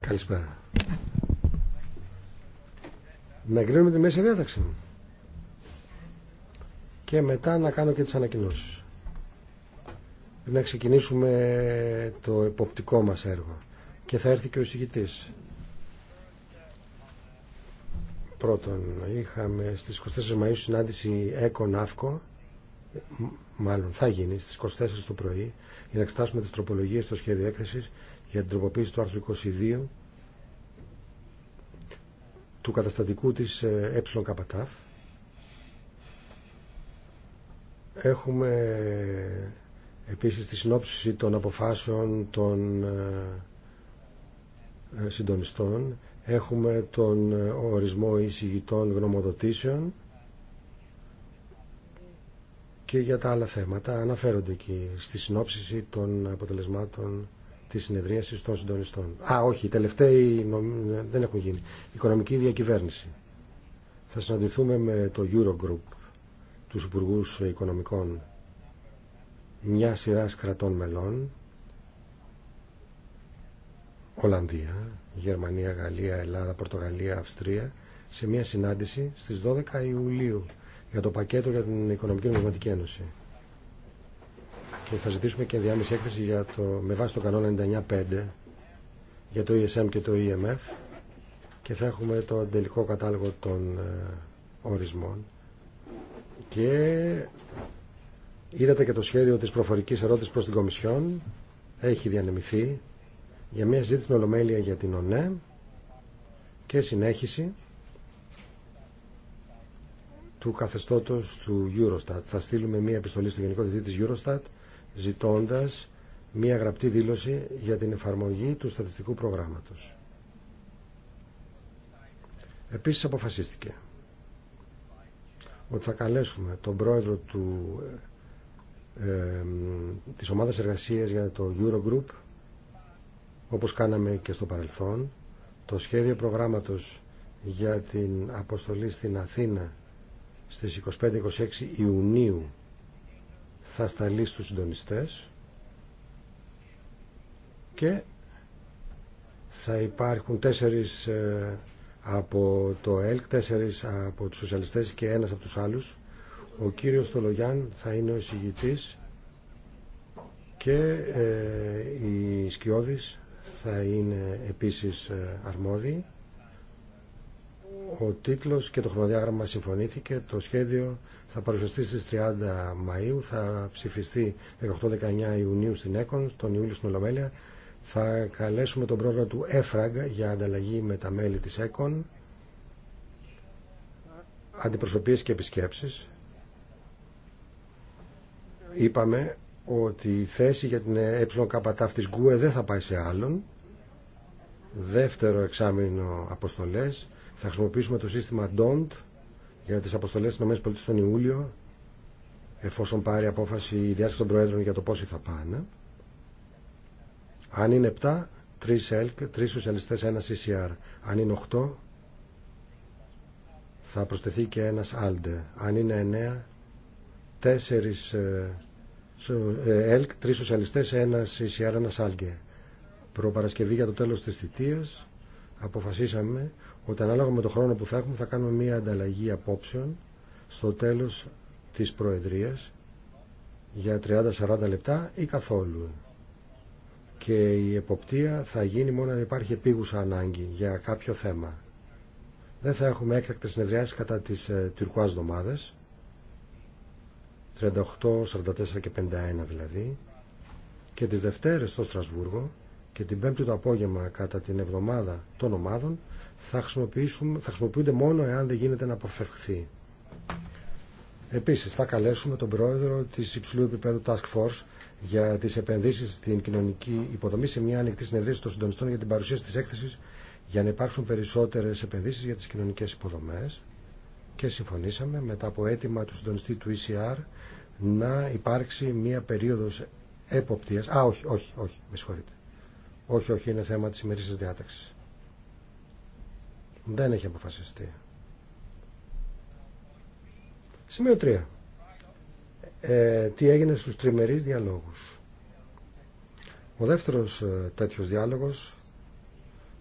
Καλησπέρα. Να εγκρίνουμε τη μέση διάταξη. Και μετά να κάνω και τις ανακοινώσεις. Να ξεκινήσουμε το εποπτικό μας έργο. Και θα έρθει και ο εισηγητής. Πρώτον, είχαμε στις 24 Μαΐου συνάντηση ΕΚΟΝ-ΑΦΚΟ μάλλον θα γίνει στις 24 το πρωί για να εξετάσουμε τις τροπολογίες στο σχέδιο έκθεσης για την τροποποίηση του άρθρου 22 του καταστατικού της ε, ΕΚΤΑΦ. Έχουμε ε, επίσης τη συνόψη των αποφάσεων των ε, συντονιστών. Έχουμε τον ορισμό εισηγητών γνωμοδοτήσεων και για τα άλλα θέματα αναφέρονται εκεί στη συνόψηση των αποτελεσμάτων Τη συνεδρίαση των συντονιστών. Α, όχι, οι τελευταίοι δεν έχουν γίνει. Οικονομική διακυβέρνηση. Θα συναντηθούμε με το Eurogroup, τους υπουργού Οικονομικών μια σειρά κρατών μελών, Ολλανδία, Γερμανία, Γαλλία, Ελλάδα, Πορτογαλία, Αυστρία, σε μια συνάντηση στις 12 Ιουλίου για το πακέτο για την Οικονομική Νομισματική Ένωση και θα ζητήσουμε και ενδιάμεση έκθεση για το, με βάση το κανόνα 99.5 για το ESM και το EMF και θα έχουμε το αντελικό κατάλογο των ε, ορισμών και είδατε και το σχέδιο της προφορικής ερώτησης προς την Κομισιόν έχει διανεμηθεί για μια ζήτηση στην Ολομέλεια για την ΟΝΕ και συνέχιση του καθεστώτος του Eurostat. Θα στείλουμε μια επιστολή στο Γενικό Διευθυντή της Eurostat ζητώντας μία γραπτή δήλωση για την εφαρμογή του στατιστικού προγράμματος. Επίσης αποφασίστηκε ότι θα καλέσουμε τον πρόεδρο του, ε, της ομάδας εργασίας για το Eurogroup όπως κάναμε και στο παρελθόν το σχέδιο προγράμματος για την αποστολή στην Αθήνα στις 25-26 Ιουνίου θα σταλεί στους συντονιστές και θα υπάρχουν τέσσερις ε, από το ΕΛΚ, τέσσερις από τους σοσιαλιστές και ένας από τους άλλους. Ο κύριος Στολογιάν θα είναι ο εισηγητής και οι ε, σκιώδεις θα είναι επίσης ε, αρμόδιοι. Ο τίτλος και το χρονοδιάγραμμα συμφωνήθηκε. Το σχέδιο θα παρουσιαστεί στις 30 Μαΐου, θα ψηφιστεί 18-19 Ιουνίου στην ΕΚΟΝ, τον Ιούλιο στην Ολομέλεια. Θα καλέσουμε τον πρόεδρο του ΕΦΡΑΓ για ανταλλαγή με τα μέλη της ΕΚΟΝ, αντιπροσωπείες και επισκέψεις. Είπαμε ότι η θέση για την ΕΚΤ της ΓΚΟΕ δεν θα πάει σε άλλον. Δεύτερο εξάμεινο αποστολές θα χρησιμοποιήσουμε το σύστημα DONT για τις αποστολές της ΗΠΑ τον Ιούλιο εφόσον πάρει απόφαση η διάσκεψη των Προέδρων για το πόσοι θα πάνε. Αν είναι 7, 3 ΕΛΚ, 3 σοσιαλιστές, 1 CCR. Αν είναι 8, θα προσθεθεί και ένας ΑΛΔΕ. Αν είναι 9, 4 ε, ε, ΕΛΚ, 3 σοσιαλιστές, 1 CCR, 1 ΑΛΚΕ. Προπαρασκευή για το τέλος της θητείας αποφασίσαμε ότι ανάλογα με το χρόνο που θα έχουμε θα κάνουμε μία ανταλλαγή απόψεων στο τέλος της Προεδρίας για 30-40 λεπτά ή καθόλου. Και η εποπτεία θα γίνει μόνο αν υπάρχει επίγουσα ανάγκη για κάποιο θέμα. Δεν θα έχουμε έκτακτες συνεδριάσεις κατά τις ε, τυρκουάς 38, 44 και 51 δηλαδή, και τις Δευτέρες στο Στρασβούργο και την Πέμπτη το απόγευμα κατά την εβδομάδα των ομάδων θα, χρησιμοποιήσουμε, θα χρησιμοποιούνται μόνο εάν δεν γίνεται να αποφευχθεί. Επίσης θα καλέσουμε τον πρόεδρο της υψηλού επίπεδου Task Force για τις επενδύσεις στην κοινωνική υποδομή σε μια ανοιχτή συνεδρίαση των συντονιστών για την παρουσίαση της έκθεσης για να υπάρξουν περισσότερες επενδύσεις για τις κοινωνικές υποδομές και συμφωνήσαμε μετά από αίτημα του συντονιστή του ECR να υπάρξει μια περίοδος εποπτείας. Α, όχι, όχι, όχι, με συγχωρείτε. Όχι, όχι, είναι θέμα της ημερήσης διάταξης. Δεν έχει αποφασιστεί. Σημείο 3. Ε, τι έγινε στους τριμερείς διαλόγους. Ο δεύτερος ε, τέτοιος διάλογος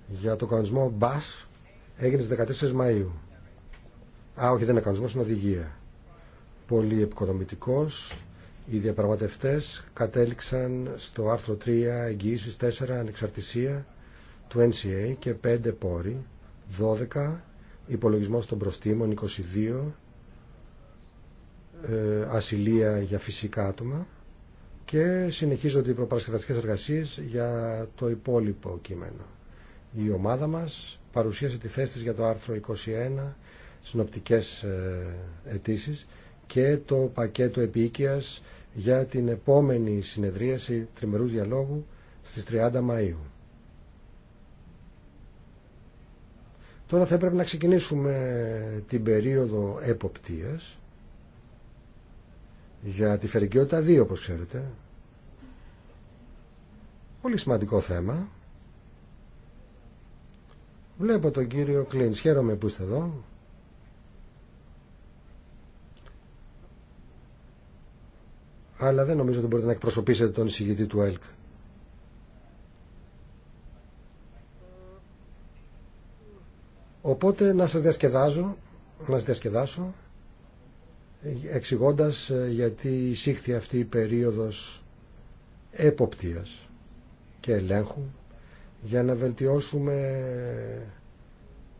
για το κανονισμό BAS έγινε στις 14 Μαΐου. Α, όχι, δεν είναι κανονισμός, είναι οδηγία. Πολύ επικοδομητικός. Οι διαπραγματευτές κατέληξαν στο άρθρο 3 εγγυήσεις 4 ανεξαρτησία του NCA και 5 πόροι 12 υπολογισμός των προστήμων 22 ε, ασυλία για φυσικά άτομα και συνεχίζονται οι προπαρασκευαστικές εργασίες για το υπόλοιπο κείμενο. Η ομάδα μας παρουσίασε τη θέση της για το άρθρο 21 συνοπτικές ε, αιτήσει και το πακέτο επίοικιας για την επόμενη συνεδρίαση τριμερούς διαλόγου στις 30 Μαΐου. Τώρα θα έπρεπε να ξεκινήσουμε την περίοδο εποπτείας για τη φερικαιότητα 2, όπως ξέρετε. Πολύ σημαντικό θέμα. Βλέπω τον κύριο Κλίντς. Χαίρομαι που είστε εδώ. Αλλά δεν νομίζω ότι μπορείτε να εκπροσωπήσετε τον εισηγητή του ΕΛΚ. Οπότε να σας διασκεδάζω, να σας διασκεδάσω εξηγώντας ε, γιατί εισήχθη αυτή η περίοδος εποπτείας και ελέγχου για να βελτιώσουμε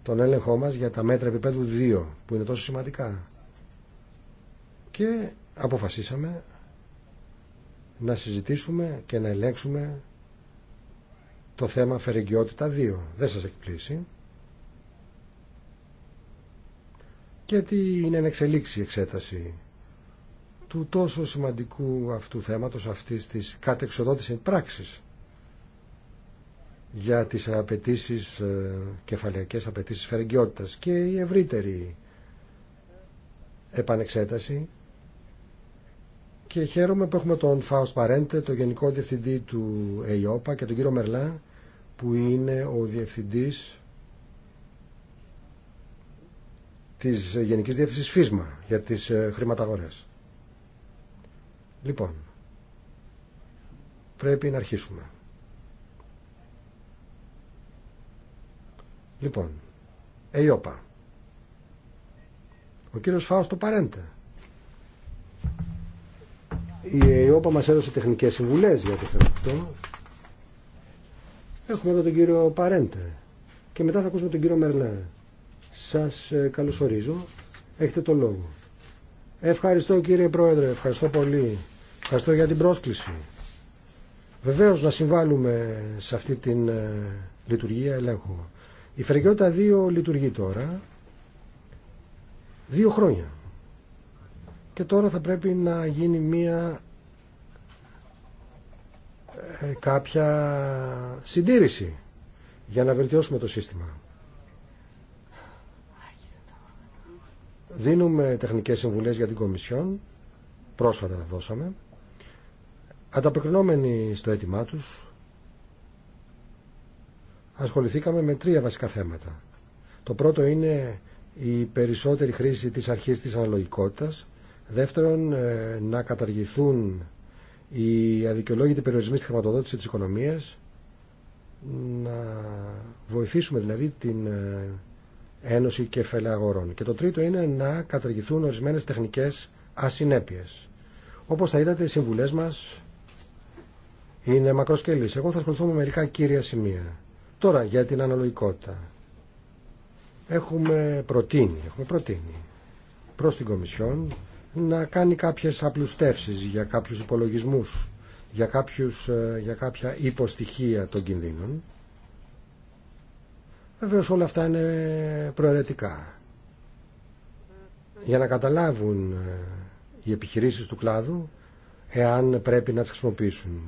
τον έλεγχό μας για τα μέτρα επίπεδου 2 που είναι τόσο σημαντικά και αποφασίσαμε να συζητήσουμε και να ελέγξουμε το θέμα φερεγγιότητα 2 δεν σας εκπλήσει και είναι εξελίξει η εξέταση του τόσο σημαντικού αυτού θέματος αυτής της κατεξοδότησης πράξης για τις απαιτήσει, ε, κεφαλαιακές απαιτήσει φερεγγιότητας και η ευρύτερη επανεξέταση και χαίρομαι που έχουμε τον Φάουστ Παρέντε, τον Γενικό Διευθυντή του ΕΙΟΠΑ και τον κύριο Μερλά που είναι ο Διευθυντής Τη γενική Διεύθυνση ΦΙΣΜΑ για τις ε, χρηματαγορές. Λοιπόν, πρέπει να αρχίσουμε. Λοιπόν, ΕΙΟΠΑ. Ο κύριος Φάουστο Παρέντε. Η ΕΙΟΠΑ μας έδωσε τεχνικές συμβουλές για το θέμα αυτό. Έχουμε εδώ τον κύριο Παρέντε. Και μετά θα ακούσουμε τον κύριο Μερλέ. Σας ε, καλωσορίζω. Έχετε το λόγο. Ευχαριστώ κύριε Πρόεδρε, ευχαριστώ πολύ. Ευχαριστώ για την πρόσκληση. Βεβαίως να συμβάλλουμε σε αυτή την ε, λειτουργία ελέγχου. Η Φεργιώτα 2 λειτουργεί τώρα δύο χρόνια. Και τώρα θα πρέπει να γίνει μία ε, κάποια συντήρηση για να βελτιώσουμε το σύστημα. Δίνουμε τεχνικές συμβουλές για την Κομισιόν, πρόσφατα τα δώσαμε, ανταποκρινόμενοι στο αίτημά τους, ασχοληθήκαμε με τρία βασικά θέματα. Το πρώτο είναι η περισσότερη χρήση της αρχής της αναλογικότητας. Δεύτερον, ε, να καταργηθούν οι αδικαιολόγητοι περιορισμοί στη χρηματοδότηση της οικονομίας. Να βοηθήσουμε δηλαδή την ε, Ένωση Κεφαλαίου Αγορών. Και το τρίτο είναι να καταργηθούν ορισμένε τεχνικές ασυνέπειες. Όπως θα είδατε, οι συμβουλές μας είναι μακροσκελής. Εγώ θα ασχοληθώ με μερικά κύρια σημεία. Τώρα για την αναλογικότητα. Έχουμε προτείνει, έχουμε προτείνει προς την Κομισιόν να κάνει κάποιες απλουστεύσεις για κάποιους υπολογισμούς, για, κάποιους, ε, για κάποια υποστοιχεία των κινδύνων Βεβαίω όλα αυτά είναι προαιρετικά. Για να καταλάβουν ε, οι επιχειρήσεις του κλάδου εάν πρέπει να τις χρησιμοποιήσουν.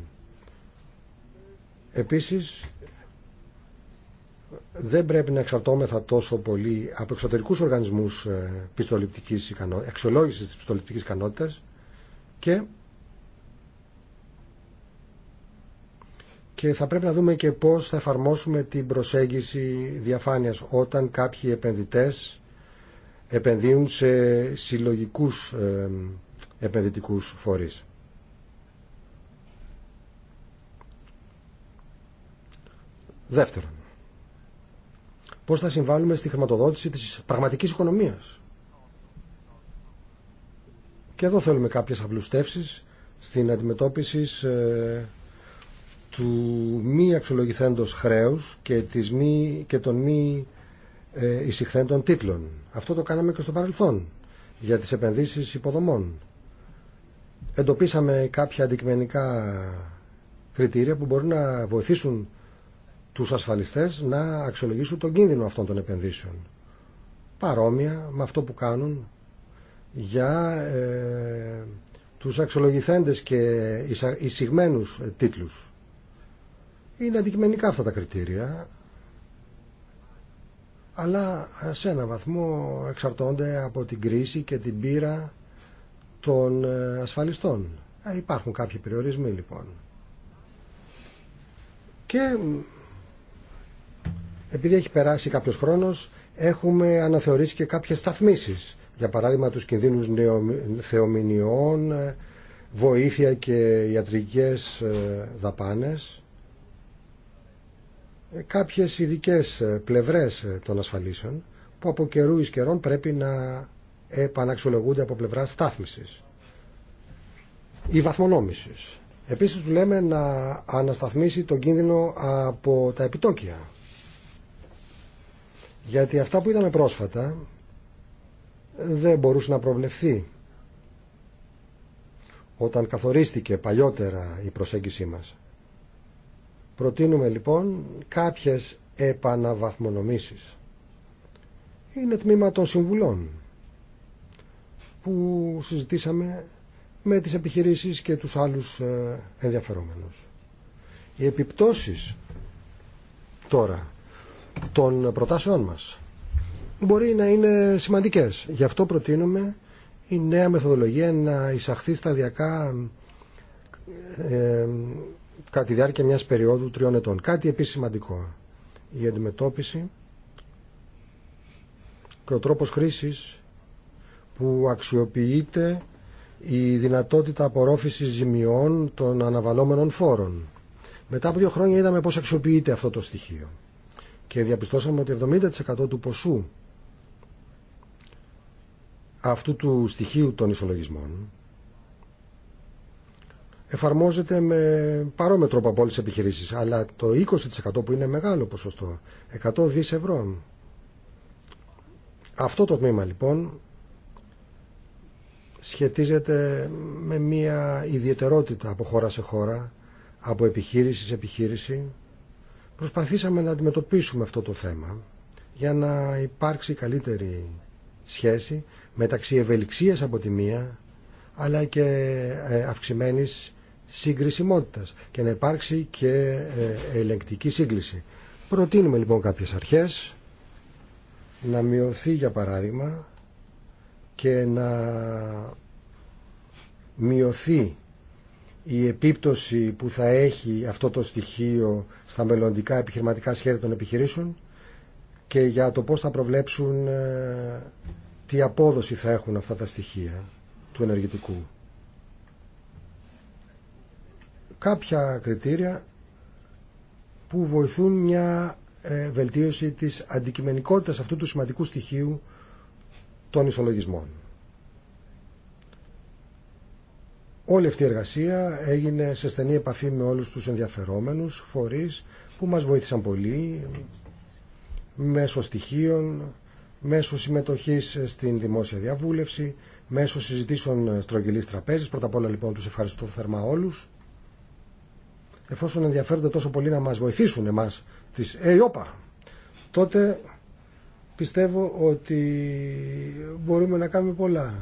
Επίσης, δεν πρέπει να εξαρτώμεθα τόσο πολύ από εξωτερικούς οργανισμούς ε, πιστοληπτικής ικανότητας, της πιστοληπτικής ικανότητας και και θα πρέπει να δούμε και πώς θα εφαρμόσουμε την προσέγγιση διαφάνειας όταν κάποιοι επενδυτές επενδύουν σε συλλογικούς ε, επενδυτικούς φορείς. Δεύτερον, πώς θα συμβάλλουμε στη χρηματοδότηση της πραγματικής οικονομίας. Και εδώ θέλουμε κάποιες απλουστεύσεις στην αντιμετώπιση ε, του μη αξιολογηθέντος χρέους και, της μη, και των μη ε, εισηχθέντων τίτλων. Αυτό το κάναμε και στο παρελθόν για τις επενδύσεις υποδομών. Εντοπίσαμε κάποια αντικειμενικά κριτήρια που μπορούν να βοηθήσουν τους ασφαλιστές να αξιολογήσουν τον κίνδυνο αυτών των επενδύσεων. Παρόμοια με αυτό που κάνουν για ε, τους αξιολογηθέντες και εισηγμένους τίτλους. Είναι αντικειμενικά αυτά τα κριτήρια, αλλά σε ένα βαθμό εξαρτώνται από την κρίση και την πείρα των ε, ασφαλιστών. Ε, υπάρχουν κάποιοι περιορισμοί λοιπόν. Και επειδή έχει περάσει κάποιος χρόνος, έχουμε αναθεωρήσει και κάποιες σταθμίσεις. Για παράδειγμα, τους κινδύνους θεομηνιών, ε, βοήθεια και ιατρικές δαπάνες. Ε, κάποιες ειδικέ ε, πλευρές ε, των ασφαλίσεων που από καιρού εις καιρών πρέπει να επαναξιολογούνται από πλευρά στάθμισης ή βαθμονόμησης. Επίσης του λέμε να ανασταθμίσει τον κίνδυνο από τα επιτόκια. Γιατί αυτά που είδαμε πρόσφατα δεν μπορούσε να προβλεφθεί όταν καθορίστηκε παλιότερα η προσέγγιση μας. Προτείνουμε λοιπόν κάποιες επαναβαθμονομήσεις. Είναι τμήμα των συμβουλών που συζητήσαμε με τις επιχειρήσεις και τους άλλους ε, ενδιαφερόμενους. Οι επιπτώσεις τώρα των προτάσεών μας μπορεί να είναι σημαντικές. Γι' αυτό προτείνουμε η νέα μεθοδολογία να εισαχθεί σταδιακά ε, κατά τη διάρκεια μιας περίοδου τριών ετών. Κάτι επίσης σημαντικό. Η αντιμετώπιση και ο τρόπος χρήσης που αξιοποιείται η δυνατότητα απορρόφησης ζημιών των αναβαλόμενων φόρων. Μετά από δύο χρόνια είδαμε πώς αξιοποιείται αυτό το στοιχείο και διαπιστώσαμε ότι 70% του ποσού αυτού του στοιχείου των ισολογισμών εφαρμόζεται με παρόμοιο τρόπο από όλε τι επιχειρήσει. Αλλά το 20% που είναι μεγάλο ποσοστό, 100 δι ευρώ. Αυτό το τμήμα λοιπόν σχετίζεται με μια ιδιαιτερότητα από χώρα σε χώρα, από επιχείρηση σε επιχείρηση. Προσπαθήσαμε να αντιμετωπίσουμε αυτό το θέμα για να υπάρξει καλύτερη σχέση μεταξύ ευελιξίας από τη μία αλλά και ε, αυξημένης συγκρισιμότητας και να υπάρξει και ε, ελεγκτική σύγκληση. Προτείνουμε λοιπόν κάποιες αρχές να μειωθεί για παράδειγμα και να μειωθεί η επίπτωση που θα έχει αυτό το στοιχείο στα μελλοντικά επιχειρηματικά σχέδια των επιχειρήσεων και για το πώς θα προβλέψουν ε, τι απόδοση θα έχουν αυτά τα στοιχεία του ενεργητικού κάποια κριτήρια που βοηθούν μια ε, βελτίωση της αντικειμενικότητας αυτού του σημαντικού στοιχείου των ισολογισμών. Όλη αυτή η εργασία έγινε σε στενή επαφή με όλους τους ενδιαφερόμενους φορείς που μας βοήθησαν πολύ μέσω στοιχείων, μέσω συμμετοχής στην δημόσια διαβούλευση, μέσω συζητήσεων στρογγυλής τραπέζης. Πρώτα απ' όλα λοιπόν τους ευχαριστώ θερμά όλους εφόσον ενδιαφέρονται τόσο πολύ να μας βοηθήσουν εμάς τις ΕΙΟΠΑ, τότε πιστεύω ότι μπορούμε να κάνουμε πολλά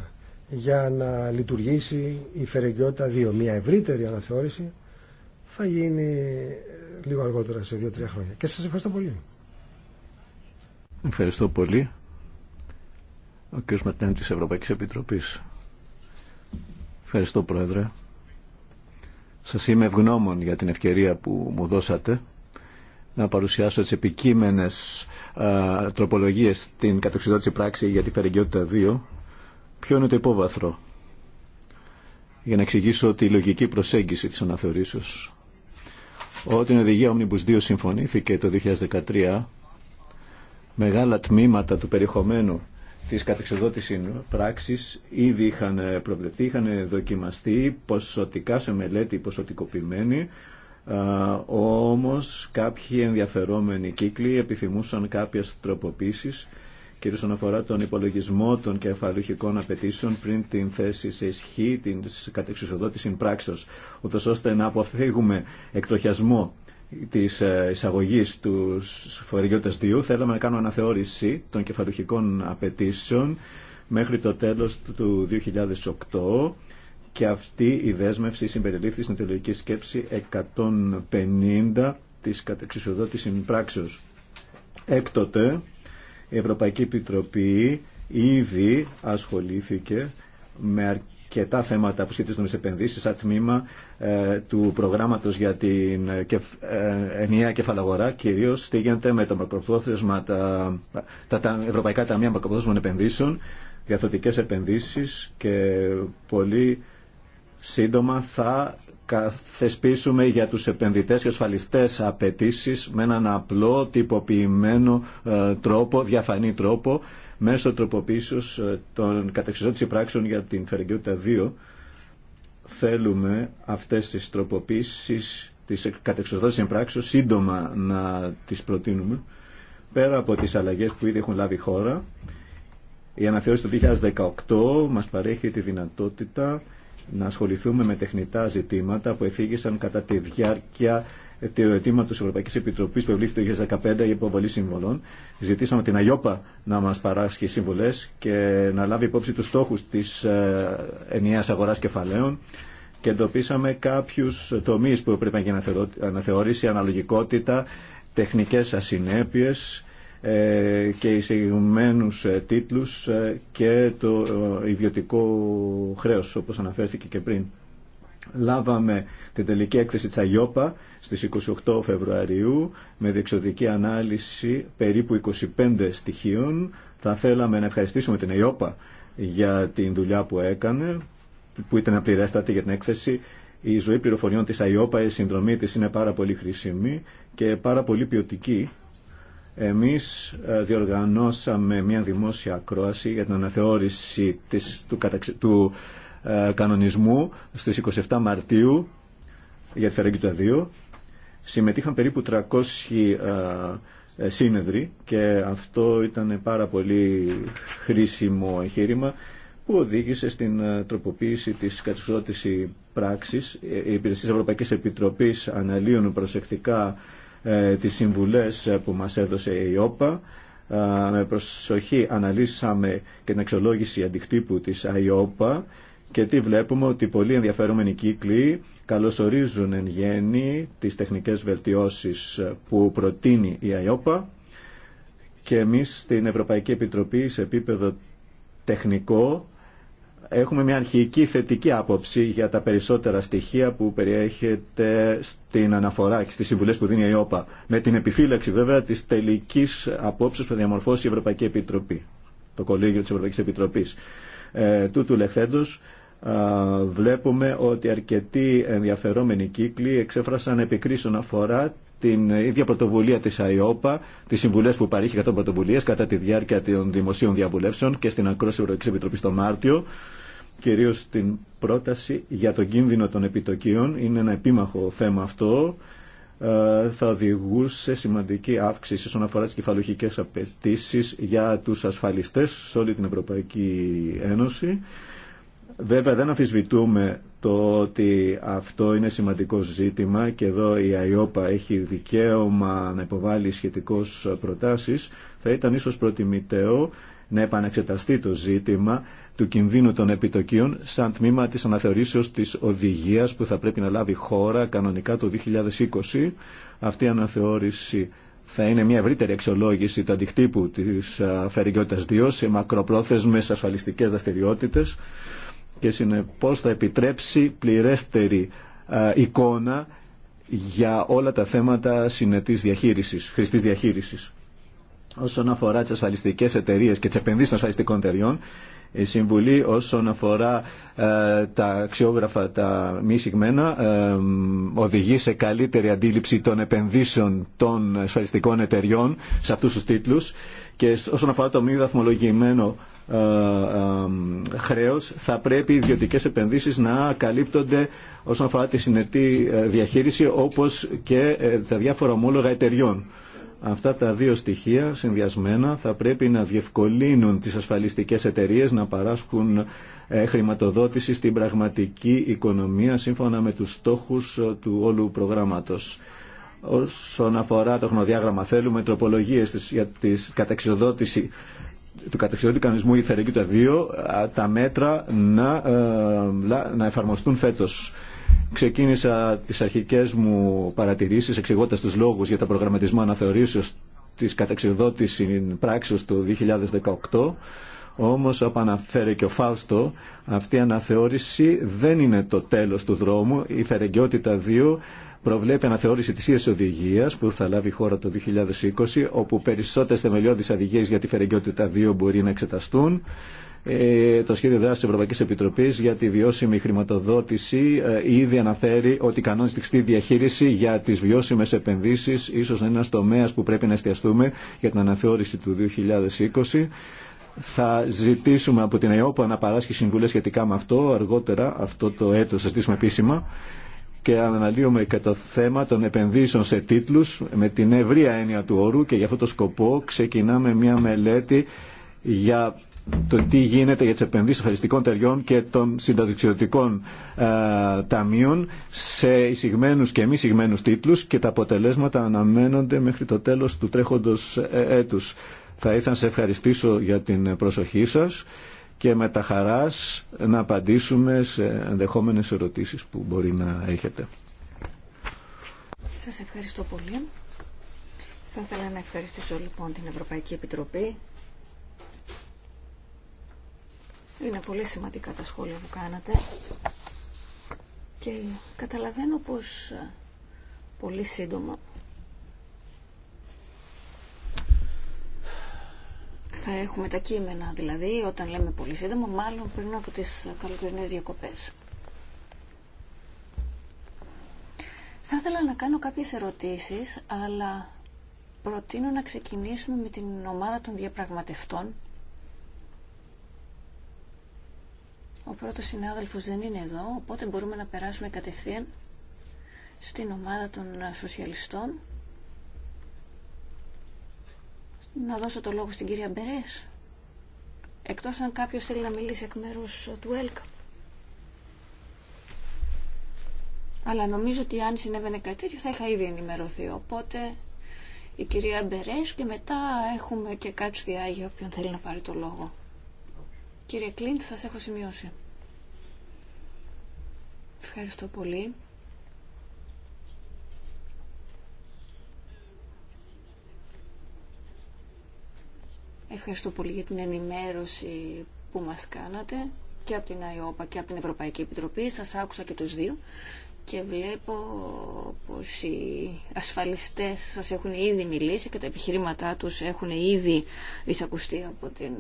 για να λειτουργήσει η φερεγγιότητα 2. Μια ευρύτερη αναθεώρηση θα γίνει λίγο αργότερα σε 2-3 χρόνια. Και σας ευχαριστώ πολύ. Ευχαριστώ πολύ. Ο κ. Ματνέν της Ευρωπαϊκής Επιτροπής. Ευχαριστώ Πρόεδρε. Σας είμαι ευγνώμων για την ευκαιρία που μου δώσατε να παρουσιάσω τις επικείμενες α, τροπολογίες στην κατοξιδότηση πράξη για τη φερεγγιότητα 2. Ποιο είναι το υπόβαθρο για να εξηγήσω τη λογική προσέγγιση της αναθεωρήσεως. Ό,τι η οδηγία Omnibus 2 συμφωνήθηκε το 2013, μεγάλα τμήματα του περιεχομένου της κατεξοδότηση πράξης ήδη είχαν προβλεφθεί, είχαν δοκιμαστεί ποσοτικά σε μελέτη ποσοτικοποιημένη, όμως κάποιοι ενδιαφερόμενοι κύκλοι επιθυμούσαν κάποιες τροποποίησεις κυρίως όσον αφορά τον υπολογισμό των κεφαλουχικών απαιτήσεων πριν την θέση σε ισχύ της κατεξοδότησης πράξεως, ούτως ώστε να αποφύγουμε εκτοχιασμό της ε, εισαγωγής του φορεγιότητας Διού θέλαμε να κάνουμε αναθεώρηση των κεφαλουχικών απαιτήσεων μέχρι το τέλος του 2008 και αυτή η δέσμευση συμπεριλήφθη στην τελογική σκέψη 150 της κατεξουσιοδότησης συμπράξεως. Έκτοτε η Ευρωπαϊκή Επιτροπή ήδη ασχολήθηκε με αρκετή και τα θέματα που σχετίζονται με τι επενδύσει σαν τμήμα ε, του προγράμματο για την ε, ε ενιαία κεφαλαγορά, κυρίω τι γίνεται με τα, μακροπρόθεσμα, τα, τα, τα Ευρωπαϊκά Ταμεία Μακροπρόθεσμων Επενδύσεων, διαθωτικέ επενδύσει και πολύ σύντομα θα καθεσπίσουμε για τους επενδυτές και ασφαλιστές απαιτήσει με έναν απλό, τυποποιημένο ε, τρόπο, διαφανή τρόπο μέσω τροποποίηση ε, των κατεξουσιών πράξεων για την Φερεγγιότητα 2 θέλουμε αυτές τις τροποποίησεις της κατεξοδότητες πράξεων σύντομα να τις προτείνουμε πέρα από τις αλλαγές που ήδη έχουν λάβει η χώρα η αναθεώρηση του 2018 μας παρέχει τη δυνατότητα να ασχοληθούμε με τεχνητά ζητήματα που εφήγησαν κατά τη διάρκεια του αιτήματο Ευρωπαϊκή Επιτροπή που ευλήθη το 2015 για υποβολή συμβολών. Ζητήσαμε την ΑΙΟΠΑ να μα παράσχει συμβουλέ και να λάβει υπόψη του στόχου τη ε, ενιαία αγορά κεφαλαίων και εντοπίσαμε κάποιου τομεί που έπρεπε να γίνει αναλογικότητα, τεχνικέ ασυνέπειε ε, και εισηγημένου ε, τίτλους και το ιδιωτικό χρέο, όπω αναφέρθηκε και πριν λάβαμε την τελική έκθεση της ΑΙΟΠΑ στις 28 Φεβρουαρίου με διεξοδική ανάλυση περίπου 25 στοιχείων. Θα θέλαμε να ευχαριστήσουμε την ΑΙΟΠΑ για την δουλειά που έκανε, που ήταν απληρέστατη για την έκθεση. Η ζωή πληροφοριών της ΑΙΟΠΑ, η συνδρομή της είναι πάρα πολύ χρήσιμη και πάρα πολύ ποιοτική. Εμείς ε, διοργανώσαμε μια δημόσια ακρόαση για την αναθεώρηση της, του, του ε, κανονισμού στις 27 Μαρτίου για τη του 2. Συμμετείχαν περίπου 300 ε, ε, σύνεδροι και αυτό ήταν πάρα πολύ χρήσιμο εγχείρημα που οδήγησε στην τροποποίηση της κατησότηση πράξης. Οι υπηρεσίες Ευρωπαϊκής Επιτροπής αναλύουν προσεκτικά τις συμβουλές που μας έδωσε η ΟΠΑ. Με προσοχή αναλύσαμε και την αξιολόγηση αντικτύπου της ΑΙΟΠΑ και τι βλέπουμε ότι πολλοί ενδιαφερόμενοι κύκλοι καλωσορίζουν εν γέννη τις τεχνικές βελτιώσεις που προτείνει η ΑΙΟΠΑ και εμείς στην Ευρωπαϊκή Επιτροπή σε επίπεδο τεχνικό έχουμε μια αρχική θετική άποψη για τα περισσότερα στοιχεία που περιέχεται στην αναφορά και στις συμβουλές που δίνει η ΕΟΠΑ με την επιφύλαξη βέβαια της τελικής απόψης που διαμορφώσει η Ευρωπαϊκή Επιτροπή το Κολέγιο της Ευρωπαϊκής Επιτροπής ε, τούτου λεχθέντος βλέπουμε ότι αρκετοί ενδιαφερόμενοι κύκλοι εξέφρασαν επικρίσουν αφορά την ίδια πρωτοβουλία της ΑΙΟΠΑ, τις συμβουλές που παρήχε κατά πρωτοβουλίες κατά τη διάρκεια των δημοσίων διαβουλεύσεων και στην Ακρόση Ευρωπαϊκής Επιτροπής το Μάρτιο, κυρίως την πρόταση για τον κίνδυνο των επιτοκίων, είναι ένα επίμαχο θέμα αυτό, θα οδηγούσε σημαντική αύξηση όσον αφορά τις κεφαλοχικές απαιτήσει για τους ασφαλιστές σε όλη την Ευρωπαϊκή Ένωση. Βέβαια δεν αμφισβητούμε το ότι αυτό είναι σημαντικό ζήτημα και εδώ η ΑΙΟΠΑ έχει δικαίωμα να υποβάλει σχετικώς προτάσεις. Θα ήταν ίσως προτιμητέο να επανεξεταστεί το ζήτημα του κινδύνου των επιτοκίων σαν τμήμα της αναθεωρήσεως της οδηγίας που θα πρέπει να λάβει χώρα κανονικά το 2020. Αυτή η αναθεώρηση θα είναι μια ευρύτερη αξιολόγηση του αντιχτύπου της αφαιρεγιότητας 2 σε μακροπρόθεσμες ασφαλιστικές δραστηριότητες και συνεπώς θα επιτρέψει πληρέστερη εικόνα για όλα τα θέματα συνετής διαχείρισης, χρηστής διαχείρισης. Όσον αφορά τις ασφαλιστικές εταιρείε και τις επενδύσεις των ασφαλιστικών εταιριών, η Συμβουλή όσον αφορά τα αξιόγραφα τα μη συγμένα οδηγεί σε καλύτερη αντίληψη των επενδύσεων των ασφαλιστικών εταιριών σε αυτούς τους τίτλους και όσον αφορά το μη βαθμολογημένο ε, ε, χρέος, θα πρέπει οι ιδιωτικές επενδύσεις να καλύπτονται όσον αφορά τη συνετή ε, διαχείριση, όπως και ε, τα διάφορα ομόλογα εταιριών. Αυτά τα δύο στοιχεία συνδυασμένα θα πρέπει να διευκολύνουν τις ασφαλιστικές εταιρείες να παράσχουν χρηματοδότηση στην πραγματική οικονομία σύμφωνα με τους στόχους του όλου προγράμματος. Όσον αφορά το χρονοδιάγραμμα, θέλουμε τροπολογίε για τη καταξιοδότηση του καταξιοδότη κανονισμού η 2 τα μέτρα να, ε, να εφαρμοστούν φέτος. Ξεκίνησα τις αρχικές μου παρατηρήσεις εξηγώντα τους λόγους για το προγραμματισμό αναθεωρήσεως της καταξιοδότηση πράξεως του 2018 όμως όπως αναφέρει και ο Φάουστο αυτή η αναθεώρηση δεν είναι το τέλος του δρόμου η προβλέπει αναθεώρηση τη ίδια οδηγία που θα λάβει η χώρα το 2020 όπου περισσότερε θεμελιώδει αδηγίες για τη φερεγγιότητα 2 μπορεί να εξεταστούν ε, το σχέδιο δράση τη Ευρωπαϊκή Επιτροπή για τη βιώσιμη χρηματοδότηση ε, ήδη αναφέρει ότι κανόνε τη στη διαχείριση για τι βιώσιμε επενδύσει ίσω είναι ένα τομέα που πρέπει να εστιαστούμε για την αναθεώρηση του 2020. Θα ζητήσουμε από την ΕΟΠΑ να παράσχει συμβουλέ σχετικά με αυτό αργότερα, αυτό το έτος θα ζητήσουμε επίσημα και αναλύουμε και το θέμα των επενδύσεων σε τίτλους με την ευρία έννοια του όρου και για αυτό το σκοπό ξεκινάμε μια μελέτη για το τι γίνεται για τις επενδύσεις ευχαριστικών ταιριών και των συνταξιωτικών ε, ταμείων σε εισηγμένους και μη εισηγμένους τίτλους και τα αποτελέσματα αναμένονται μέχρι το τέλος του τρέχοντος ε, έτους. Θα ήθελα να σε ευχαριστήσω για την προσοχή σας και με τα χαράς να απαντήσουμε σε ενδεχόμενες ερωτήσεις που μπορεί να έχετε. Σας ευχαριστώ πολύ. Θα ήθελα να ευχαριστήσω λοιπόν την Ευρωπαϊκή Επιτροπή. Είναι πολύ σημαντικά τα σχόλια που κάνατε και καταλαβαίνω πως ε, πολύ σύντομα θα έχουμε τα κείμενα, δηλαδή όταν λέμε πολύ σύντομα, μάλλον πριν από τις καλοκαιρινές διακοπές. Θα ήθελα να κάνω κάποιες ερωτήσεις, αλλά προτείνω να ξεκινήσουμε με την ομάδα των διαπραγματευτών. Ο πρώτος συνάδελφος δεν είναι εδώ, οπότε μπορούμε να περάσουμε κατευθείαν στην ομάδα των σοσιαλιστών. Να δώσω το λόγο στην κυρία Μπερές. Εκτός αν κάποιος θέλει να μιλήσει εκ μέρους του έλκα. Αλλά νομίζω ότι αν συνέβαινε κάτι τέτοιο θα είχα ήδη ενημερωθεί. Οπότε η κυρία Μπερές και μετά έχουμε και κάτι διάγει που όποιον θέλει να πάρει το λόγο. Κύριε Κλίντ, σας έχω σημειώσει. Ευχαριστώ πολύ. Ευχαριστώ πολύ για την ενημέρωση που μας κάνατε και από την ΑΙΟΠΑ και από την Ευρωπαϊκή Επιτροπή. Σας άκουσα και τους δύο και βλέπω πως οι ασφαλιστές σας έχουν ήδη μιλήσει και τα επιχειρήματά τους έχουν ήδη εισακουστεί από την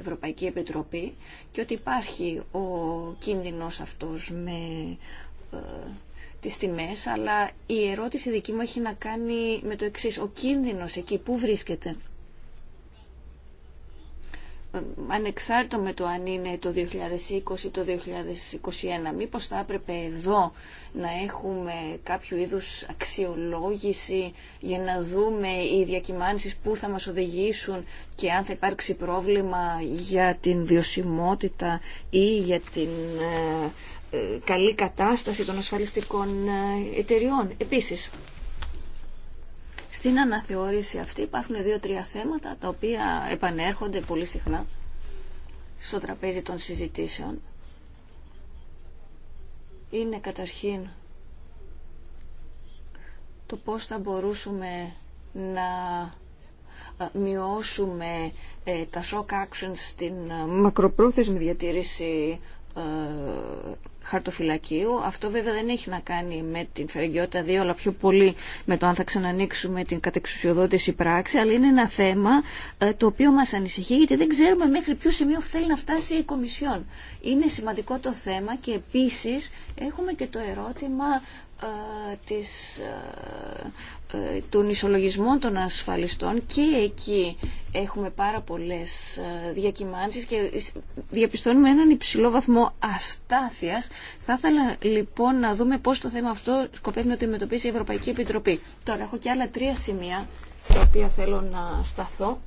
Ευρωπαϊκή Επιτροπή και ότι υπάρχει ο κίνδυνος αυτός με ε, τις τιμές αλλά η ερώτηση δική μου έχει να κάνει με το εξής ο κίνδυνος εκεί που βρίσκεται ανεξάρτητο με το αν είναι το 2020 ή το 2021. Μήπως θα έπρεπε εδώ να έχουμε κάποιο είδους αξιολόγηση για να δούμε οι διακυμάνσεις που θα μας οδηγήσουν και αν θα υπάρξει πρόβλημα για την βιωσιμότητα ή για την ε, ε, καλή κατάσταση των ασφαλιστικών ε, εταιριών. Επίσης, στην αναθεώρηση αυτή υπάρχουν δύο-τρία θέματα τα οποία επανέρχονται πολύ συχνά στο τραπέζι των συζητήσεων. Είναι καταρχήν το πώς θα μπορούσουμε να ε, μειώσουμε ε, τα shock actions στην ε, μακροπρόθεσμη διατήρηση χαρτοφυλακίου. Αυτό βέβαια δεν έχει να κάνει με την φερεγγιότητα 2, αλλά πιο πολύ με το αν θα ξανανοίξουμε την κατεξουσιοδότηση πράξη, αλλά είναι ένα θέμα ε, το οποίο μας ανησυχεί, γιατί δεν ξέρουμε μέχρι ποιο σημείο θέλει να φτάσει η Κομισιόν. Είναι σημαντικό το θέμα και επίσης έχουμε και το ερώτημα ε, της, ε, ε, των ισολογισμών των ασφαλιστών και εκεί έχουμε πάρα πολλές διακυμάνσεις και διαπιστώνουμε έναν υψηλό βαθμό αστάθειας. Θα ήθελα λοιπόν να δούμε πώς το θέμα αυτό σκοπεύει να το αντιμετωπίσει η Ευρωπαϊκή Επιτροπή. Τώρα έχω και άλλα τρία σημεία στα οποία θέλω να σταθώ.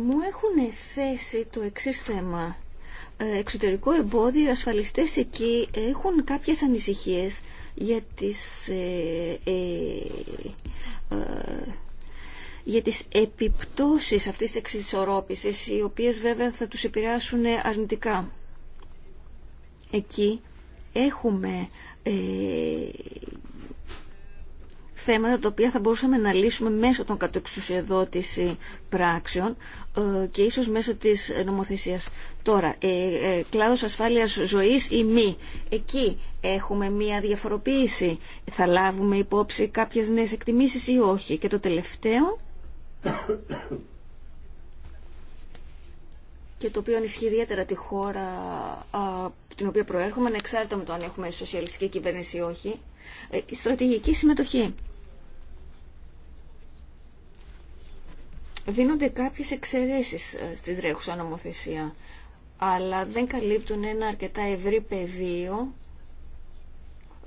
Μου έχουν θέσει το εξή θέμα. Ε, εξωτερικό εμπόδιο, Οι ασφαλιστές εκεί έχουν κάποιες ανησυχίες για τις, ε, ε, ε, για τις επιπτώσεις αυτής της εξισορρόπησης, οι οποίες βέβαια θα τους επηρεάσουν αρνητικά. Εκεί έχουμε ε, θέματα τα οποία θα μπορούσαμε να λύσουμε μέσω των κατεξουσιοδότηση πράξεων ε, και ίσως μέσω της νομοθεσίας. Τώρα, ε, ε, κλάδος ασφάλειας ζωής ή μη. Εκεί έχουμε μία διαφοροποίηση. Θα λάβουμε υπόψη κάποιες νέες εκτιμήσεις ή όχι. Και το τελευταίο... και το οποίο ανισχύει ιδιαίτερα τη χώρα την οποία προέρχομαι, ανεξάρτητα με το αν έχουμε σοσιαλιστική κυβέρνηση ή όχι, η οχι συμμετοχή. δίνονται κάποιες εξαιρέσεις ε, στη δρέχουσα νομοθεσία, αλλά δεν καλύπτουν ένα αρκετά ευρύ πεδίο,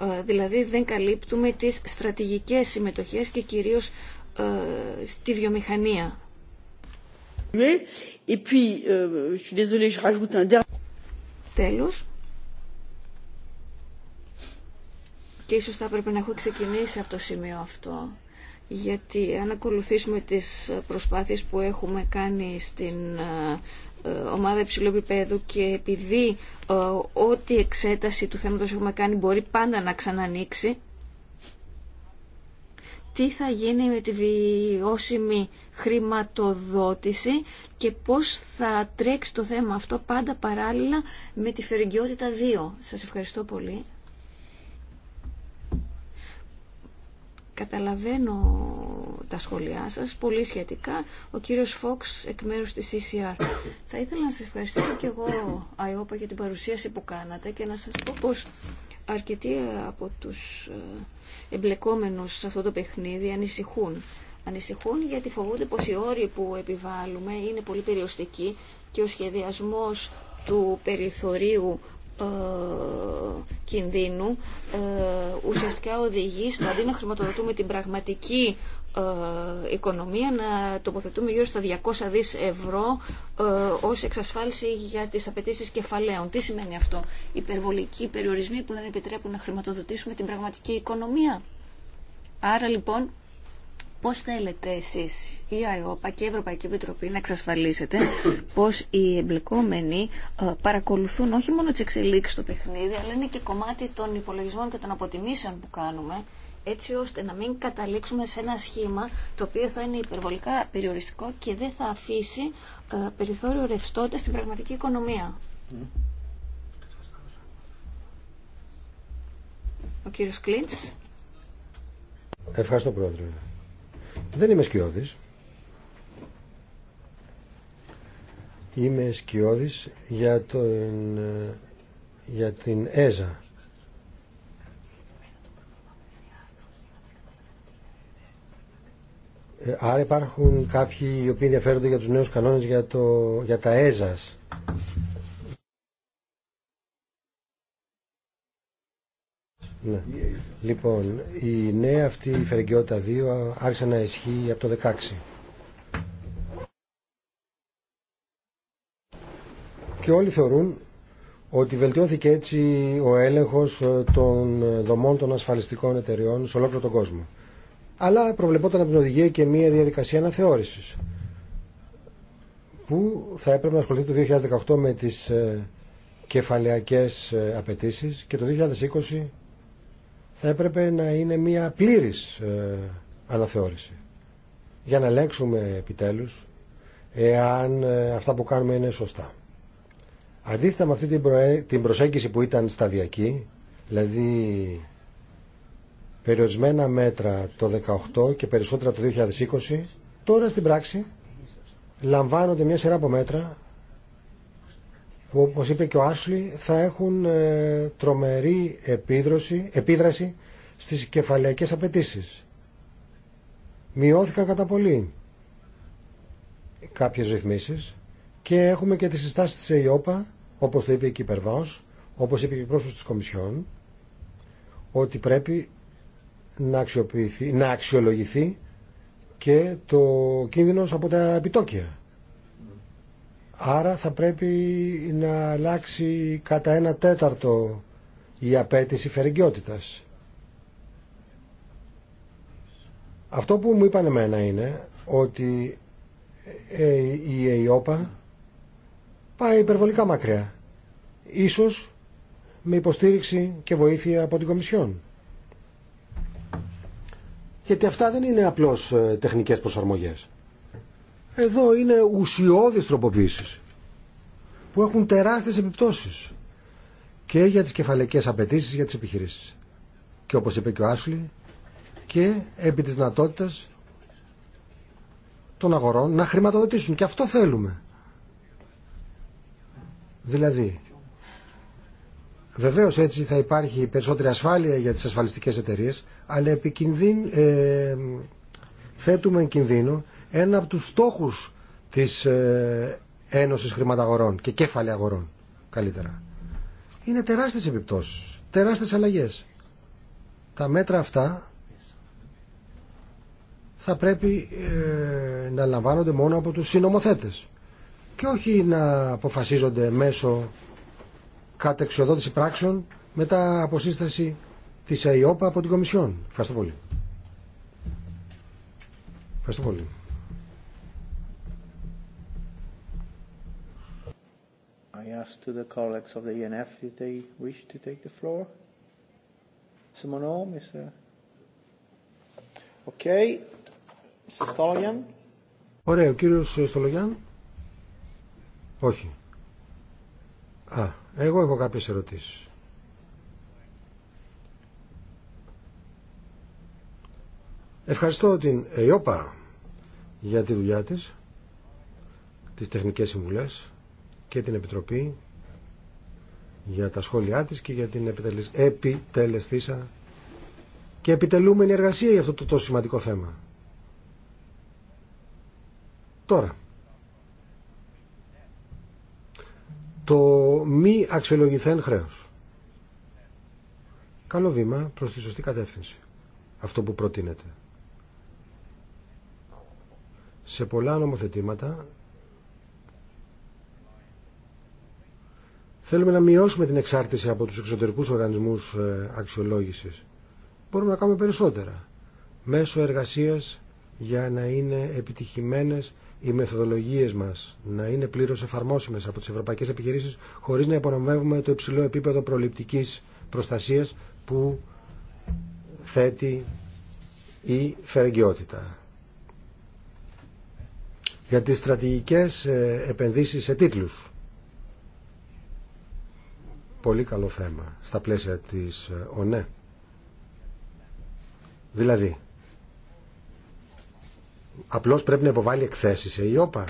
ε, δηλαδή δεν καλύπτουμε τις στρατηγικές συμμετοχές και κυρίως ε, στη βιομηχανία. Τέλος, και ίσως θα έπρεπε να έχω ξεκινήσει από το σημείο αυτό, γιατί αν ακολουθήσουμε τις προσπάθειες που έχουμε κάνει στην ε, ε, ομάδα υψηλού επίπεδου και επειδή ε, ό,τι εξέταση του θέματος έχουμε κάνει μπορεί πάντα να ξανανοίξει, τι θα γίνει με τη βιώσιμη χρηματοδότηση και πώς θα τρέξει το θέμα αυτό πάντα παράλληλα με τη φερικιότητα 2. Σας ευχαριστώ πολύ. Καταλαβαίνω τα σχόλιά σας πολύ σχετικά. Ο κύριος Φόξ εκ μέρους της ECR. Θα ήθελα να σας ευχαριστήσω και εγώ, ΑΕΟΠΑ, για την παρουσίαση που κάνατε και να σας πω πως αρκετοί από τους ε, εμπλεκόμενους σε αυτό το παιχνίδι ανησυχούν. Ανησυχούν γιατί φοβούνται πως οι όροι που επιβάλλουμε είναι πολύ περιοριστικοί και ο σχεδιασμός του περιθωρίου ε, κινδύνου ε, ουσιαστικά οδηγεί στο αντί να χρηματοδοτούμε την πραγματική ε, οικονομία να τοποθετούμε γύρω στα 200 δις ευρώ ε, ως εξασφάλιση για τις απαιτήσεις κεφαλαίων. Τι σημαίνει αυτό, υπερβολικοί περιορισμοί που δεν επιτρέπουν να χρηματοδοτήσουμε την πραγματική οικονομία. Άρα λοιπόν Πώς θέλετε εσείς, η ΑΕΟΠΑ και η Ευρωπαϊκή Επιτροπή να εξασφαλίσετε πως οι εμπλεκόμενοι ε, παρακολουθούν όχι μόνο τις εξελίξεις στο παιχνίδι, αλλά είναι και κομμάτι των υπολογισμών και των αποτιμήσεων που κάνουμε, έτσι ώστε να μην καταλήξουμε σε ένα σχήμα το οποίο θα είναι υπερβολικά περιοριστικό και δεν θα αφήσει ε, περιθώριο ρευστότητα στην πραγματική οικονομία. Mm. Ο κύριος Κλίντς. Ευχαριστώ, Πρόεδρε. Δεν είμαι σκιώδης. Είμαι σκιώδης για, τον, για την ΕΖΑ. Ε, άρα υπάρχουν κάποιοι οι οποίοι ενδιαφέρονται για τους νέους κανόνες για, το, για τα ΕΖΑΣ. Ναι. Λοιπόν, η νέα αυτή η Φερικαιότητα 2 άρχισε να ισχύει από το 16. Και όλοι θεωρούν ότι βελτιώθηκε έτσι ο έλεγχος ε, των δομών των ασφαλιστικών εταιριών σε ολόκληρο τον κόσμο. Αλλά προβλεπόταν από την οδηγία και μια διαδικασία αναθεώρησης που θα έπρεπε να ασχοληθεί το 2018 με τις ε, κεφαλαιακές ε, απαιτήσεις και το 2020 θα έπρεπε να είναι μια πλήρης ε, αναθεώρηση για να ελέγξουμε επιτέλους εάν ε, αυτά που κάνουμε είναι σωστά. Αντίθετα με αυτή την προσέγγιση που ήταν σταδιακή, δηλαδή περιορισμένα μέτρα το 2018 και περισσότερα το 2020, τώρα στην πράξη λαμβάνονται μια σειρά από μέτρα που όπως είπε και ο Άσλι θα έχουν ε, τρομερή επίδραση, επίδραση στις κεφαλαϊκές απαιτήσει. Μειώθηκαν κατά πολύ κάποιες ρυθμίσεις και έχουμε και τις συστάσεις της ΕΙΟΠΑ, όπως το είπε και η Περβάος, όπως είπε και η πρόσωπος της Κομισιόν, ότι πρέπει να, να αξιολογηθεί και το κίνδυνος από τα επιτόκια. Άρα θα πρέπει να αλλάξει κατά ένα τέταρτο η απέτηση φερικιότητας. Αυτό που μου είπαν εμένα είναι ότι ε, η ΕΙΟΠΑ πάει υπερβολικά μακριά. Ίσως με υποστήριξη και βοήθεια από την Κομισιόν. Γιατί αυτά δεν είναι απλώς ε, τεχνικές προσαρμογές. Εδώ είναι ουσιώδεις τροποποίησεις που έχουν τεράστιες επιπτώσεις και για τις κεφαλαικές απαιτήσει για τις επιχειρήσεις. Και όπως είπε και ο Άσλι, και επί της δυνατότητα των αγορών να χρηματοδοτήσουν. Και αυτό θέλουμε. Δηλαδή, βεβαίως έτσι θα υπάρχει περισσότερη ασφάλεια για τις ασφαλιστικές εταιρείες, αλλά ε, θέτουμε κινδύνο ένα από τους στόχους της ε, Ένωσης Χρηματαγορών και Κέφαλη Αγορών καλύτερα. Είναι τεράστιες επιπτώσεις, τεράστιες αλλαγές. Τα μέτρα αυτά θα πρέπει ε, να λαμβάνονται μόνο από τους συνομοθέτες και όχι να αποφασίζονται μέσω κάτεξιοδότηση πράξεων μετά από σύσταση της ΑΙΟΠΑ από την Κομισιόν. Ευχαριστώ πολύ. Ευχαριστώ πολύ. ask to the colleagues of the ENF if they wish to take the floor. Someone all, Mr. Okay. Mr. Stoloyan. Ωραία, ο κύριος Στολογιάν. Όχι. Α, εγώ έχω κάποιες ερωτήσεις. Ευχαριστώ την ΕΙΟΠΑ για τη δουλειά της, τις τεχνικές συμβουλές και την Επιτροπή για τα σχόλιά της και για την επιτελεστήσα και επιτελούμενη εργασία για αυτό το τόσο σημαντικό θέμα. Τώρα, το μη αξιολογηθέν χρέος. Καλό βήμα προς τη σωστή κατεύθυνση. Αυτό που προτείνεται. Σε πολλά νομοθετήματα Θέλουμε να μειώσουμε την εξάρτηση από τους εξωτερικούς οργανισμούς ε, αξιολόγησης. Μπορούμε να κάνουμε περισσότερα. Μέσω εργασίας για να είναι επιτυχημένες οι μεθοδολογίες μας, να είναι πλήρως εφαρμόσιμες από τις ευρωπαϊκές επιχειρήσεις, χωρίς να υπονομεύουμε το υψηλό επίπεδο προληπτικής προστασίας που θέτει η φερεγγιότητα. Για τις στρατηγικές ε, επενδύσεις σε τίτλους πολύ καλό θέμα στα πλαίσια της ε, ΟΝΕ. Δηλαδή, απλώς πρέπει να υποβάλει εκθέσεις σε ΙΟΠΑ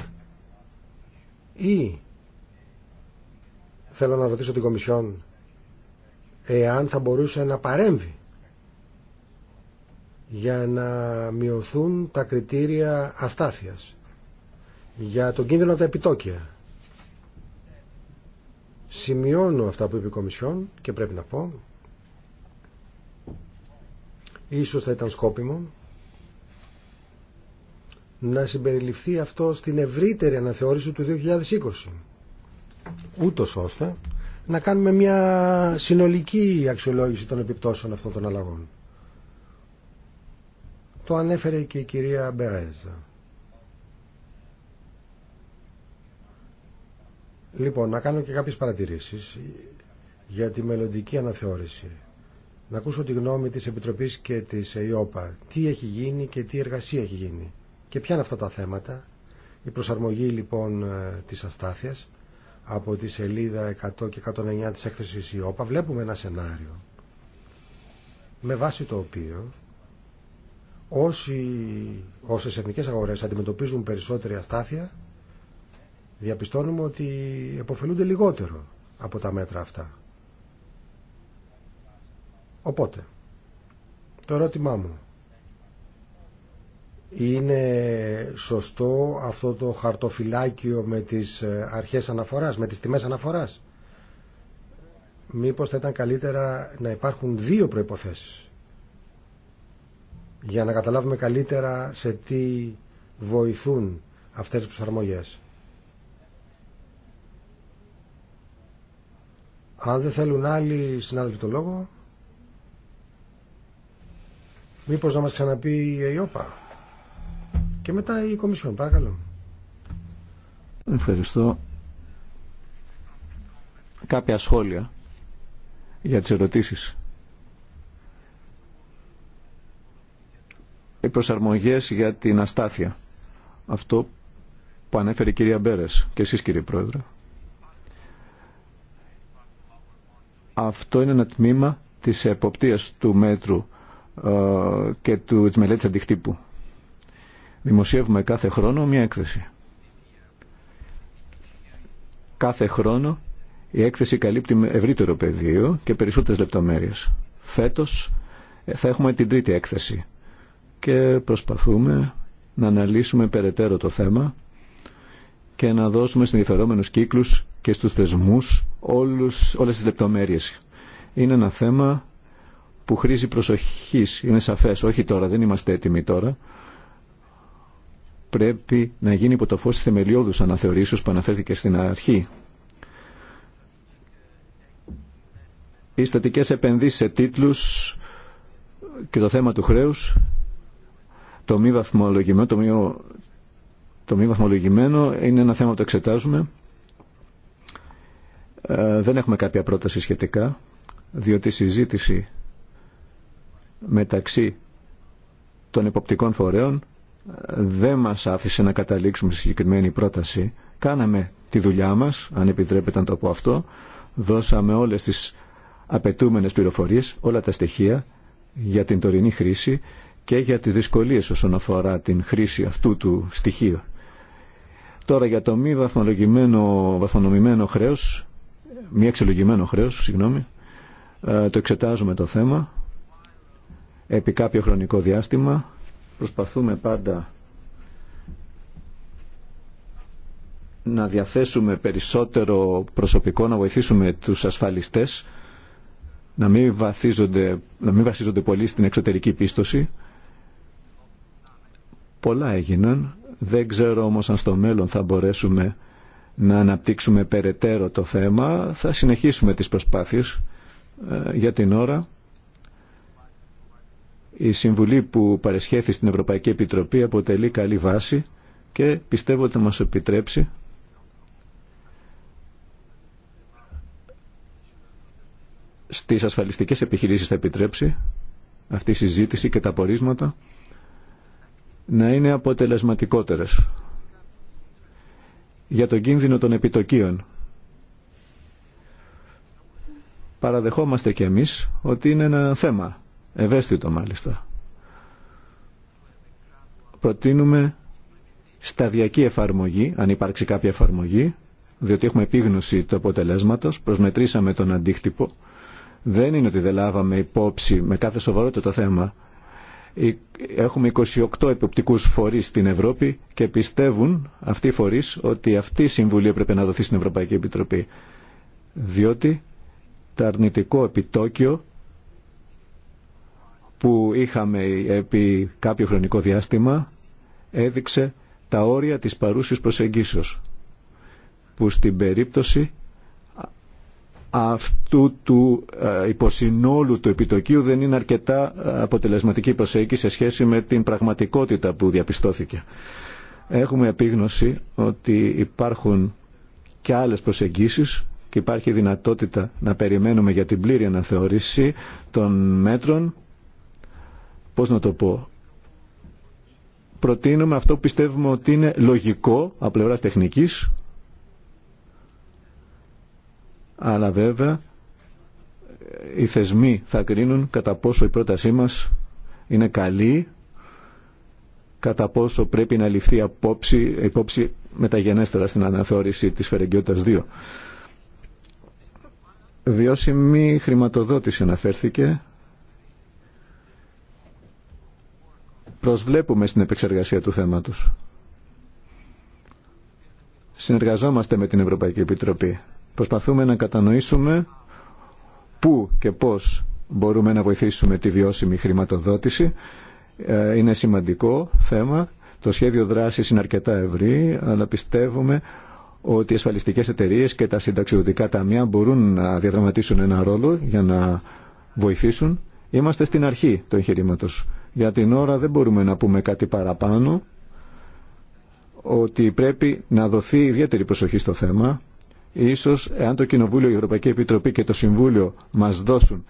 ή θέλω να ρωτήσω την Κομισιόν εάν θα μπορούσε να παρέμβει για να μειωθούν τα κριτήρια αστάθειας για τον κίνδυνο από τα επιτόκια σημειώνω αυτά που είπε η Κομισιόν και πρέπει να πω ίσως θα ήταν σκόπιμο να συμπεριληφθεί αυτό στην ευρύτερη αναθεώρηση του 2020 ούτως ώστε να κάνουμε μια συνολική αξιολόγηση των επιπτώσεων αυτών των αλλαγών. Το ανέφερε και η κυρία Μπερέζα. Λοιπόν, να κάνω και κάποιες παρατηρήσεις για τη μελλοντική αναθεώρηση. Να ακούσω τη γνώμη της Επιτροπής και της ΕΙΟΠΑ. Τι έχει γίνει και τι εργασία έχει γίνει. Και ποια είναι αυτά τα θέματα. Η προσαρμογή λοιπόν ε, της αστάθειας από τη σελίδα 100 και 109 της έκθεσης ΕΙΟΠΑ. βλέπουμε ένα σενάριο με βάση το οποίο όσοι, όσες εθνικές αγορές αντιμετωπίζουν περισσότερη αστάθεια διαπιστώνουμε ότι επωφελούνται λιγότερο από τα μέτρα αυτά. Οπότε, το ερώτημά μου είναι σωστό αυτό το χαρτοφυλάκιο με τις ε, αρχές αναφοράς, με τις τιμές αναφοράς. Μήπως θα ήταν καλύτερα να υπάρχουν δύο προϋποθέσεις για να καταλάβουμε καλύτερα σε τι βοηθούν αυτές τις προσαρμογές. Αν δεν θέλουν άλλοι συνάδελφοι το λόγο, μήπω να μα ξαναπεί η ΕΙΟΠΑ και μετά η Κομισιόν. Παρακαλώ. Ευχαριστώ. Κάποια σχόλια για τις ερωτήσεις. Οι προσαρμογές για την αστάθεια. Αυτό που ανέφερε η κυρία Μπέρες και εσείς κύριε Πρόεδρε. Αυτό είναι ένα τμήμα της εποπτείας του μέτρου ε, και του, της μελέτης αντιχτύπου. Δημοσιεύουμε κάθε χρόνο μια έκθεση. Κάθε χρόνο η έκθεση καλύπτει ευρύτερο πεδίο και περισσότερες λεπτομέρειες. Φέτος ε, θα έχουμε την τρίτη έκθεση και προσπαθούμε να αναλύσουμε περαιτέρω το θέμα και να δώσουμε στους ενδιαφερόμενους κύκλους και στους θεσμούς όλους, όλες τις λεπτομέρειες. Είναι ένα θέμα που χρήζει προσοχής, είναι σαφές, όχι τώρα, δεν είμαστε έτοιμοι τώρα. Πρέπει να γίνει υπό το φως της θεμελιώδους αναθεωρήσεως που αναφέρθηκε στην αρχή. Οι στατικές επενδύσεις σε τίτλους και το θέμα του χρέους, το μη βαθμολογημένο, το μη το μη βαθμολογημένο είναι ένα θέμα που το εξετάζουμε. Ε, δεν έχουμε κάποια πρόταση σχετικά, διότι η συζήτηση μεταξύ των υποπτικών φορέων ε, δεν μας άφησε να καταλήξουμε συγκεκριμένη πρόταση. Κάναμε τη δουλειά μας, αν επιτρέπετε να το πω αυτό, δώσαμε όλες τις απαιτούμενες πληροφορίες, όλα τα στοιχεία για την τωρινή χρήση και για τις δυσκολίες όσον αφορά την χρήση αυτού του στοιχείου. Τώρα για το μη βαθμολογημένο, βαθμονομημένο χρέος, μη εξελογημένο χρέος, συγγνώμη, ε, το εξετάζουμε το θέμα επί κάποιο χρονικό διάστημα. Προσπαθούμε πάντα να διαθέσουμε περισσότερο προσωπικό, να βοηθήσουμε τους ασφαλιστές, να μην, βαθίζονται, να μην βασίζονται πολύ στην εξωτερική πίστοση. Πολλά έγιναν δεν ξέρω όμως αν στο μέλλον θα μπορέσουμε να αναπτύξουμε περαιτέρω το θέμα. Θα συνεχίσουμε τις προσπάθειες ε, για την ώρα. Η συμβουλή που παρεσχέθη στην Ευρωπαϊκή Επιτροπή αποτελεί καλή βάση και πιστεύω ότι θα μας επιτρέψει στις ασφαλιστικές επιχειρήσεις θα επιτρέψει αυτή η συζήτηση και τα πορίσματα να είναι αποτελεσματικότερες για τον κίνδυνο των επιτοκίων. Παραδεχόμαστε κι εμείς ότι είναι ένα θέμα, ευαίσθητο μάλιστα. Προτείνουμε σταδιακή εφαρμογή, αν υπάρξει κάποια εφαρμογή, διότι έχουμε επίγνωση του αποτελέσματος, προσμετρήσαμε τον αντίκτυπο. Δεν είναι ότι δεν λάβαμε υπόψη με κάθε σοβαρότητα το θέμα Έχουμε 28 εποπτικούς φορείς στην Ευρώπη και πιστεύουν αυτοί οι φορείς ότι αυτή η συμβουλή έπρεπε να δοθεί στην Ευρωπαϊκή Επιτροπή. Διότι το αρνητικό επιτόκιο που είχαμε επί κάποιο χρονικό διάστημα έδειξε τα όρια της παρούσης προσεγγίσεως που στην περίπτωση αυτού του ε, υποσυνόλου του επιτοκίου δεν είναι αρκετά ε, αποτελεσματική προσέγγιση σε σχέση με την πραγματικότητα που διαπιστώθηκε. Έχουμε επίγνωση ότι υπάρχουν και άλλες προσεγγίσεις και υπάρχει δυνατότητα να περιμένουμε για την πλήρη αναθεωρήση των μέτρων. Πώς να το πω. Προτείνουμε αυτό που πιστεύουμε ότι είναι λογικό από πλευράς τεχνικής αλλά βέβαια οι θεσμοί θα κρίνουν κατά πόσο η πρότασή μας είναι καλή, κατά πόσο πρέπει να ληφθεί απόψη, υπόψη μεταγενέστερα στην αναθεώρηση της Φερεγγιότητας 2. Βιώσιμη χρηματοδότηση αναφέρθηκε. Προσβλέπουμε στην επεξεργασία του θέματος. Συνεργαζόμαστε με την Ευρωπαϊκή Επιτροπή Προσπαθούμε να κατανοήσουμε πού και πώς μπορούμε να βοηθήσουμε τη βιώσιμη χρηματοδότηση. Ε, είναι σημαντικό θέμα. Το σχέδιο δράσης είναι αρκετά ευρύ, αλλά πιστεύουμε ότι οι ασφαλιστικές εταιρείε και τα συνταξιδοτικά ταμεία μπορούν να διαδραματίσουν ένα ρόλο για να βοηθήσουν. Είμαστε στην αρχή του εγχειρήματο. Για την ώρα δεν μπορούμε να πούμε κάτι παραπάνω ότι πρέπει να δοθεί ιδιαίτερη προσοχή στο θέμα Ίσως εάν το Κοινοβούλιο, η Ευρωπαϊκή Επιτροπή και το Συμβούλιο μας δώσουν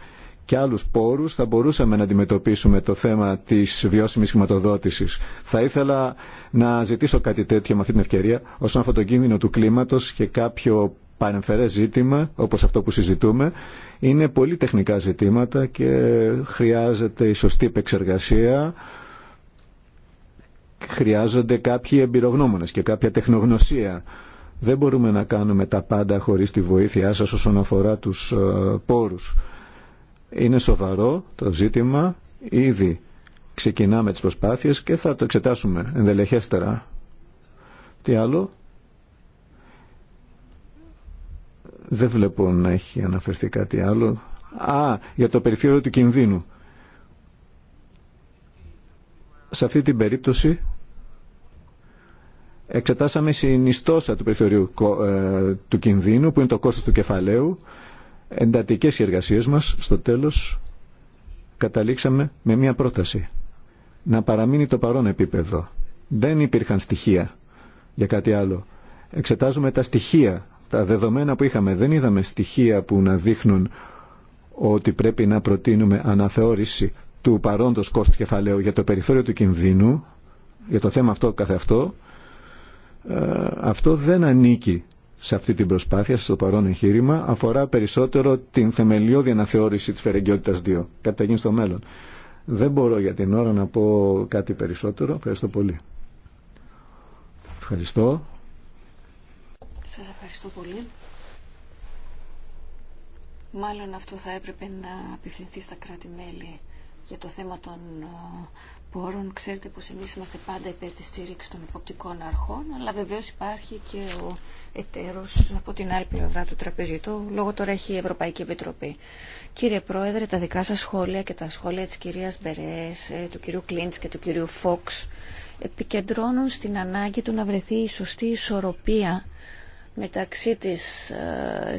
και άλλους πόρους θα μπορούσαμε να αντιμετωπίσουμε το θέμα της βιώσιμης χρηματοδότησης. Θα ήθελα να ζητήσω κάτι τέτοιο με αυτή την ευκαιρία όσον αφορά τον κίνδυνο του κλίματος και κάποιο παρεμφερέ ζήτημα όπω αυτό που συζητούμε. Είναι πολύ τεχνικά ζητήματα και χρειάζεται η σωστή επεξεργασία χρειάζονται κάποιοι εμπειρογνώμονε και κάποια τεχνογνωσία δεν μπορούμε να κάνουμε τα πάντα χωρίς τη βοήθειά σας όσον αφορά τους ε, πόρους. Είναι σοβαρό το ζήτημα. Ήδη ξεκινάμε τις προσπάθειες και θα το εξετάσουμε ενδελεχέστερα. Τι άλλο. Δεν βλέπω να έχει αναφερθεί κάτι άλλο. Α, για το περιθώριο του κινδύνου. Σε αυτή την περίπτωση Εξετάσαμε συνιστόσα του περιθωριού ε, του κινδύνου, που είναι το κόστος του κεφαλαίου. Εντατικές οι εργασίες μας, στο τέλος, καταλήξαμε με μία πρόταση. Να παραμείνει το παρόν επίπεδο. Δεν υπήρχαν στοιχεία για κάτι άλλο. Εξετάζουμε τα στοιχεία, τα δεδομένα που είχαμε. Δεν είδαμε στοιχεία που να δείχνουν ότι πρέπει να προτείνουμε αναθεώρηση του παρόντος κόστου κεφαλαίου για το περιθώριο του κινδύνου, για το θέμα αυτό καθεαυτό, ε, αυτό δεν ανήκει σε αυτή την προσπάθεια, στο παρόν εγχείρημα, αφορά περισσότερο την θεμελιώδη αναθεώρηση της φερεγγιότητας 2, κάτι θα γίνει στο μέλλον. Δεν μπορώ για την ώρα να πω κάτι περισσότερο. Ευχαριστώ πολύ. Ευχαριστώ. Σας ευχαριστώ πολύ. Μάλλον αυτό θα έπρεπε να απευθυνθεί στα κράτη-μέλη για το θέμα των ε, πόρων. Ξέρετε πως εμείς είμαστε πάντα υπέρ της στήριξη των υποπτικών αρχών, αλλά βεβαίως υπάρχει και ο εταίρος από την άλλη πλευρά του τραπεζιτού, λόγω τώρα έχει η Ευρωπαϊκή Επιτροπή. Κύριε Πρόεδρε, τα δικά σας σχόλια και τα σχόλια της κυρίας Μπερές, ε, του κυρίου Κλίντς και του κυρίου Φόξ επικεντρώνουν στην ανάγκη του να βρεθεί η σωστή ισορροπία μεταξύ της ε,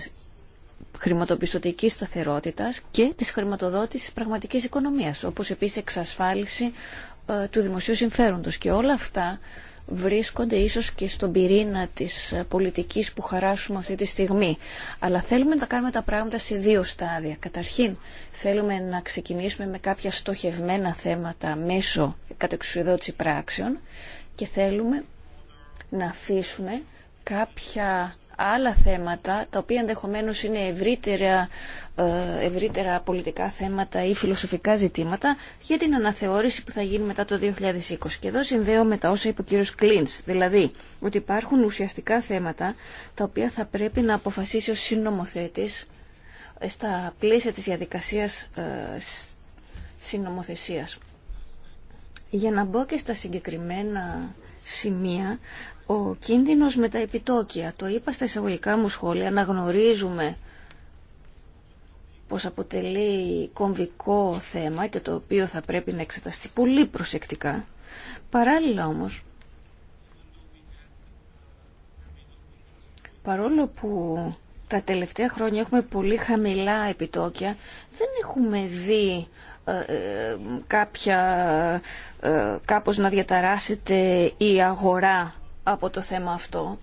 χρηματοπιστωτικής σταθερότητας και της χρηματοδότησης της πραγματικής οικονομίας, όπως επίσης εξασφάλιση ε, του δημοσίου συμφέροντος. Και όλα αυτά βρίσκονται ίσως και στον πυρήνα της ε, πολιτικής που χαράσουμε αυτή τη στιγμή. Αλλά θέλουμε να κάνουμε τα πράγματα σε δύο στάδια. Καταρχήν, θέλουμε να ξεκινήσουμε με κάποια στοχευμένα θέματα μέσω κατεξουδότηση πράξεων και θέλουμε να αφήσουμε κάποια άλλα θέματα τα οποία ενδεχομένως είναι ευρύτερα, ε, ευρύτερα πολιτικά θέματα ή φιλοσοφικά ζητήματα για την αναθεώρηση που θα γίνει μετά το 2020. Και εδώ συνδέω με τα όσα είπε ο κύριος Κλίντς, δηλαδή ότι υπάρχουν ουσιαστικά θέματα τα οποία θα πρέπει να αποφασίσει ο συνομοθέτης ε, στα πλαίσια της διαδικασίας ε, συνομοθεσίας. Για να μπω και στα συγκεκριμένα σημεία ο κίνδυνος με τα επιτόκια, το είπα στα εισαγωγικά μου σχόλια, γνωρίζουμε πως αποτελεί κομβικό θέμα και το οποίο θα πρέπει να εξεταστεί πολύ προσεκτικά. Παράλληλα όμως, παρόλο που τα τελευταία χρόνια έχουμε πολύ χαμηλά επιτόκια, δεν έχουμε δει ε, ε, κάποια, ε, κάπως να διαταράσσεται η αγορά από το θέμα αυτό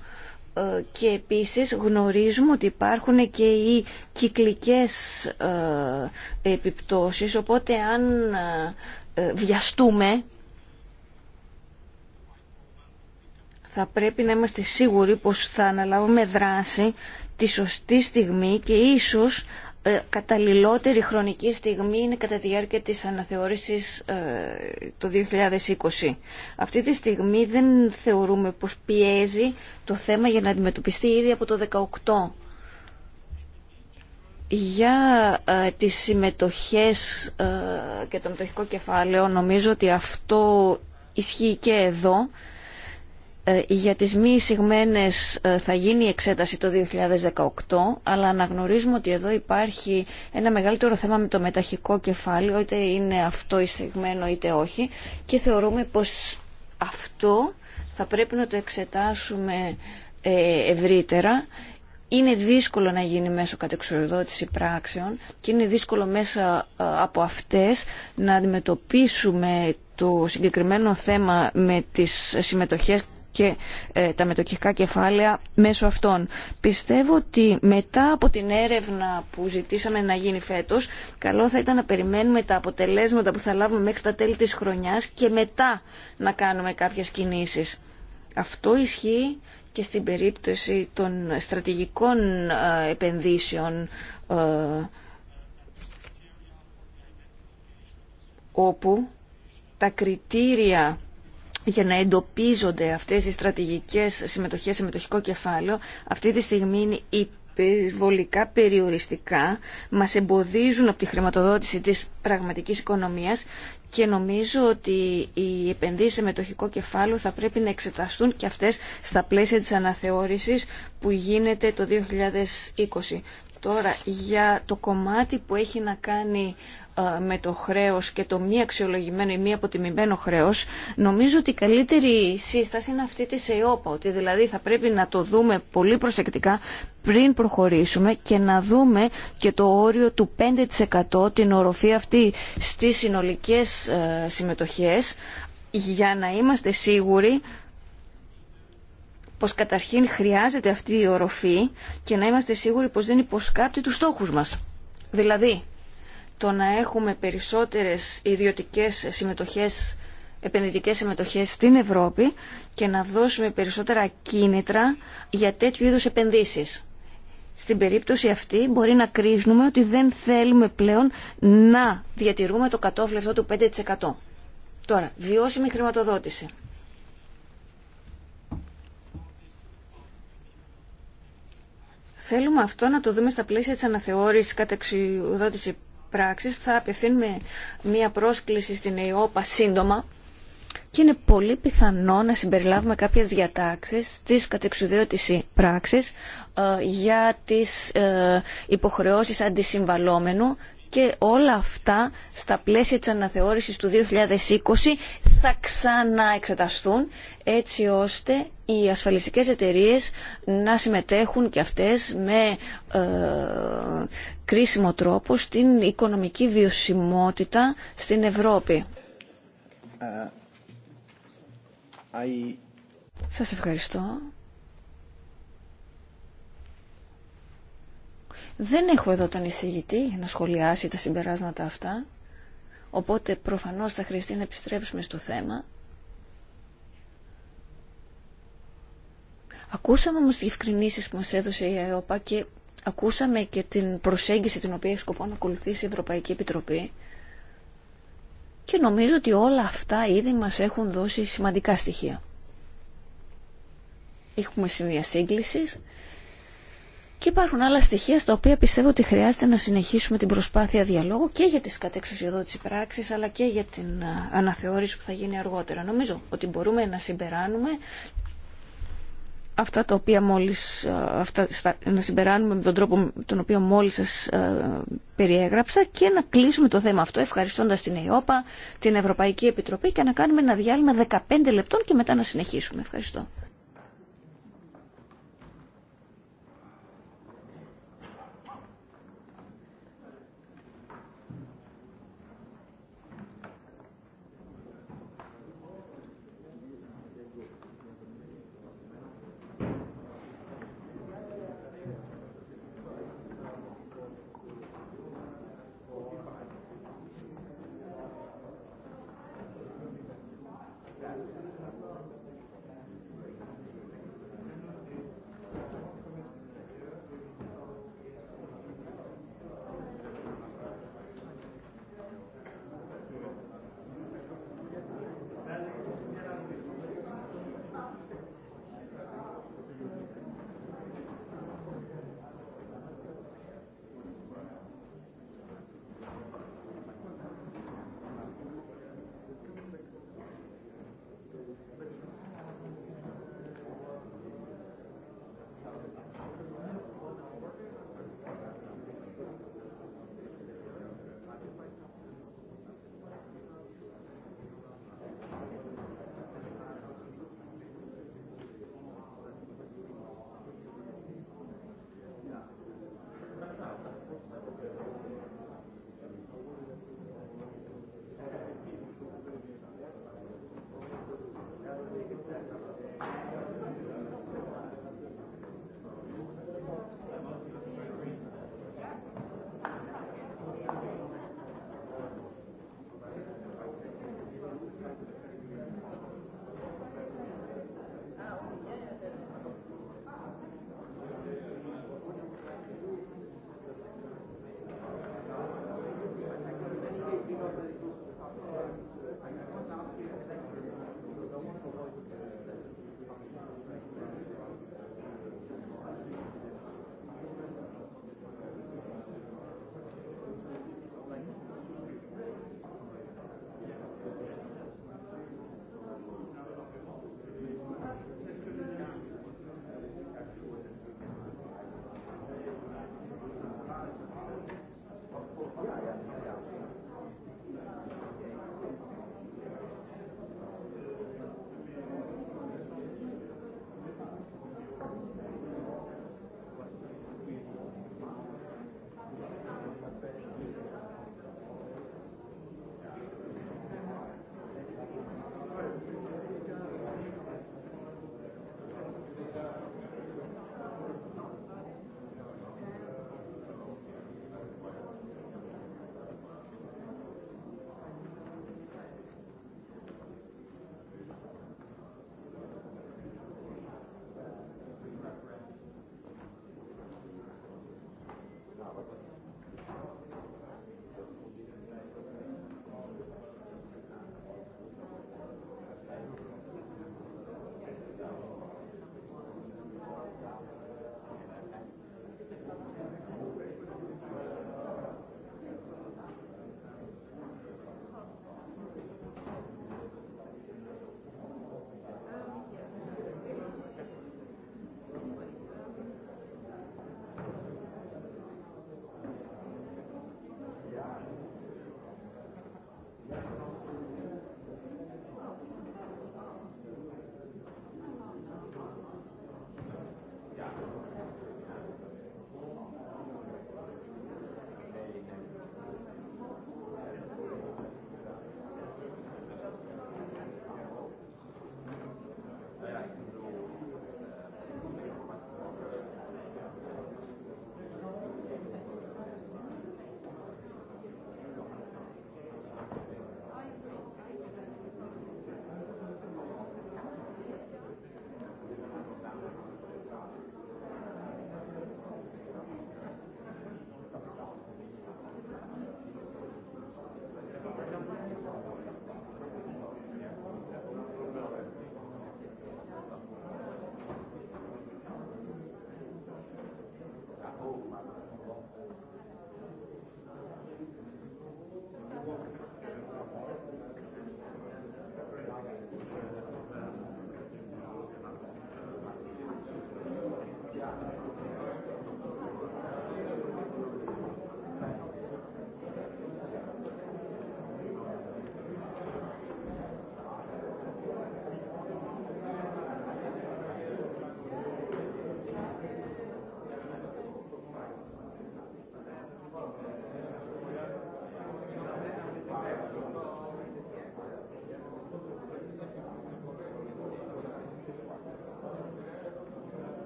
ε, και επίσης γνωρίζουμε ότι υπάρχουν και οι κυκλικές ε, επιπτώσεις οπότε αν ε, βιαστούμε θα πρέπει να είμαστε σίγουροι πως θα αναλάβουμε δράση τη σωστή στιγμή και ίσως ε, καταλληλότερη χρονική στιγμή είναι κατά τη διάρκεια της αναθεώρησης ε, το 2020. Αυτή τη στιγμή δεν θεωρούμε πως πιέζει το θέμα για να αντιμετωπιστεί ήδη από το 2018. Για ε, τις συμμετοχές και το μετοχικό κεφάλαιο νομίζω ότι αυτό ισχύει και εδώ ε, για τις μη εισηγμένες ε, θα γίνει η εξέταση το 2018, αλλά αναγνωρίζουμε ότι εδώ υπάρχει ένα μεγαλύτερο θέμα με το μεταχικό κεφάλαιο, είτε είναι αυτό εισηγμένο είτε όχι, και θεωρούμε πως αυτό θα πρέπει να το εξετάσουμε ε, ευρύτερα. Είναι δύσκολο να γίνει μέσω κατεξοδότηση πράξεων και είναι δύσκολο μέσα από αυτές να αντιμετωπίσουμε το συγκεκριμένο θέμα με τις συμμετοχές και ε, τα μετοχικά κεφάλαια μέσω αυτών. Πιστεύω ότι μετά από την έρευνα που ζητήσαμε να γίνει φέτος, καλό θα ήταν να περιμένουμε τα αποτελέσματα που θα λάβουμε μέχρι τα τέλη της χρονιάς και μετά να κάνουμε κάποιες κινήσεις. Αυτό ισχύει και στην περίπτωση των στρατηγικών ε, επενδύσεων ε, όπου τα κριτήρια για να εντοπίζονται αυτές οι στρατηγικές συμμετοχές σε μετοχικό κεφάλαιο αυτή τη στιγμή είναι υπερβολικά περιοριστικά μας εμποδίζουν από τη χρηματοδότηση της πραγματικής οικονομίας και νομίζω ότι οι επενδύσεις σε μετοχικό κεφάλαιο θα πρέπει να εξεταστούν και αυτές στα πλαίσια της αναθεώρησης που γίνεται το 2020. Τώρα, για το κομμάτι που έχει να κάνει με το χρέος και το μη αξιολογημένο ή μη αποτιμημένο χρέος, νομίζω ότι η καλύτερη σύσταση είναι αυτή της ΕΟΠΑ, ότι δηλαδή θα πρέπει να το δούμε πολύ προσεκτικά πριν προχωρήσουμε και να δούμε και το όριο του 5% την οροφή αυτή στις συνολικές συμμετοχές για να είμαστε σίγουροι πως καταρχήν χρειάζεται αυτή η οροφή και να είμαστε σίγουροι πως δεν υποσκάπτει τους στόχους μας. Δηλαδή, το να έχουμε περισσότερες ιδιωτικές συμμετοχές, επενδυτικές συμμετοχές στην Ευρώπη και να δώσουμε περισσότερα κίνητρα για τέτοιου είδους επενδύσεις. Στην περίπτωση αυτή μπορεί να κρίνουμε ότι δεν θέλουμε πλέον να διατηρούμε το κατόφλι του 5%. Τώρα, βιώσιμη χρηματοδότηση. Θέλουμε αυτό να το δούμε στα πλαίσια της αναθεώρησης πράξεις θα απευθύνουμε μία πρόσκληση στην ΕΟΠΑ σύντομα και είναι πολύ πιθανό να συμπεριλάβουμε κάποιες διατάξεις της κατεξουδίωτηση πράξης ε, για τις ε, υποχρεώσεις αντισυμβαλόμενου και όλα αυτά στα πλαίσια της αναθεώρησης του 2020 θα ξαναεξεταστούν έτσι ώστε οι ασφαλιστικές εταιρείες να συμμετέχουν και αυτές με ε, κρίσιμο τρόπο στην οικονομική βιωσιμότητα στην Ευρώπη. Uh, Σας ευχαριστώ. Δεν έχω εδώ τον εισηγητή να σχολιάσει τα συμπεράσματα αυτά, οπότε προφανώς θα χρειαστεί να επιστρέψουμε στο θέμα. Ακούσαμε όμω τι ευκρινήσει που μα έδωσε η ΑΕΟΠΑ και ακούσαμε και την προσέγγιση την οποία έχει σκοπό να ακολουθήσει η Ευρωπαϊκή Επιτροπή. Και νομίζω ότι όλα αυτά ήδη μας έχουν δώσει σημαντικά στοιχεία. Έχουμε σημεία σύγκληση και υπάρχουν άλλα στοιχεία στα οποία πιστεύω ότι χρειάζεται να συνεχίσουμε την προσπάθεια διαλόγου και για τις κατεξουσιοδότηση πράξεις αλλά και για την ε, αναθεώρηση που θα γίνει αργότερα. Νομίζω ότι μπορούμε να συμπεράνουμε αυτά τα οποία μόλις, ε, αυτά, να συμπεράνουμε με τον τρόπο τον οποίο μόλις σας ε, περιέγραψα και να κλείσουμε το θέμα αυτό ευχαριστώντας την ΕΟΠΑ, την Ευρωπαϊκή Επιτροπή και να κάνουμε ένα διάλειμμα 15 λεπτών και μετά να συνεχίσουμε. Ευχαριστώ.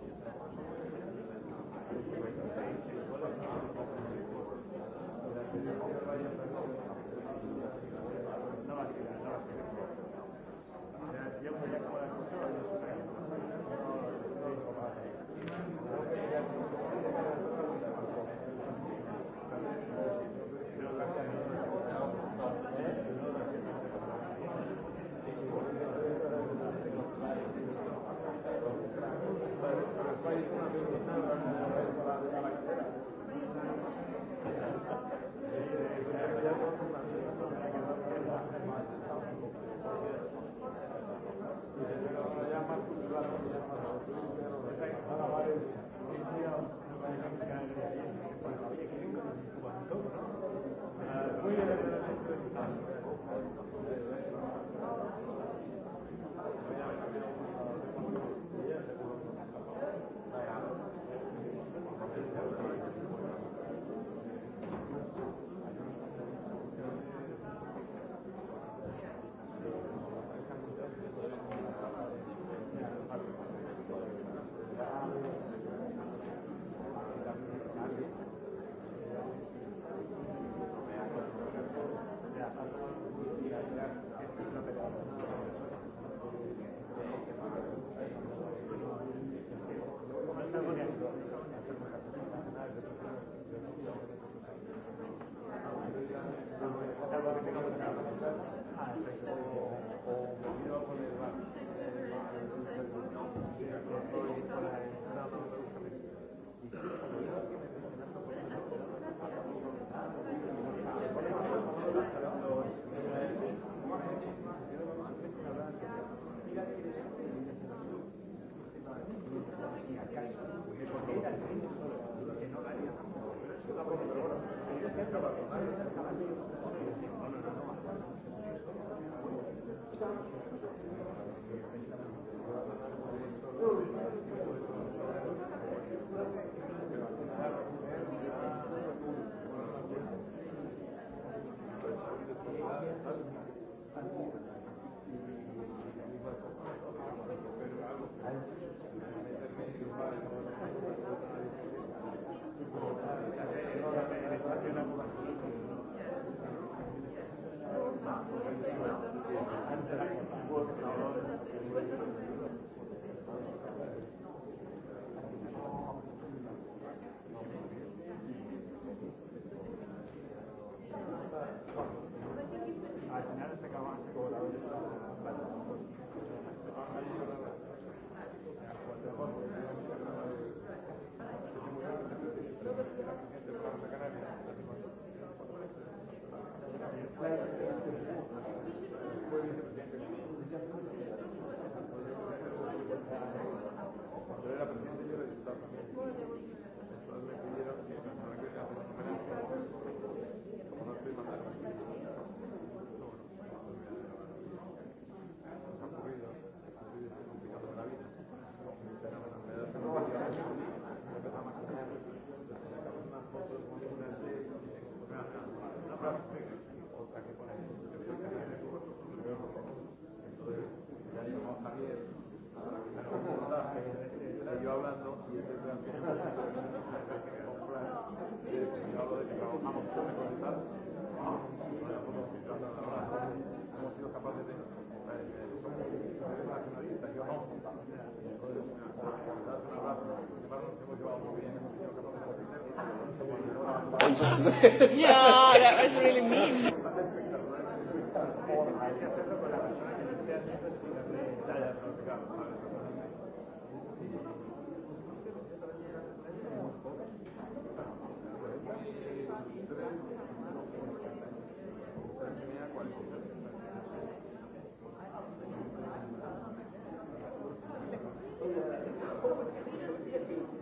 Thank you. yeah, that was really mean. Thank you.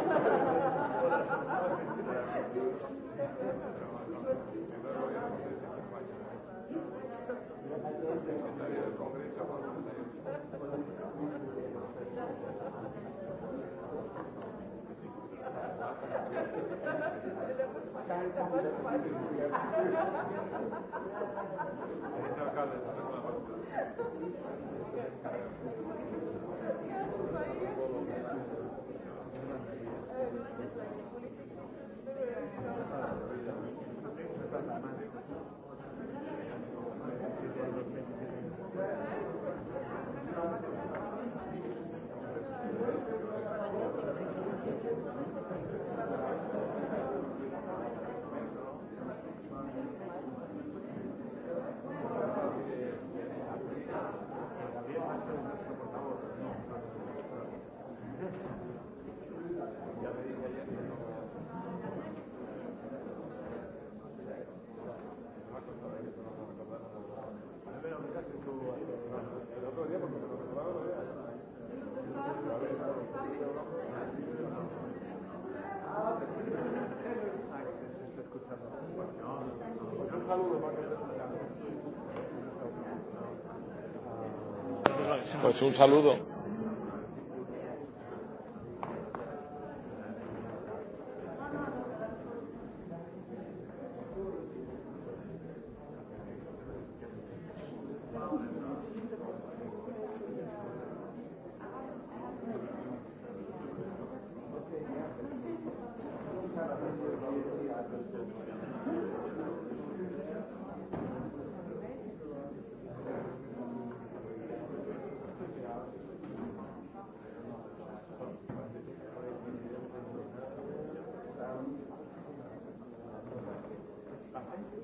Pues un saludo.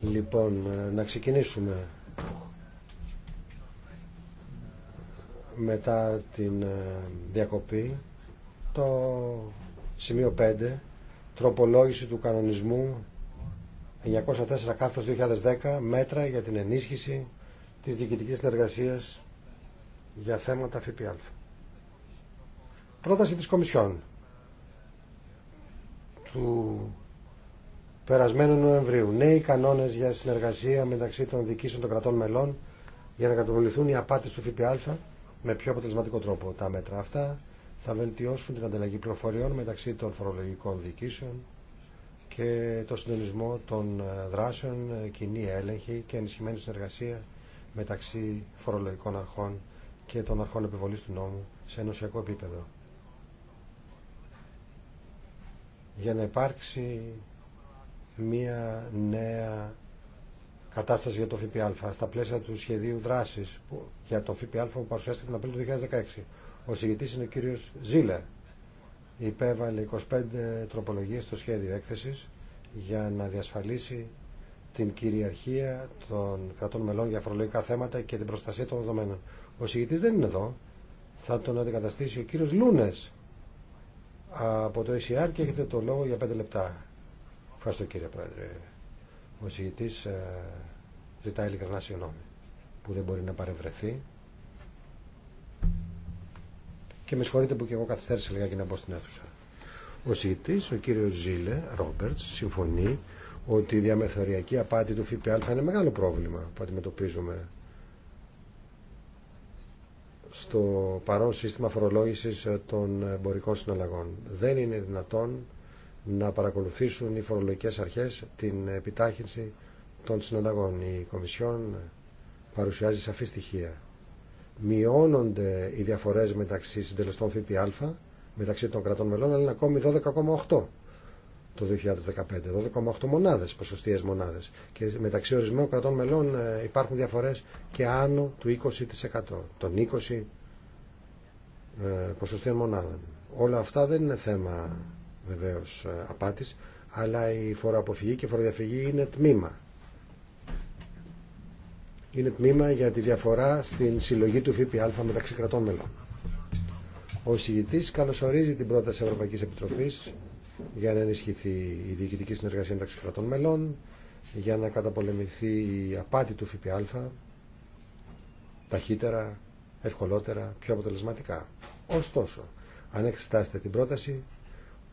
Λοιπόν, ε, να ξεκινήσουμε μετά την ε, διακοπή το σημείο 5 τροπολόγηση του κανονισμού 904 κάθος 2010 μέτρα για την ενίσχυση της διοικητικής συνεργασίας για θέματα ΦΠΑ. Πρόταση της Κομισιόν του περασμένου Νοεμβρίου. Νέοι κανόνε για συνεργασία μεταξύ των διοικήσεων των κρατών μελών για να κατοβοληθούν οι απάτε του ΦΠΑ με πιο αποτελεσματικό τρόπο. Τα μέτρα αυτά θα βελτιώσουν την ανταλλαγή πληροφοριών μεταξύ των φορολογικών διοικήσεων και το συντονισμό των ε, δράσεων, ε, κοινή έλεγχη και ενισχυμένη συνεργασία μεταξύ φορολογικών αρχών και των αρχών επιβολής του νόμου σε ενωσιακό επίπεδο. Για να υπάρξει μία νέα κατάσταση για το ΦΠΑ στα πλαίσια του σχεδίου δράση για το ΦΠΑ που παρουσιάστηκε τον Απρίλιο του 2016. Ο Συγητή είναι ο κύριο Ζήλε. Υπέβαλε 25 τροπολογίε στο σχέδιο έκθεση για να διασφαλίσει την κυριαρχία των κρατών μελών για φορολογικά θέματα και την προστασία των δεδομένων. Ο Συγητή δεν είναι εδώ. Θα τον αντικαταστήσει ο κύριο Λούνε από το ECR και έχετε το λόγο για 5 λεπτά. Ευχαριστώ κύριε Πρόεδρε. Ο ε, ζητάει ειλικρινά συγγνώμη που δεν μπορεί να παρευρεθεί και με συγχωρείτε που και εγώ καθυστέρησα λιγάκι να μπω στην αίθουσα. Ο συγητή, ο κύριος Ζήλε Ρόμπερτς, συμφωνεί ότι η διαμεθοριακή απάτη του ΦΠΑ είναι μεγάλο πρόβλημα που αντιμετωπίζουμε στο παρόν σύστημα φορολόγησης των εμπορικών συναλλαγών. Δεν είναι δυνατόν να παρακολουθήσουν οι φορολογικές αρχές την επιτάχυνση των συναλλαγών. Η Κομισιόν παρουσιάζει σαφή στοιχεία. Μειώνονται οι διαφορές μεταξύ συντελεστών ΦΠΑ μεταξύ των κρατών μελών, αλλά είναι ακόμη 12,8 το 2015. 12,8 μονάδες, ποσοστίες μονάδες. Και μεταξύ ορισμένων κρατών μελών ε, υπάρχουν διαφορές και άνω του 20%. Των 20 ε, ποσοστίων μονάδων. Όλα αυτά δεν είναι θέμα Βεβαίω ε, απάτης, αλλά η φοροαποφυγή και η φοροδιαφυγή είναι τμήμα. Είναι τμήμα για τη διαφορά στην συλλογή του ΦΠΑ μεταξύ κρατών μελών. Ο συγητής καλωσορίζει την πρόταση Ευρωπαϊκή Επιτροπή για να ενισχυθεί η διοικητική συνεργασία μεταξύ κρατών μελών, για να καταπολεμηθεί η απάτη του ΦΠΑ ταχύτερα, ευκολότερα, πιο αποτελεσματικά. Ωστόσο, αν εξετάσετε την πρόταση,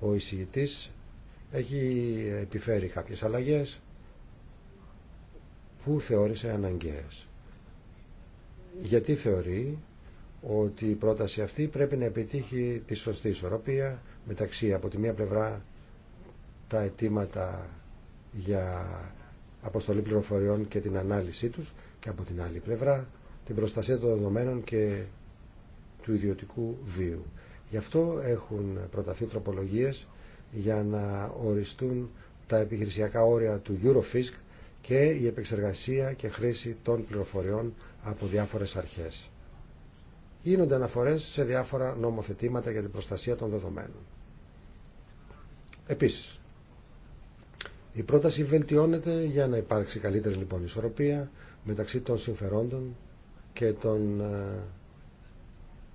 ο εισηγητής έχει επιφέρει κάποιες αλλαγές που θεώρησε αναγκαίες. Γιατί θεωρεί ότι η πρόταση αυτή πρέπει να επιτύχει τη σωστή ισορροπία μεταξύ από τη μία πλευρά τα αιτήματα για αποστολή πληροφοριών και την ανάλυση τους και από την άλλη πλευρά την προστασία των δεδομένων και του ιδιωτικού βίου. Γι' αυτό έχουν προταθεί τροπολογίες για να οριστούν τα επιχειρησιακά όρια του Eurofisk και η επεξεργασία και χρήση των πληροφοριών από διάφορες αρχές. Γίνονται αναφορές σε διάφορα νομοθετήματα για την προστασία των δεδομένων. Επίσης, η πρόταση βελτιώνεται για να υπάρξει καλύτερη λοιπόν ισορροπία μεταξύ των συμφερόντων και των ε,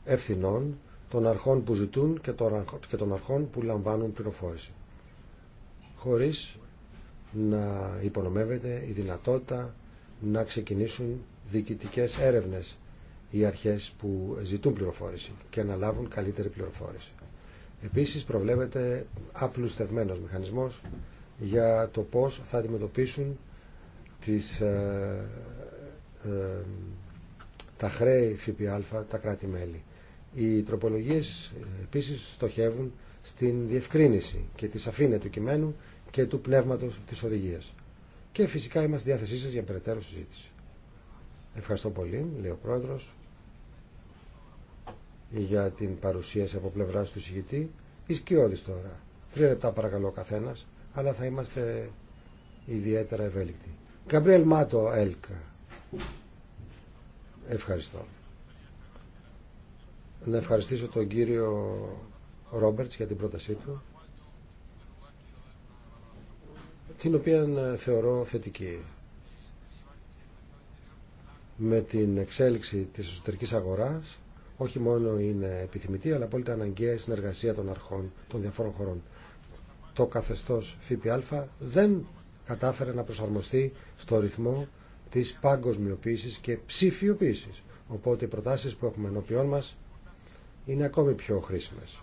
ευθυνών των αρχών που ζητούν και των αρχών που λαμβάνουν πληροφόρηση χωρίς να υπονομεύεται η δυνατότητα να ξεκινήσουν διοικητικές έρευνες οι αρχές που ζητούν πληροφόρηση και να λάβουν καλύτερη πληροφόρηση. Επίσης προβλέπεται απλουστευμένος μηχανισμός για το πώς θα αντιμετωπίσουν τις, ε, ε, ε, τα χρέη ΦΠΑ τα κράτη-μέλη. Οι τροπολογίες επίσης στοχεύουν στην διευκρίνηση και τη σαφήνεια του κειμένου και του πνεύματος της οδηγίας. Και φυσικά είμαστε στη διάθεσή σας για περαιτέρω συζήτηση. Ευχαριστώ πολύ, λέει ο Πρόεδρος, για την παρουσίαση από πλευρά του συγητή. Ισκιώδης τώρα. Τρία λεπτά παρακαλώ καθένας, αλλά θα είμαστε ιδιαίτερα ευέλικτοι. Καμπριέλ Μάτο, Έλκα. Ευχαριστώ να ευχαριστήσω τον κύριο Ρόμπερτς για την πρότασή του την οποία θεωρώ θετική. Με την εξέλιξη της εσωτερικής αγοράς όχι μόνο είναι επιθυμητή αλλά απόλυτα αναγκαία η συνεργασία των αρχών των διαφόρων χωρών. Το καθεστώς ΦΠΑ δεν κατάφερε να προσαρμοστεί στο ρυθμό της παγκοσμιοποίησης και ψηφιοποίησης. Οπότε οι προτάσεις που έχουμε ενώπιόν μας είναι ακόμη πιο χρήσιμες.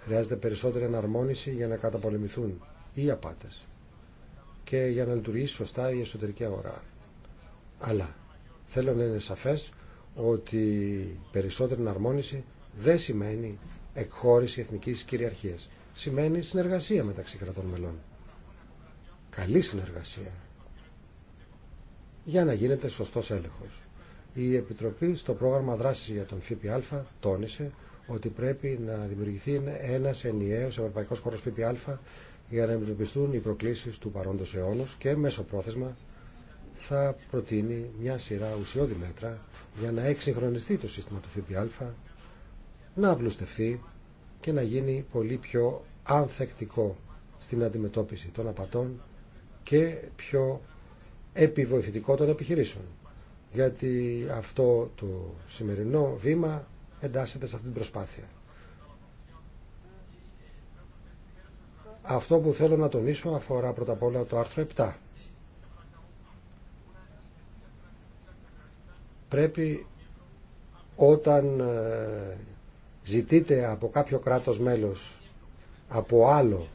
Χρειάζεται περισσότερη εναρμόνιση για να καταπολεμηθούν οι απάτες και για να λειτουργήσει σωστά η εσωτερική αγορά. Αλλά θέλω να είναι σαφές ότι περισσότερη εναρμόνιση δεν σημαίνει εκχώρηση εθνικής κυριαρχίας. Σημαίνει συνεργασία μεταξύ κρατών μελών. Καλή συνεργασία για να γίνεται σωστός έλεγχος. Η Επιτροπή στο πρόγραμμα δράσης για τον ΦΠΑ τόνισε ότι πρέπει να δημιουργηθεί ένας ενιαίος ευρωπαϊκός χώρος ΦΠΑ για να εμπλουτιστούν οι προκλήσεις του παρόντος αιώνος και μέσω πρόθεσμα θα προτείνει μια σειρά ουσιώδη μέτρα για να εξυγχρονιστεί το σύστημα του ΦΠΑ, να απλουστευτεί και να γίνει πολύ πιο ανθεκτικό στην αντιμετώπιση των απατών και πιο επιβοηθητικό των επιχειρήσεων γιατί αυτό το σημερινό βήμα εντάσσεται σε αυτή την προσπάθεια. Αυτό που θέλω να τονίσω αφορά πρώτα απ' όλα το άρθρο 7. Πρέπει όταν ε, ζητείτε από κάποιο κράτος μέλος από άλλο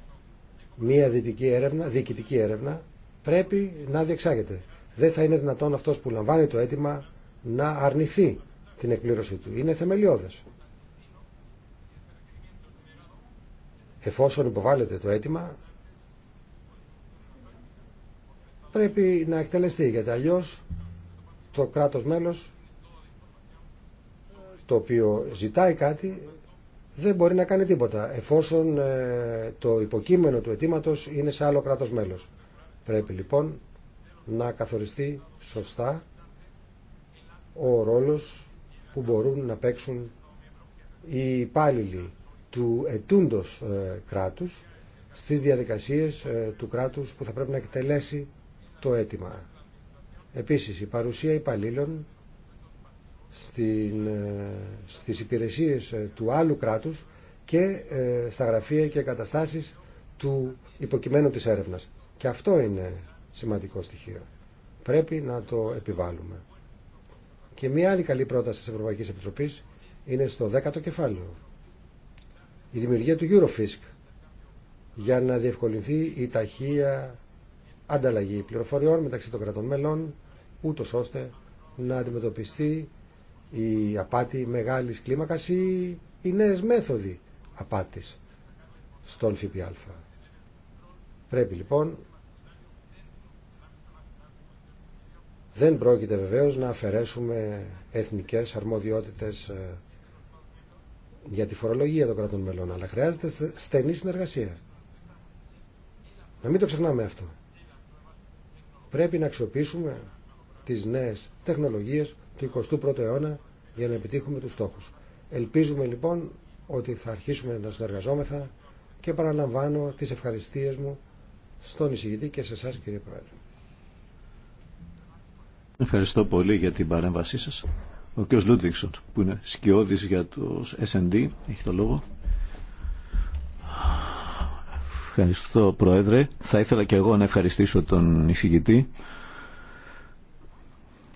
μία δυτική έρευνα, διοικητική έρευνα πρέπει να διεξάγεται δεν θα είναι δυνατόν αυτός που λαμβάνει το αίτημα να αρνηθεί την εκπλήρωσή του. Είναι θεμελιώδες. Εφόσον υποβάλλεται το αίτημα, πρέπει να εκτελεστεί, γιατί αλλιώς το κράτος μέλος το οποίο ζητάει κάτι δεν μπορεί να κάνει τίποτα εφόσον ε, το υποκείμενο του αιτήματο είναι σε άλλο κράτος μέλος. Πρέπει λοιπόν να καθοριστεί σωστά ο ρόλος που μπορούν να παίξουν οι υπάλληλοι του ετούντος ε, κράτους στις διαδικασίες ε, του κράτους που θα πρέπει να εκτελέσει το αίτημα. Επίσης, η παρουσία υπαλλήλων στην, ε, στις υπηρεσίες του άλλου κράτους και στα γραφεία και καταστάσεις του υποκειμένου της έρευνας. Και αυτό είναι σημαντικό στοιχείο. Πρέπει να το επιβάλλουμε. Και μια άλλη καλή πρόταση της Ευρωπαϊκής Επιτροπής είναι στο 10ο κεφάλαιο. Η δημιουργία του Eurofisk για να διευκολυνθεί η ταχεία ανταλλαγή πληροφοριών μεταξύ των κρατών μελών, ούτω ώστε να αντιμετωπιστεί η απάτη μεγάλης κλίμακας ή οι νέες μέθοδοι απάτης στον ΦΠΑ. Πρέπει λοιπόν Δεν πρόκειται βεβαίως να αφαιρέσουμε εθνικές αρμοδιότητες ε, για τη φορολογία των κρατών μελών, αλλά χρειάζεται στενή συνεργασία. Να μην το ξεχνάμε αυτό. Πρέπει να αξιοποιήσουμε τις νέες τεχνολογίες του 21ου αιώνα για να επιτύχουμε τους στόχους. Ελπίζουμε λοιπόν ότι θα αρχίσουμε να συνεργαζόμεθα και παραλαμβάνω τις ευχαριστίες μου στον εισηγητή και σε εσά κύριε Πρόεδρε. Ευχαριστώ πολύ για την παρέμβασή σας. Ο κ. Λούντβιξον, που είναι σκιώδης για τους S&D, έχει το λόγο. Ευχαριστώ, Πρόεδρε. Θα ήθελα και εγώ να ευχαριστήσω τον εισηγητή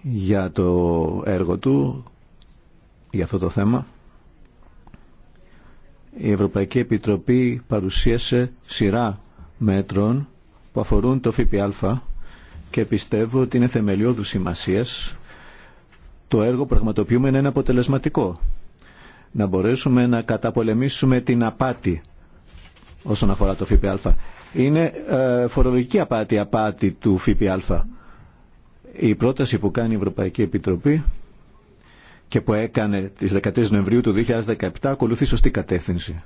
για το έργο του, για αυτό το θέμα. Η Ευρωπαϊκή Επιτροπή παρουσίασε σειρά μέτρων που αφορούν το ΦΠΑ και πιστεύω ότι είναι θεμελιώδου σημασία το έργο πραγματοποιούμε να είναι αποτελεσματικό. Να μπορέσουμε να καταπολεμήσουμε την απάτη όσον αφορά το ΦΠΑ. Είναι ε, φορολογική απάτη, απάτη του ΦΠΑ. Η πρόταση που κάνει η Ευρωπαϊκή Επιτροπή και που έκανε τις 13 Νοεμβρίου του 2017 ακολουθεί σωστή κατεύθυνση.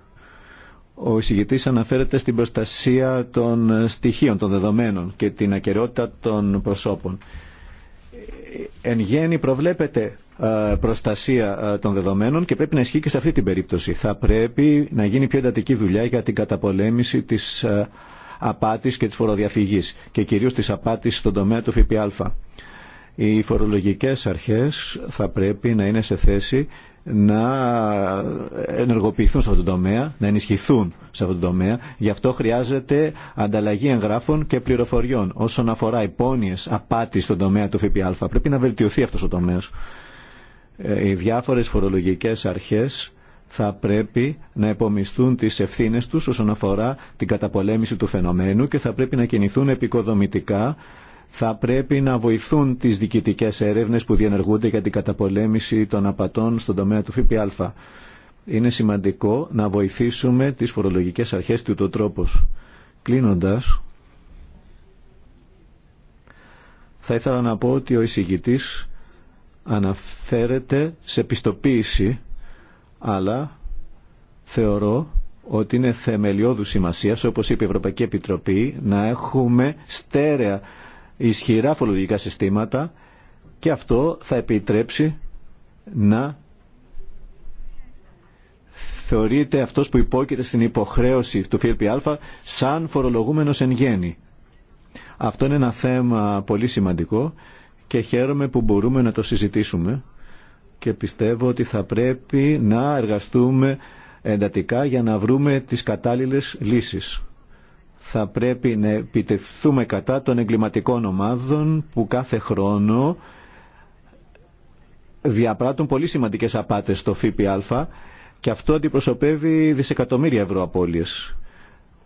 Ο εισηγητής αναφέρεται στην προστασία των στοιχείων, των δεδομένων και την ακαιρεότητα των προσώπων. Εν γέννη προβλέπεται ε, προστασία ε, των δεδομένων και πρέπει να ισχύει και σε αυτή την περίπτωση. Θα πρέπει να γίνει πιο εντατική δουλειά για την καταπολέμηση της ε, απάτης και της φοροδιαφυγής και κυρίως της απάτης στον τομέα του ΦΠΑ. Οι φορολογικές αρχές θα πρέπει να είναι σε θέση να ενεργοποιηθούν σε αυτό το τομέα, να ενισχυθούν σε αυτό το τομέα. Γι' αυτό χρειάζεται ανταλλαγή εγγράφων και πληροφοριών όσον αφορά υπόνοιες απάτη στον τομέα του ΦΠΑ. Πρέπει να βελτιωθεί αυτός ο τομέας. Ε, οι διάφορες φορολογικές αρχές θα πρέπει να επομιστούν τις ευθύνες τους όσον αφορά την καταπολέμηση του φαινομένου και θα πρέπει να κινηθούν επικοδομητικά θα πρέπει να βοηθούν τις διοικητικές έρευνες που διενεργούνται για την καταπολέμηση των απατών στον τομέα του ΦΠΑ. Είναι σημαντικό να βοηθήσουμε τις φορολογικές αρχές του το τρόπος. Κλείνοντας, θα ήθελα να πω ότι ο εισηγητής αναφέρεται σε πιστοποίηση, αλλά θεωρώ ότι είναι θεμελιώδου σημασίας, όπως είπε η Ευρωπαϊκή Επιτροπή, να έχουμε στέρεα ισχυρά φορολογικά συστήματα και αυτό θα επιτρέψει να θεωρείται αυτός που υπόκειται στην υποχρέωση του ΦΠΑ σαν φορολογούμενος εν γέννη. Αυτό είναι ένα θέμα πολύ σημαντικό και χαίρομαι που μπορούμε να το συζητήσουμε και πιστεύω ότι θα πρέπει να εργαστούμε εντατικά για να βρούμε τις κατάλληλες λύσεις θα πρέπει να επιτεθούμε κατά των εγκληματικών ομάδων που κάθε χρόνο διαπράττουν πολύ σημαντικές απάτες στο ΦΠΑ και αυτό αντιπροσωπεύει δισεκατομμύρια ευρώ απώλειες.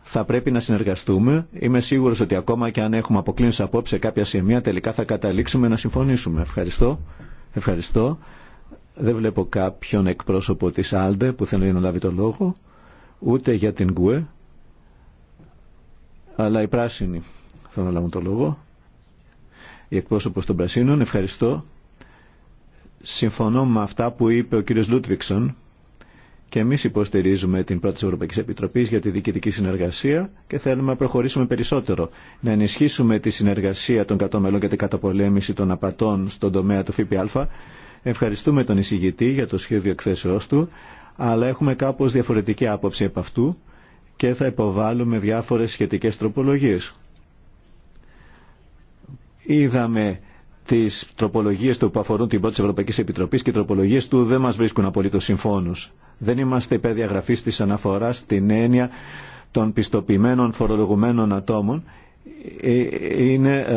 Θα πρέπει να συνεργαστούμε. Είμαι σίγουρος ότι ακόμα και αν έχουμε αποκλίνηση απόψε κάποια σημεία τελικά θα καταλήξουμε να συμφωνήσουμε. Ευχαριστώ. Ευχαριστώ. Δεν βλέπω κάποιον εκπρόσωπο της Άλντε που θέλει να λάβει το λόγο, ούτε για την ΚΟΕ αλλά οι πράσινοι θέλω να λάβουν το λόγο. Η εκπρόσωπο των πρασίνων, ευχαριστώ. Συμφωνώ με αυτά που είπε ο κύριος Λούτβικσον και εμεί υποστηρίζουμε την πρώτη της Ευρωπαϊκής Επιτροπής για τη διοικητική συνεργασία και θέλουμε να προχωρήσουμε περισσότερο, να ενισχύσουμε τη συνεργασία των κατώμελων για την καταπολέμηση των απατών στον τομέα του ΦΠΑ. Ευχαριστούμε τον εισηγητή για το σχέδιο εκθέσεώς του, αλλά έχουμε κάπως διαφορετική άποψη από αυτού και θα υποβάλουμε διάφορες σχετικές τροπολογίες. Είδαμε τις τροπολογίες του που αφορούν την πρώτη Ευρωπαϊκή Επιτροπή και οι τροπολογίες του δεν μας βρίσκουν απολύτω συμφώνους. Δεν είμαστε υπέρ διαγραφή της αναφοράς στην έννοια των πιστοποιημένων φορολογουμένων ατόμων ε, είναι ε,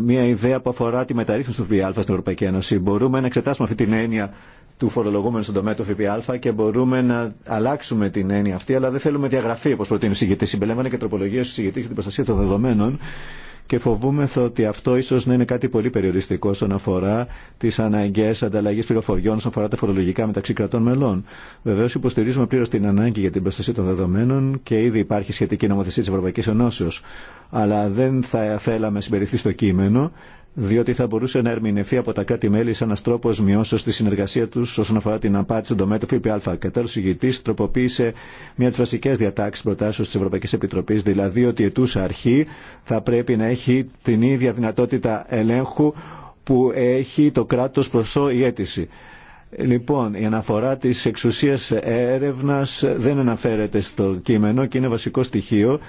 μια ιδέα που αφορά τη μεταρρύθμιση του ΦΠΑ στην Ευρωπαϊκή Ένωση. Μπορούμε να εξετάσουμε αυτή την έννοια του φορολογούμενου στον τομέα του ΦΠΑ και μπορούμε να αλλάξουμε την έννοια αυτή, αλλά δεν θέλουμε διαγραφή, όπω προτείνει ο συγγετή. Συμπελέμβανε και τροπολογία στου συγκεκριτή για την προστασία των δεδομένων και φοβούμεθα ότι αυτό ίσω να είναι κάτι πολύ περιοριστικό όσον αφορά τι αναγκαίε ανταλλαγή πληροφοριών, όσον αφορά τα φορολογικά μεταξύ κρατών μελών. Βεβαίω, υποστηρίζουμε πλήρω την ανάγκη για την προστασία των δεδομένων και ήδη υπάρχει σχετική νομοθεσία τη Ευρωπαϊκή Ενώσεω. Αλλά δεν θα θέλαμε συμπεριθεί στο κείμενο διότι θα μπορούσε να ερμηνευθεί από τα κράτη-μέλη σαν ένα τρόπο μειώσεω τη συνεργασία του όσον αφορά την απάτη στον τομέα του ΦΠΑ. Κατάλληλο ηγητή τροποποίησε μια τη βασικέ διατάξει προτάσεω τη Ευρωπαϊκή Επιτροπή, δηλαδή ότι η ετούσα αρχή θα πρέπει να έχει την ίδια δυνατότητα ελέγχου που έχει το κράτο προ η αίτηση. Λοιπόν, η αναφορά τη εξουσία έρευνα δεν αναφέρεται στο κείμενο και είναι βασικό στοιχείο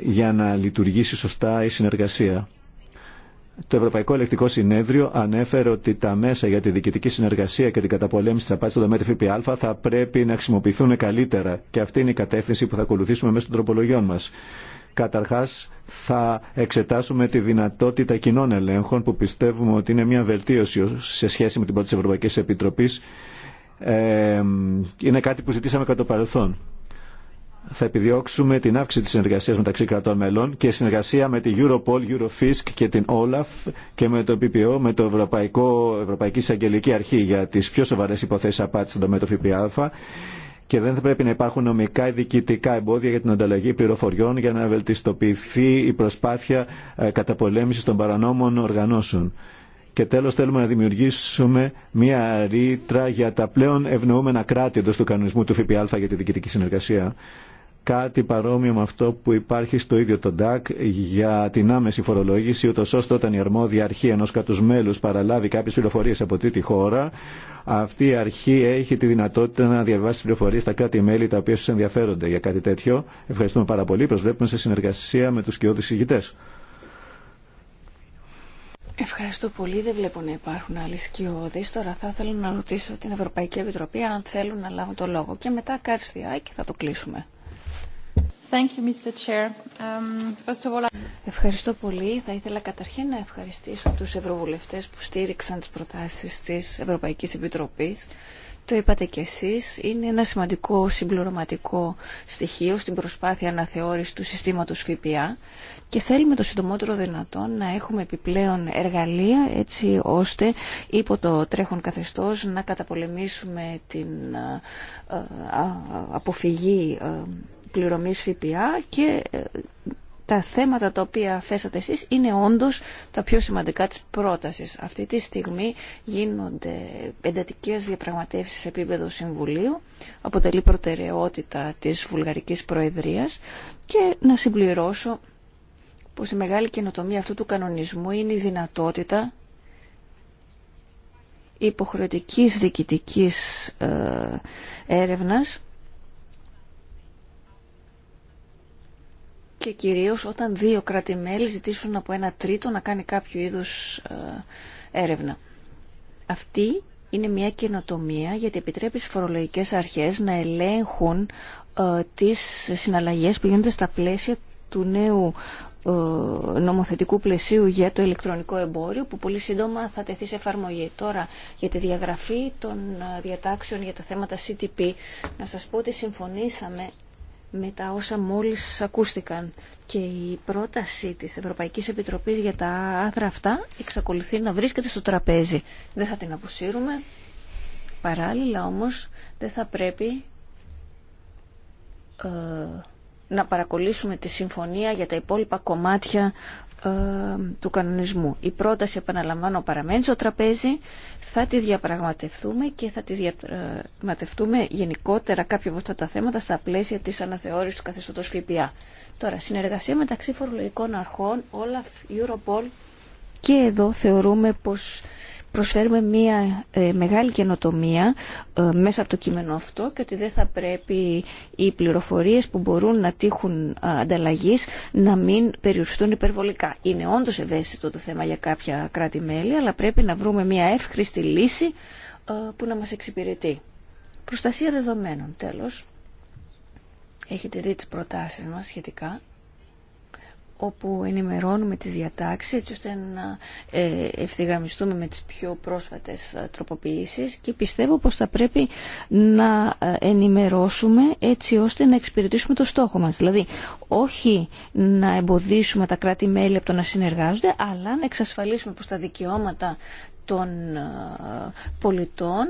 για να λειτουργήσει σωστά η συνεργασία. Το Ευρωπαϊκό Ελεκτικό Συνέδριο ανέφερε ότι τα μέσα για τη διοικητική συνεργασία και την καταπολέμηση τη απάτη του τομέα ΦΠΑ θα πρέπει να χρησιμοποιηθούν καλύτερα και αυτή είναι η κατεύθυνση που θα ακολουθήσουμε μέσα των τροπολογιών μα. Καταρχά, θα εξετάσουμε τη δυνατότητα κοινών ελέγχων που πιστεύουμε ότι είναι μια βελτίωση σε σχέση με την πρώτη Ευρωπαϊκή Επιτροπή. Ε, είναι κάτι που ζητήσαμε κατά το παρελθόν θα επιδιώξουμε την αύξηση της συνεργασίας μεταξύ κρατών μελών και συνεργασία με την Europol, Eurofisc και την OLAF και με το PPO, με το Ευρωπαϊκό, Ευρωπαϊκή Εισαγγελική Αρχή για τις πιο σοβαρές υποθέσεις απάτης στον τομέα του ΦΠΑ και δεν θα πρέπει να υπάρχουν νομικά ή διοικητικά εμπόδια για την ανταλλαγή πληροφοριών για να βελτιστοποιηθεί η προσπάθεια ε, καταπολέμησης των παρανόμων οργανώσεων. Και τέλος θέλουμε να δημιουργήσουμε μία ρήτρα για τα πλέον ευνοούμενα κράτη εντός του κανονισμού του ΦΠΑ για τη διοικητική συνεργασία κάτι παρόμοιο με αυτό που υπάρχει στο ίδιο το ΝΤΑΚ για την άμεση φορολόγηση, ούτω ώστε όταν η αρμόδια αρχή ενό κατου μέλου παραλάβει κάποιε πληροφορίε από τρίτη χώρα, αυτή η αρχή έχει τη δυνατότητα να διαβάσει πληροφορίε στα κράτη-μέλη τα οποία σα ενδιαφέρονται για κάτι τέτοιο. Ευχαριστούμε πάρα πολύ. Προσβλέπουμε σε συνεργασία με του κοιόδη ηγητέ. Ευχαριστώ πολύ. Δεν βλέπω να υπάρχουν άλλοι σκιώδει. Τώρα θα ήθελα να ρωτήσω την Ευρωπαϊκή Επιτροπή αν θέλουν να λάβουν το λόγο. Και μετά κάτσε και θα το κλείσουμε. Um, Ευχαριστώ πολύ. Θα ήθελα καταρχήν να ευχαριστήσω τους ευρωβουλευτές που στήριξαν τις προτάσεις της Ευρωπαϊκής Επιτροπής το είπατε κι εσείς, είναι ένα σημαντικό συμπληρωματικό στοιχείο στην προσπάθεια αναθεώρηση του συστήματος ΦΠΑ και θέλουμε το συντομότερο δυνατόν να έχουμε επιπλέον εργαλεία έτσι ώστε υπό το τρέχον καθεστώς να καταπολεμήσουμε την ε, ε, αποφυγή ε, πληρωμής ΦΠΑ και τα θέματα τα οποία θέσατε εσείς είναι όντως τα πιο σημαντικά της πρότασης. Αυτή τη στιγμή γίνονται εντατικές διαπραγματεύσεις σε επίπεδο Συμβουλίου, αποτελεί προτεραιότητα της Βουλγαρικής Προεδρίας και να συμπληρώσω πως η μεγάλη καινοτομία αυτού του κανονισμού είναι η δυνατότητα υποχρεωτικής διοικητικής ε, έρευνας και κυρίως όταν δύο κράτη-μέλη ζητήσουν από ένα τρίτο να κάνει κάποιο είδους ε, έρευνα. Αυτή είναι μια καινοτομία γιατί επιτρέπει στις φορολογικές αρχές να ελέγχουν ε, τις συναλλαγές που γίνονται στα πλαίσια του νέου ε, νομοθετικού πλαισίου για το ηλεκτρονικό εμπόριο που πολύ σύντομα θα τεθεί σε εφαρμογή. Τώρα για τη διαγραφή των διατάξεων για τα θέματα CTP να σας πω ότι συμφωνήσαμε με τα όσα μόλις ακούστηκαν και η πρόταση της Ευρωπαϊκής Επιτροπής για τα άδρα αυτά εξακολουθεί να βρίσκεται στο τραπέζι. Δεν θα την αποσύρουμε. Παράλληλα όμως δεν θα πρέπει ε, να παρακολουθήσουμε τη συμφωνία για τα υπόλοιπα κομμάτια ε, του κανονισμού. Η πρόταση, επαναλαμβάνω, παραμένει στο τραπέζι, θα τη διαπραγματευτούμε και θα τη διαπραγματευτούμε γενικότερα κάποια από αυτά τα θέματα στα πλαίσια της αναθεώρησης του καθεστώτος ΦΠΑ. Τώρα, συνεργασία μεταξύ φορολογικών αρχών, Όλαφ Europol και εδώ θεωρούμε πως προσφέρουμε μια ε, μεγάλη καινοτομία ε, μέσα από το κείμενο αυτό και ότι δεν θα πρέπει οι πληροφορίες που μπορούν να τύχουν ε, ανταλλαγής να μην περιοριστούν υπερβολικά. Είναι όντως ευαίσθητο το θέμα για κάποια κράτη-μέλη, αλλά πρέπει να βρούμε μια εύχρηστη λύση που να μας εξυπηρετεί. Προστασία δεδομένων, τέλος. Έχετε δει τις προτάσεις μας σχετικά όπου ενημερώνουμε τις διατάξεις έτσι ώστε να ε, ευθυγραμμιστούμε με τις πιο πρόσφατες ε, τροποποιήσεις και πιστεύω πως θα πρέπει να ε, ενημερώσουμε έτσι ώστε να εξυπηρετήσουμε το στόχο μας. Δηλαδή όχι να εμποδίσουμε τα κράτη-μέλη από το να συνεργάζονται αλλά να εξασφαλίσουμε πως τα δικαιώματα των πολιτών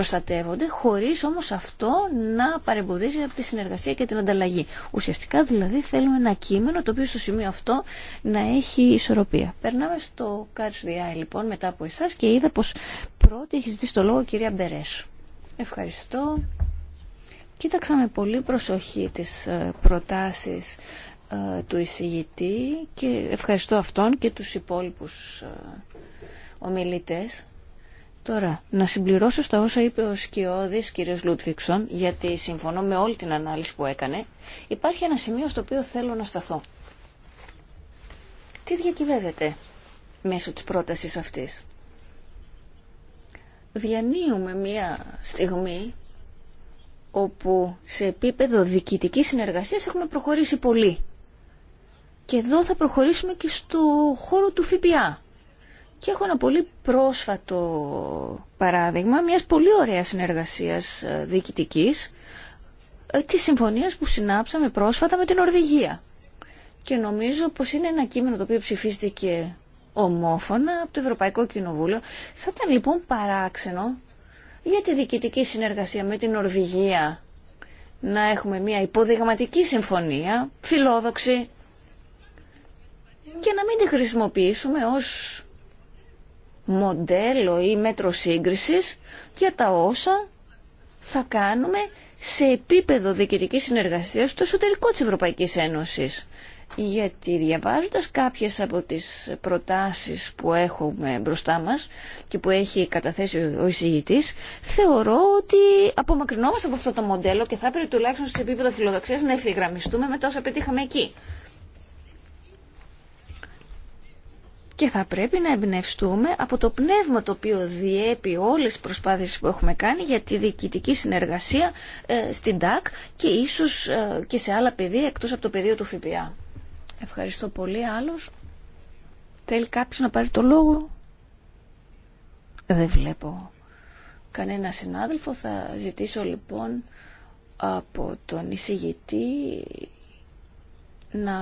προστατεύονται χωρίς όμως αυτό να παρεμποδίζει από τη συνεργασία και την ανταλλαγή. Ουσιαστικά δηλαδή θέλουμε ένα κείμενο το οποίο στο σημείο αυτό να έχει ισορροπία. Περνάμε στο Catch the λοιπόν μετά από εσά και είδα πως πρώτη έχει ζητήσει το λόγο κυρία Μπερέσου. Ευχαριστώ. Κοίταξα με πολύ προσοχή τις ε, προτάσεις ε, του εισηγητή και ευχαριστώ αυτόν και τους υπόλοιπους ε, ομιλητές. Τώρα, να συμπληρώσω στα όσα είπε ο Σκιώδης κύριος Λούτφίξον, γιατί συμφωνώ με όλη την ανάλυση που έκανε, υπάρχει ένα σημείο στο οποίο θέλω να σταθώ. Τι διακυβεύεται μέσω της πρότασης αυτής. Διανύουμε μία στιγμή όπου σε επίπεδο διοικητικής συνεργασίας έχουμε προχωρήσει πολύ. Και εδώ θα προχωρήσουμε και στο χώρο του ΦΠΑ. Και έχω ένα πολύ πρόσφατο παράδειγμα μιας πολύ ωραίας συνεργασίας ε, διοικητικής ε, της συμφωνίας που συνάψαμε πρόσφατα με την Ορβηγία. Και νομίζω πως είναι ένα κείμενο το οποίο ψηφίστηκε ομόφωνα από το Ευρωπαϊκό Κοινοβούλιο. Θα ήταν λοιπόν παράξενο για τη διοικητική συνεργασία με την Ορβηγία να έχουμε μια υποδειγματική συμφωνία, φιλόδοξη, και να μην τη χρησιμοποιήσουμε ως μοντέλο ή μέτρο σύγκρισης για τα όσα θα κάνουμε σε επίπεδο διοικητικής συνεργασίας στο εσωτερικό της Ευρωπαϊκής Ένωσης. Γιατί διαβάζοντας κάποιες από τις προτάσεις που έχουμε μπροστά μας και που έχει καταθέσει ο εισηγητής, θεωρώ ότι απομακρυνόμαστε από αυτό το μοντέλο και θα έπρεπε τουλάχιστον σε επίπεδο φιλοδοξίας να ευθυγραμμιστούμε με τα όσα πετύχαμε εκεί. και θα πρέπει να εμπνευστούμε από το πνεύμα το οποίο διέπει όλες τις προσπάθειες που έχουμε κάνει για τη διοικητική συνεργασία ε, στην ΤΑΚ και ίσως ε, και σε άλλα πεδία εκτός από το πεδίο του ΦΠΑ. Ευχαριστώ πολύ. Άλλος. Θέλει κάποιος να πάρει το λόγο. Δεν βλέπω κανένα συνάδελφο. Θα ζητήσω λοιπόν από τον εισηγητή να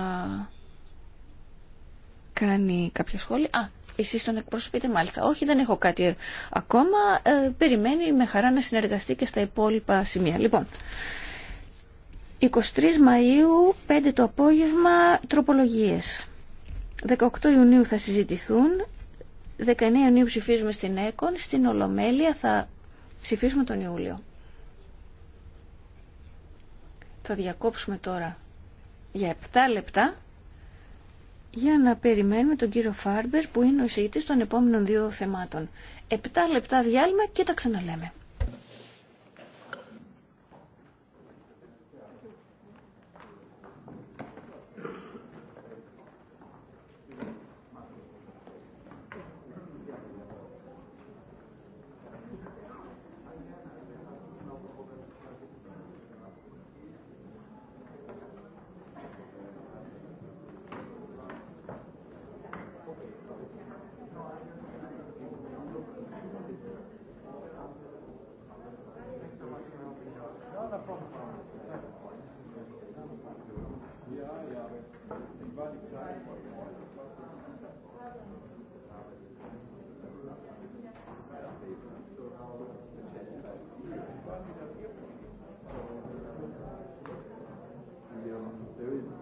κάνει κάποια σχόλια. Α, εσείς τον εκπροσωπείτε μάλιστα. Όχι, δεν έχω κάτι ακόμα. Ε, περιμένει με χαρά να συνεργαστεί και στα υπόλοιπα σημεία. Λοιπόν, 23 Μαΐου, 5 το απόγευμα, τροπολογίες. 18 Ιουνίου θα συζητηθούν. 19 Ιουνίου ψηφίζουμε στην ΕΚΟΝ. Στην Ολομέλεια θα ψηφίσουμε τον Ιούλιο. Θα διακόψουμε τώρα για 7 λεπτά για να περιμένουμε τον κύριο Φάρμπερ που είναι ο εισηγητής των επόμενων δύο θεμάτων. Επτά λεπτά διάλειμμα και τα ξαναλέμε. There is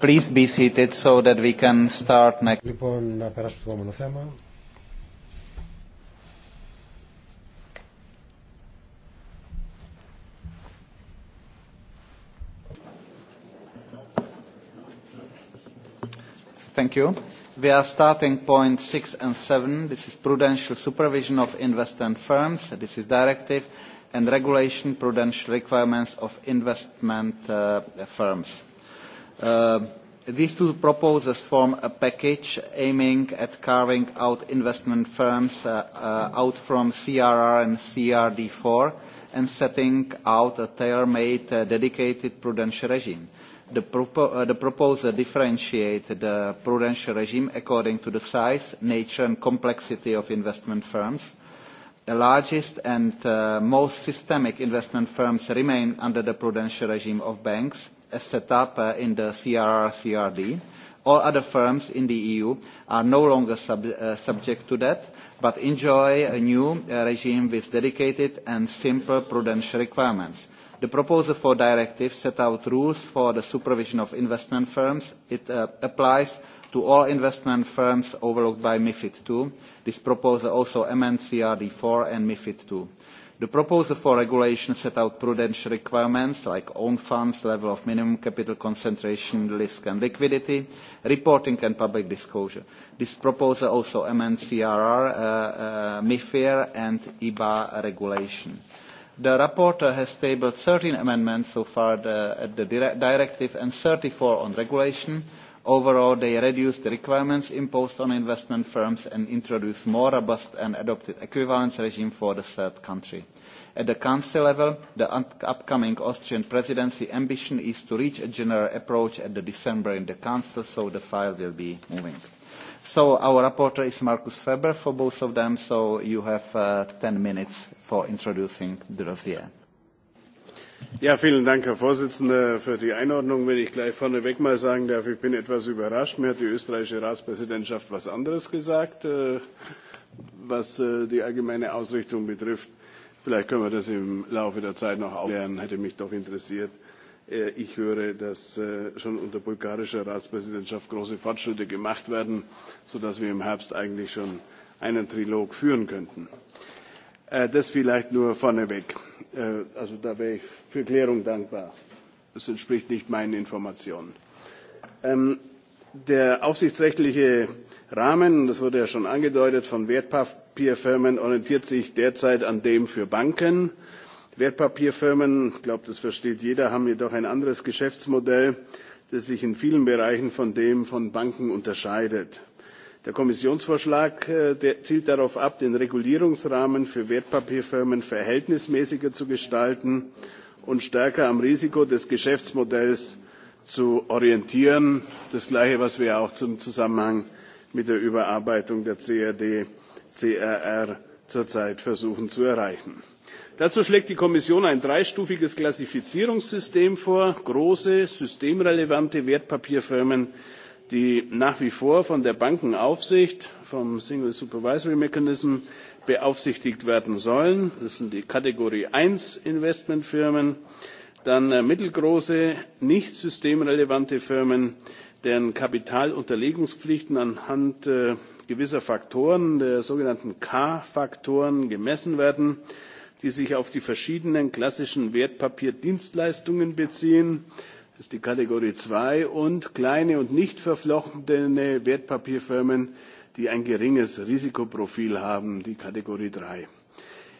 Please be seated so that we can start next. Λοιπόν, να περάσουμε στο επόμενο θέμα. Thank you. We are starting point six and seven. This is prudential supervision of investment firms. This is directive and regulation prudential requirements of investment firms These two proposals form a package aiming at carving out investment firms out from CRR and CRD4 and setting out a tailor-made dedicated prudential regime. The proposal differentiates the prudential regime according to the size, nature and complexity of investment firms. The largest and most systemic investment firms remain under the prudential regime of banks Set up in the CRR CRD. All other firms in the EU are no longer subject to that, but enjoy a new regime with dedicated and simple prudential requirements. The proposal for directive set out rules for the supervision of investment firms. It applies to all investment firms overlooked by MiFID II. This proposal also amends CRD IV and MiFID II. The proposal for regulation set out prudential requirements like own funds, level of minimum capital concentration, risk and liquidity, reporting and public disclosure. This proposal also amends CRR, MIFIR and EBA regulation. The rapporteur has tabled 13 amendments so far at the directive and 34 on regulation Overall, they reduce the requirements imposed on investment firms and introduce more robust and adopted equivalence regime for the third country. At the Council level, the upcoming Austrian presidency ambition is to reach a general approach at the December in the Council, so the file will be moving. So our rapporteur is Markus Ferber for both of them, so you have 10 minutes for introducing the dossier. Ja, vielen Dank, Herr Vorsitzender, für die Einordnung. Wenn ich gleich vorneweg mal sagen darf, ich bin etwas überrascht. Mir hat die österreichische Ratspräsidentschaft etwas anderes gesagt, was die allgemeine Ausrichtung betrifft. Vielleicht können wir das im Laufe der Zeit noch aufklären. Hätte mich doch interessiert. Ich höre, dass schon unter bulgarischer Ratspräsidentschaft große Fortschritte gemacht werden, sodass wir im Herbst eigentlich schon einen Trilog führen könnten. Das vielleicht nur vorneweg. Also da wäre ich für Klärung dankbar. Das entspricht nicht meinen Informationen. Der aufsichtsrechtliche Rahmen, das wurde ja schon angedeutet, von Wertpapierfirmen orientiert sich derzeit an dem für Banken. Wertpapierfirmen, ich glaube, das versteht jeder, haben jedoch ein anderes Geschäftsmodell, das sich in vielen Bereichen von dem von Banken unterscheidet. Der Kommissionsvorschlag zielt darauf ab, den Regulierungsrahmen für Wertpapierfirmen verhältnismäßiger zu gestalten und stärker am Risiko des Geschäftsmodells zu orientieren. Das Gleiche, was wir auch im Zusammenhang mit der Überarbeitung der CRD, CRR zurzeit versuchen zu erreichen. Dazu schlägt die Kommission ein dreistufiges Klassifizierungssystem vor. Große, systemrelevante Wertpapierfirmen die nach wie vor von der Bankenaufsicht, vom Single Supervisory Mechanism beaufsichtigt werden sollen. Das sind die Kategorie 1 Investmentfirmen, dann mittelgroße, nicht systemrelevante Firmen, deren Kapitalunterlegungspflichten anhand gewisser Faktoren, der sogenannten K-Faktoren, gemessen werden, die sich auf die verschiedenen klassischen Wertpapierdienstleistungen beziehen Das ist die Kategorie 2 und kleine und nicht verflochtene Wertpapierfirmen, die ein geringes Risikoprofil haben, die Kategorie 3.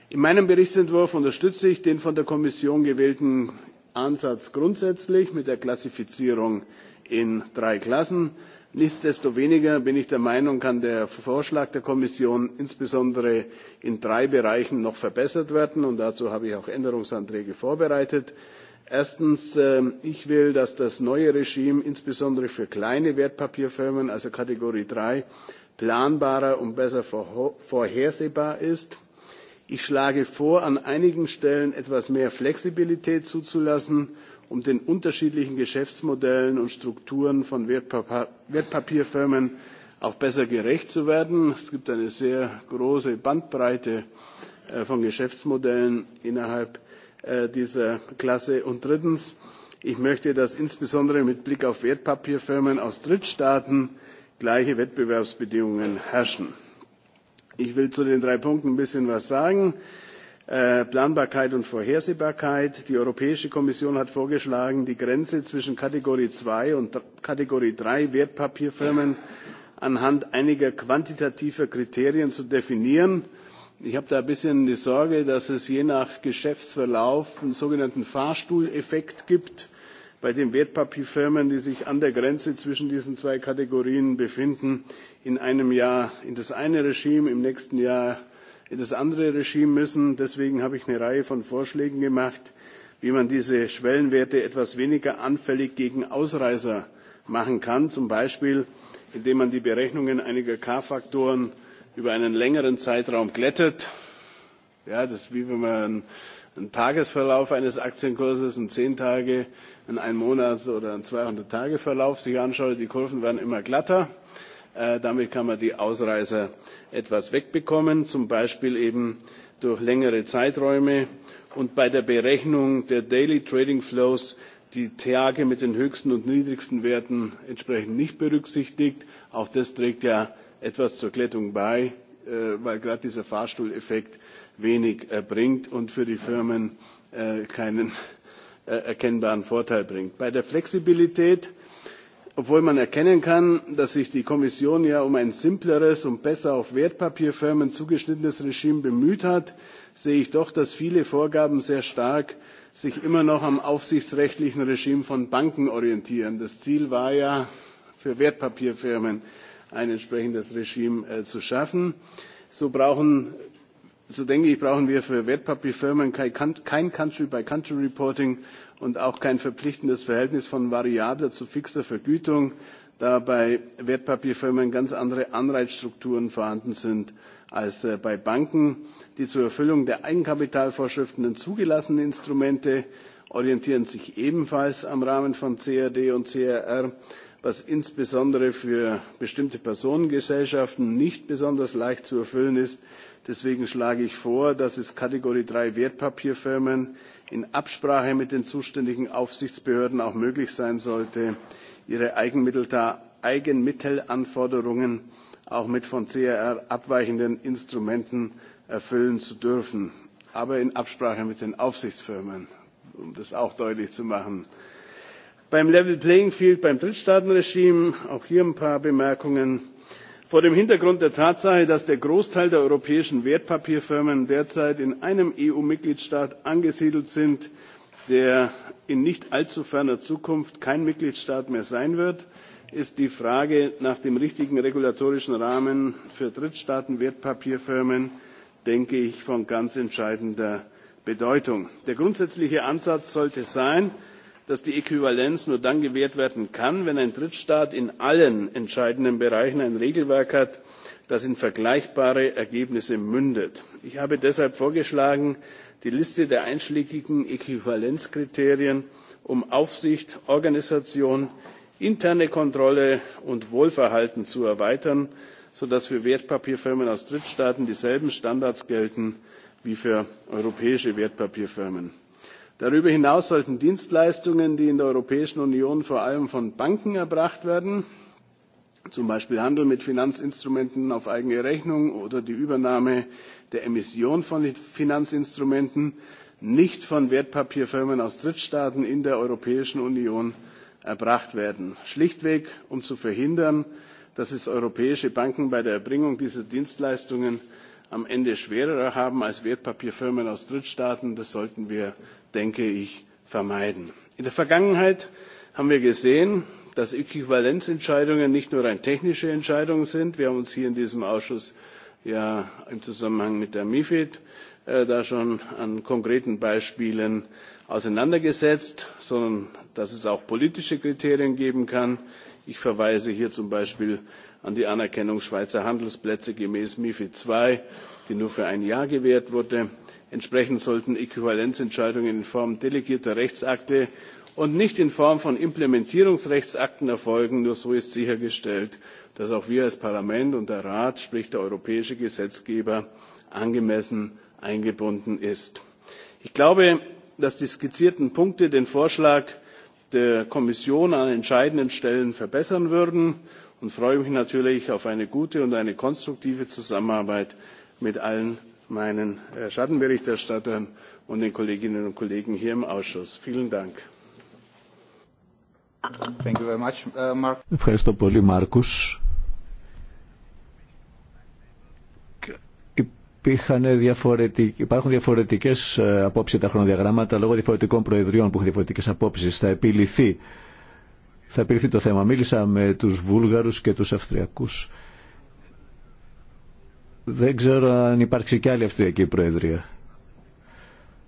In meinem Berichtsentwurf unterstütze ich den von der Kommission gewählten Ansatz grundsätzlich mit der Klassifizierung in drei Klassen. Nichtsdestoweniger bin ich der Meinung, kann der Vorschlag der Kommission insbesondere in drei Bereichen noch verbessert werden, und dazu habe ich auch Änderungsanträge vorbereitet Erstens, ich will, dass das neue Regime insbesondere für kleine Wertpapierfirmen, also Kategorie 3, planbarer und besser vorhersehbar ist. Ich schlage vor, an einigen Stellen etwas mehr Flexibilität zuzulassen, um den unterschiedlichen Geschäftsmodellen und Strukturen von Wertpapierfirmen auch besser gerecht zu werden. Es gibt eine sehr große Bandbreite von Geschäftsmodellen innerhalb dieser Klasse. Und drittens, ich möchte, dass insbesondere mit Blick auf Wertpapierfirmen aus Drittstaaten gleiche Wettbewerbsbedingungen herrschen. Ich will zu den drei Punkten ein bisschen was sagen. Planbarkeit und Vorhersehbarkeit. Die Europäische Kommission hat vorgeschlagen, die Grenze zwischen Kategorie 2 und Kategorie 3 Wertpapierfirmen anhand einiger quantitativer Kriterien zu definieren Ich habe da ein bisschen die Sorge, dass es je nach Geschäftsverlauf einen sogenannten Fahrstuhleffekt gibt bei den Wertpapierfirmen, die sich an der Grenze zwischen diesen zwei Kategorien befinden, in einem Jahr in das eine Regime, im nächsten Jahr in das andere Regime müssen. Deswegen habe ich eine Reihe von Vorschlägen gemacht, wie man diese Schwellenwerte etwas weniger anfällig gegen Ausreißer machen kann, zum Beispiel indem man die Berechnungen einiger K-Faktoren über einen längeren Zeitraum glättet. Ja, das ist wie wenn man einen Tagesverlauf eines Aktienkurses, in zehn Tage, einen Monat oder einen 200 Tage Verlauf sich anschaut, die Kurven werden immer glatter. Damit kann man die Ausreißer etwas wegbekommen, zum Beispiel eben durch längere Zeiträume und bei der Berechnung der Daily Trading Flows die Tage mit den höchsten und niedrigsten Werten entsprechend nicht berücksichtigt. Auch das trägt ja etwas zur Glättung bei, weil gerade dieser Fahrstuhleffekt wenig bringt und für die Firmen keinen erkennbaren Vorteil bringt. Bei der Flexibilität, obwohl man erkennen kann, dass sich die Kommission ja um ein simpleres und besser auf Wertpapierfirmen zugeschnittenes Regime bemüht hat, sehe ich doch, dass viele Vorgaben sehr stark sich immer noch am aufsichtsrechtlichen Regime von Banken orientieren. Das Ziel war ja für Wertpapierfirmen ein entsprechendes Regime zu schaffen. So brauchen denke ich, brauchen wir für Wertpapierfirmen kein Country-by-Country-Reporting und auch kein verpflichtendes Verhältnis von variabler zu fixer Vergütung, da bei Wertpapierfirmen ganz andere Anreizstrukturen vorhanden sind als bei Banken. Die zur Erfüllung der Eigenkapitalvorschriften zugelassenen Instrumente orientieren sich ebenfalls am Rahmen von CRD und CRR was insbesondere für bestimmte Personengesellschaften nicht besonders leicht zu erfüllen ist. Deswegen schlage ich vor, dass es Kategorie 3 Wertpapierfirmen in Absprache mit den zuständigen Aufsichtsbehörden auch möglich sein sollte, ihre Eigenmittelanforderungen auch mit von CRR abweichenden Instrumenten erfüllen zu dürfen, aber in Absprache mit den Aufsichtsfirmen, um das auch deutlich zu machen. Beim Level Playing Field, beim Drittstaatenregime, auch hier ein paar Bemerkungen. Vor dem Hintergrund der Tatsache, dass der Großteil der europäischen Wertpapierfirmen derzeit in einem EU-Mitgliedstaat angesiedelt sind, der in nicht allzu ferner Zukunft kein Mitgliedstaat mehr sein wird, ist die Frage nach dem richtigen regulatorischen Rahmen für Drittstaaten-Wertpapierfirmen, denke ich, von ganz entscheidender Bedeutung. Der grundsätzliche Ansatz sollte sein, dass die äquivalenz nur dann gewährt werden kann wenn ein drittstaat in allen entscheidenden bereichen ein regelwerk hat das in vergleichbare ergebnisse mündet. ich habe deshalb vorgeschlagen die liste der einschlägigen äquivalenzkriterien um aufsicht organisation interne kontrolle und wohlverhalten zu erweitern sodass für wertpapierfirmen aus drittstaaten dieselben standards gelten wie für europäische wertpapierfirmen. Darüber hinaus sollten Dienstleistungen, die in der Europäischen Union vor allem von Banken erbracht werden, zum Beispiel Handel mit Finanzinstrumenten auf eigene Rechnung oder die Übernahme der Emission von Finanzinstrumenten, nicht von Wertpapierfirmen aus Drittstaaten in der Europäischen Union erbracht werden, schlichtweg um zu verhindern, dass es europäische Banken bei der Erbringung dieser Dienstleistungen am Ende schwerer haben als Wertpapierfirmen aus Drittstaaten. Das sollten wir, denke ich, vermeiden. In der Vergangenheit haben wir gesehen, dass Äquivalenzentscheidungen nicht nur rein technische Entscheidungen sind. Wir haben uns hier in diesem Ausschuss ja im Zusammenhang mit der MIFID da schon an konkreten Beispielen auseinandergesetzt, sondern dass es auch politische Kriterien geben kann. Ich verweise hier zum Beispiel an die Anerkennung Schweizer Handelsplätze gemäß MIFID II, die nur für ein Jahr gewährt wurde. Entsprechend sollten Äquivalenzentscheidungen in Form delegierter Rechtsakte und nicht in Form von Implementierungsrechtsakten erfolgen. Nur so ist sichergestellt, dass auch wir als Parlament und der Rat, sprich der europäische Gesetzgeber, angemessen eingebunden ist. Ich glaube, dass die skizzierten Punkte den Vorschlag der Kommission an entscheidenden Stellen verbessern würden und freue mich natürlich auf eine gute und eine konstruktive Zusammenarbeit mit allen meinen Schattenberichterstattern und den Kolleginnen und Kollegen hier im Ausschuss. Vielen Dank. Uh, Ευχαριστώ πολύ Μάρκους. Διαφορετικ... Υπάρχουν διαφορετικέ ε, απόψει τα χρονοδιαγράμματα λόγω διαφορετικών προεδριών που έχουν διαφορετικέ απόψει. Θα επιληθεί. Θα επιληθεί το θέμα. Μίλησα με του Βούλγαρου και του Αυστριακού. Δεν ξέρω αν υπάρξει και άλλη Αυστριακή Προεδρία.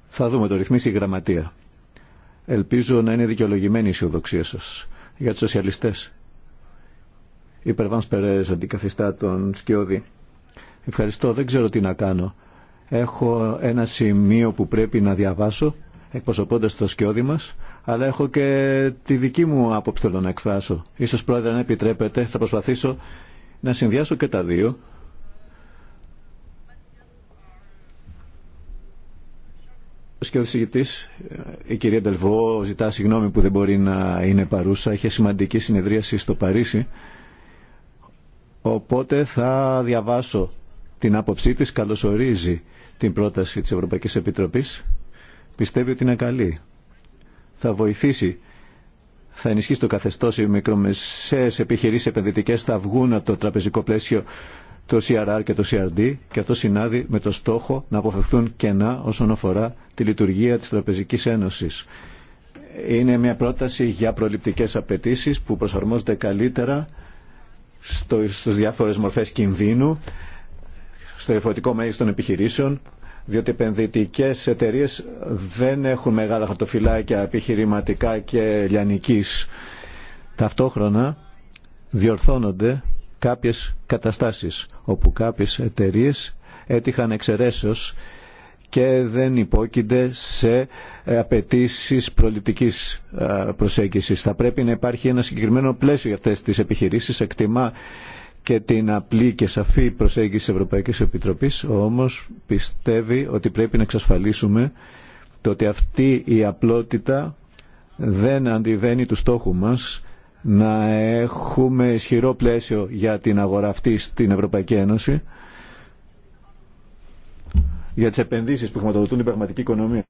Θα δούμε, το ρυθμίσει η Γραμματεία. Ελπίζω να είναι δικαιολογημένη η αισιοδοξία σα για τους σοσιαλιστές. Η Περβάνς αντικαθιστά τον Σκιώδη. Ευχαριστώ, δεν ξέρω τι να κάνω. Έχω ένα σημείο που πρέπει να διαβάσω εκπροσωπώντα το σκιώδη μα, αλλά έχω και τη δική μου άποψη θέλω να εκφράσω. Ίσως πρόεδρε αν επιτρέπετε θα προσπαθήσω να συνδυάσω και τα δύο σκιοδησηγητής, ε, η κυρία Ντελβό ζητά συγγνώμη που δεν μπορεί να είναι παρούσα. Είχε σημαντική συνεδρίαση στο Παρίσι. Οπότε θα διαβάσω την άποψή της. Καλωσορίζει την πρόταση της Ευρωπαϊκής Επιτροπής. Πιστεύει ότι είναι καλή. Θα βοηθήσει θα ενισχύσει το καθεστώς οι μικρομεσαίες επιχειρήσεις επενδυτικές θα βγουν από το τραπεζικό πλαίσιο το CRR και το CRD και αυτό συνάδει με το στόχο να αποφευθούν κενά όσον αφορά τη λειτουργία της Τραπεζικής Ένωσης. Είναι μια πρόταση για προληπτικές απαιτήσει που προσαρμόζονται καλύτερα στο, στους διάφορες μορφές κινδύνου, στο διαφορετικό μέγεθος των επιχειρήσεων, διότι επενδυτικέ εταιρείε δεν έχουν μεγάλα χαρτοφυλάκια επιχειρηματικά και λιανικής. Ταυτόχρονα διορθώνονται κάποιες καταστάσεις όπου κάποιες εταιρείε έτυχαν εξαιρέσεως και δεν υπόκεινται σε απαιτήσει προληπτικής ε, προσέγγισης. Θα πρέπει να υπάρχει ένα συγκεκριμένο πλαίσιο για αυτές τις επιχειρήσεις. Εκτιμά και την απλή και σαφή προσέγγιση της Ευρωπαϊκής Επιτροπής, όμως πιστεύει ότι πρέπει να εξασφαλίσουμε το ότι αυτή η απλότητα δεν αντιβαίνει του στόχου μας να έχουμε ισχυρό πλαίσιο για την αγορά αυτή στην Ευρωπαϊκή Ένωση για τις επενδύσεις που χρηματοδοτούν την πραγματική οικονομία.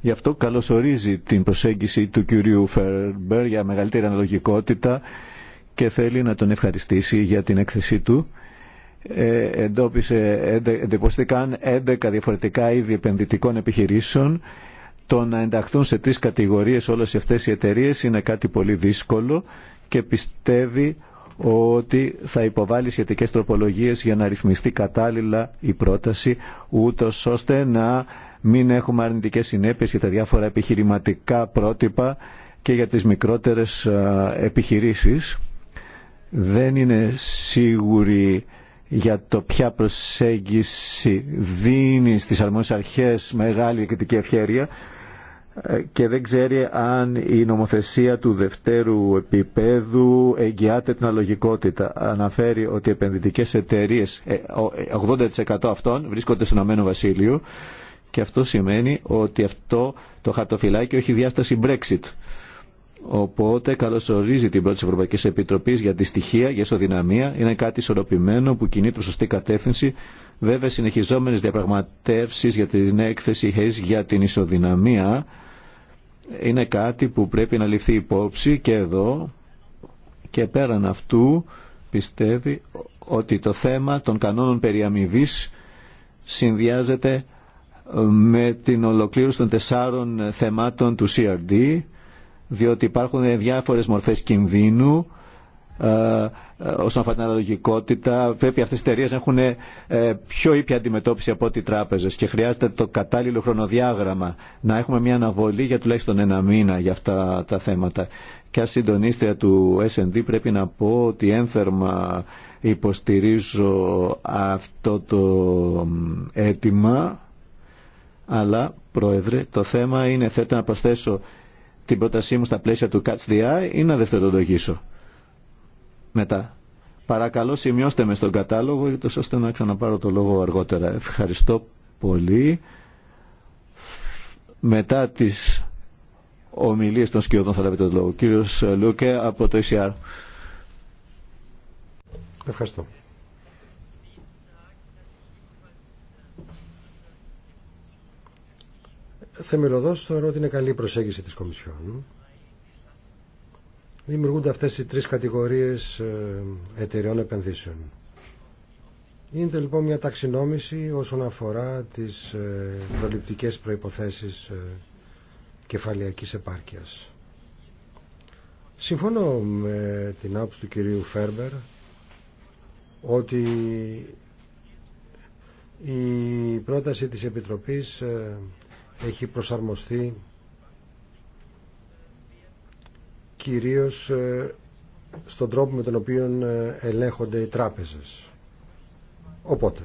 Γι' αυτό καλωσορίζει την προσέγγιση του κυρίου Φερμπερ για μεγαλύτερη αναλογικότητα και θέλει να τον ευχαριστήσει για την έκθεσή του. Ε, εντόπισε, εντυπωστήκαν 11 διαφορετικά είδη επενδυτικών επιχειρήσεων το να ενταχθούν σε τρεις κατηγορίες όλες αυτές οι εταιρείες είναι κάτι πολύ δύσκολο και πιστεύει ότι θα υποβάλει σχετικέ τροπολογίες για να ρυθμιστεί κατάλληλα η πρόταση ούτω, ώστε να μην έχουμε αρνητικές συνέπειες για τα διάφορα επιχειρηματικά πρότυπα και για τις μικρότερες επιχειρήσεις. Δεν είναι σίγουρη για το ποια προσέγγιση δίνει στις αρμόδιες αρχές μεγάλη διοικητική ευχαίρεια ε, και δεν ξέρει αν η νομοθεσία του δευτέρου επίπεδου εγγυάται την αλογικότητα. Αναφέρει ότι οι επενδυτικές εταιρείες, 80% ε, ε, αυτών βρίσκονται στον Αμένο Βασίλειο και αυτό σημαίνει ότι αυτό το χαρτοφυλάκι έχει διάσταση Brexit. Οπότε καλωσορίζει την πρώτη Ευρωπαϊκή Επιτροπή για τη στοιχεία, για ισοδυναμία. Είναι κάτι ισορροπημένο που κινεί προ σωστή κατεύθυνση. Βέβαια, συνεχιζόμενε διαπραγματεύσει για την έκθεση για την ισοδυναμία είναι κάτι που πρέπει να ληφθεί υπόψη και εδώ και πέραν αυτού πιστεύει ότι το θέμα των κανόνων περί συνδυάζεται με την ολοκλήρωση των τεσσάρων θεμάτων του CRD διότι υπάρχουν διάφορες μορφές κινδύνου ε, ε, όσον αφορά την αναλογικότητα. Πρέπει αυτέ οι εταιρείε να έχουν ε, πιο ήπια αντιμετώπιση από ό,τι τράπεζε και χρειάζεται το κατάλληλο χρονοδιάγραμμα να έχουμε μια αναβολή για τουλάχιστον ένα μήνα για αυτά τα θέματα. Και ας συντονίστρια του S&D πρέπει να πω ότι ένθερμα υποστηρίζω αυτό το αίτημα αλλά Πρόεδρε το θέμα είναι θέλετε να προσθέσω την πρότασή μου στα πλαίσια του Catch the Eye ή να δευτερολογήσω μετά. Παρακαλώ σημειώστε με στον κατάλογο το ώστε να ξαναπάρω το λόγο αργότερα. Ευχαριστώ πολύ. Μετά τις ομιλίες των σκιωδών θα λάβετε το λόγο. Κύριος Λούκε από το ECR. Ευχαριστώ. Θεμελωδώς θεωρώ ότι είναι καλή προσέγγιση της Κομισιόν δημιουργούνται αυτές οι τρεις κατηγορίες ε, εταιρεών επενδύσεων. Είναι λοιπόν μια ταξινόμηση όσον αφορά τις ε, προληπτικές προϋποθέσεις ε, κεφαλαιακής επάρκειας. Συμφωνώ με την άποψη του κυρίου Φέρμπερ ότι η πρόταση της Επιτροπής έχει προσαρμοστεί κυρίως ε, στον τρόπο με τον οποίο ε, ελέγχονται οι τράπεζες. Οπότε,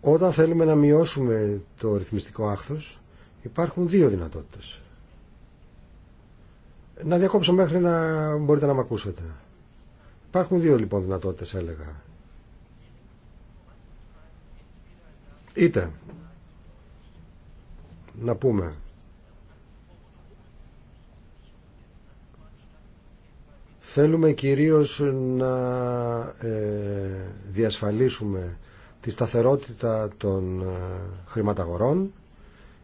όταν θέλουμε να μειώσουμε το ρυθμιστικό άχθος, υπάρχουν δύο δυνατότητες. Να διακόψω μέχρι να μπορείτε να με ακούσετε. Υπάρχουν δύο λοιπόν δυνατότητες έλεγα. Είτε να πούμε θέλουμε κυρίως να ε, διασφαλίσουμε τη σταθερότητα των ε, χρηματαγορών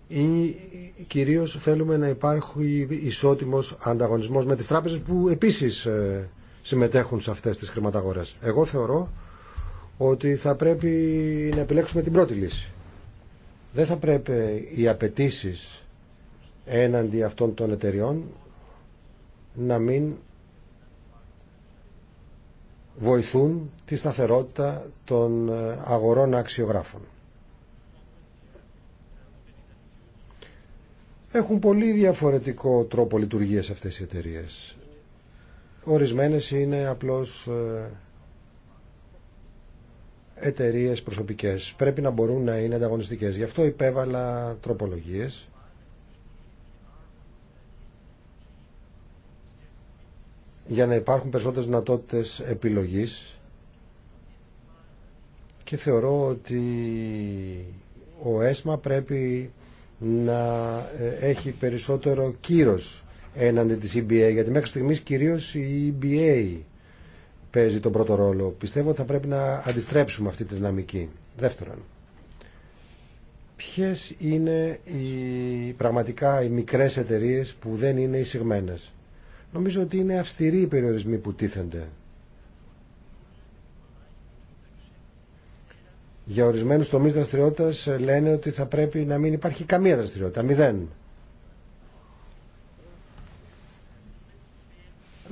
ή κυρίως θέλουμε να υπάρχει ισότιμος ανταγωνισμός με τις τράπεζες που επίσης ε, συμμετέχουν σε αυτές τις χρηματαγορές. Εγώ θεωρώ ότι θα πρέπει να επιλέξουμε την πρώτη λύση. Δεν θα πρέπει οι απαιτήσει έναντι αυτών των εταιριών να μην βοηθούν τη σταθερότητα των αγορών αξιογράφων. Έχουν πολύ διαφορετικό τρόπο λειτουργίας αυτές οι εταιρείες. Ορισμένες είναι απλώς ε, εταιρείε προσωπικέ. Πρέπει να μπορούν να είναι ανταγωνιστικέ. Γι' αυτό υπέβαλα τροπολογίε. για να υπάρχουν περισσότερες δυνατότητες επιλογής και θεωρώ ότι ο ΕΣΜΑ πρέπει να ε, έχει περισσότερο κύρος έναντι της EBA γιατί μέχρι στιγμής κυρίως η EBA παίζει τον πρώτο ρόλο. Πιστεύω ότι θα πρέπει να αντιστρέψουμε αυτή τη δυναμική. Δεύτερον, ποιες είναι οι, πραγματικά οι μικρές εταιρείε που δεν είναι εισηγμένε. Νομίζω ότι είναι αυστηροί οι περιορισμοί που τίθενται. Για ορισμένους τομεί δραστηριότητας ε, λένε ότι θα πρέπει να μην υπάρχει καμία δραστηριότητα, μηδέν.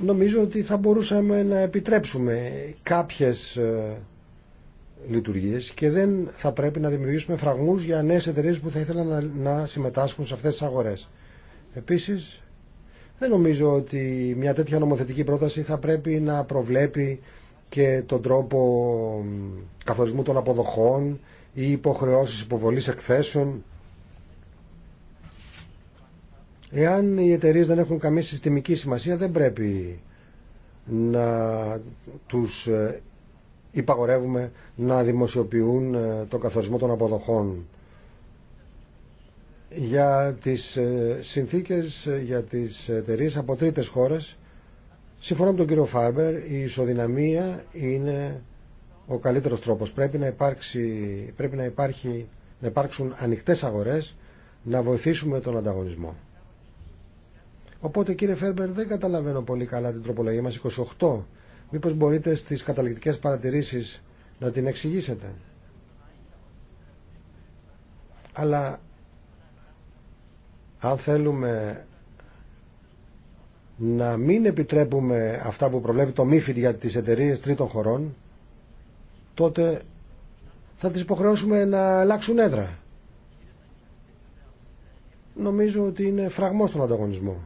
νομίζω ότι θα μπορούσαμε να επιτρέψουμε κάποιες ε, λειτουργίες και δεν θα πρέπει να δημιουργήσουμε φραγμούς για νέες εταιρείε που θα ήθελαν να συμμετάσχουν σε αυτές τις αγορές. Επίσης, δεν νομίζω ότι μια τέτοια νομοθετική πρόταση θα πρέπει να προβλέπει και τον τρόπο καθορισμού των αποδοχών ή υποχρεώσεις υποβολής εκθέσεων Εάν οι εταιρείε δεν έχουν καμία συστημική σημασία, δεν πρέπει να τους ε, υπαγορεύουμε να δημοσιοποιούν ε, το καθορισμό των αποδοχών για τις ε, συνθήκες για τις εταιρείε από τρίτες χώρες Συμφωνώ με τον κύριο Φάρμπερ, η ισοδυναμία είναι ο καλύτερος τρόπος. Πρέπει να, υπάρξει, πρέπει να, υπάρχει, να υπάρξουν ανοιχτές αγορές, να βοηθήσουμε τον ανταγωνισμό. Οπότε κύριε Φέρμπερ δεν καταλαβαίνω πολύ καλά την τροπολογία μας 28. Μήπως μπορείτε στις καταληκτικές παρατηρήσεις να την εξηγήσετε. Αλλά αν θέλουμε να μην επιτρέπουμε αυτά που προβλέπει το MIFID για τις εταιρείε τρίτων χωρών, τότε θα τις υποχρεώσουμε να αλλάξουν έδρα. Νομίζω ότι είναι φραγμό στον ανταγωνισμό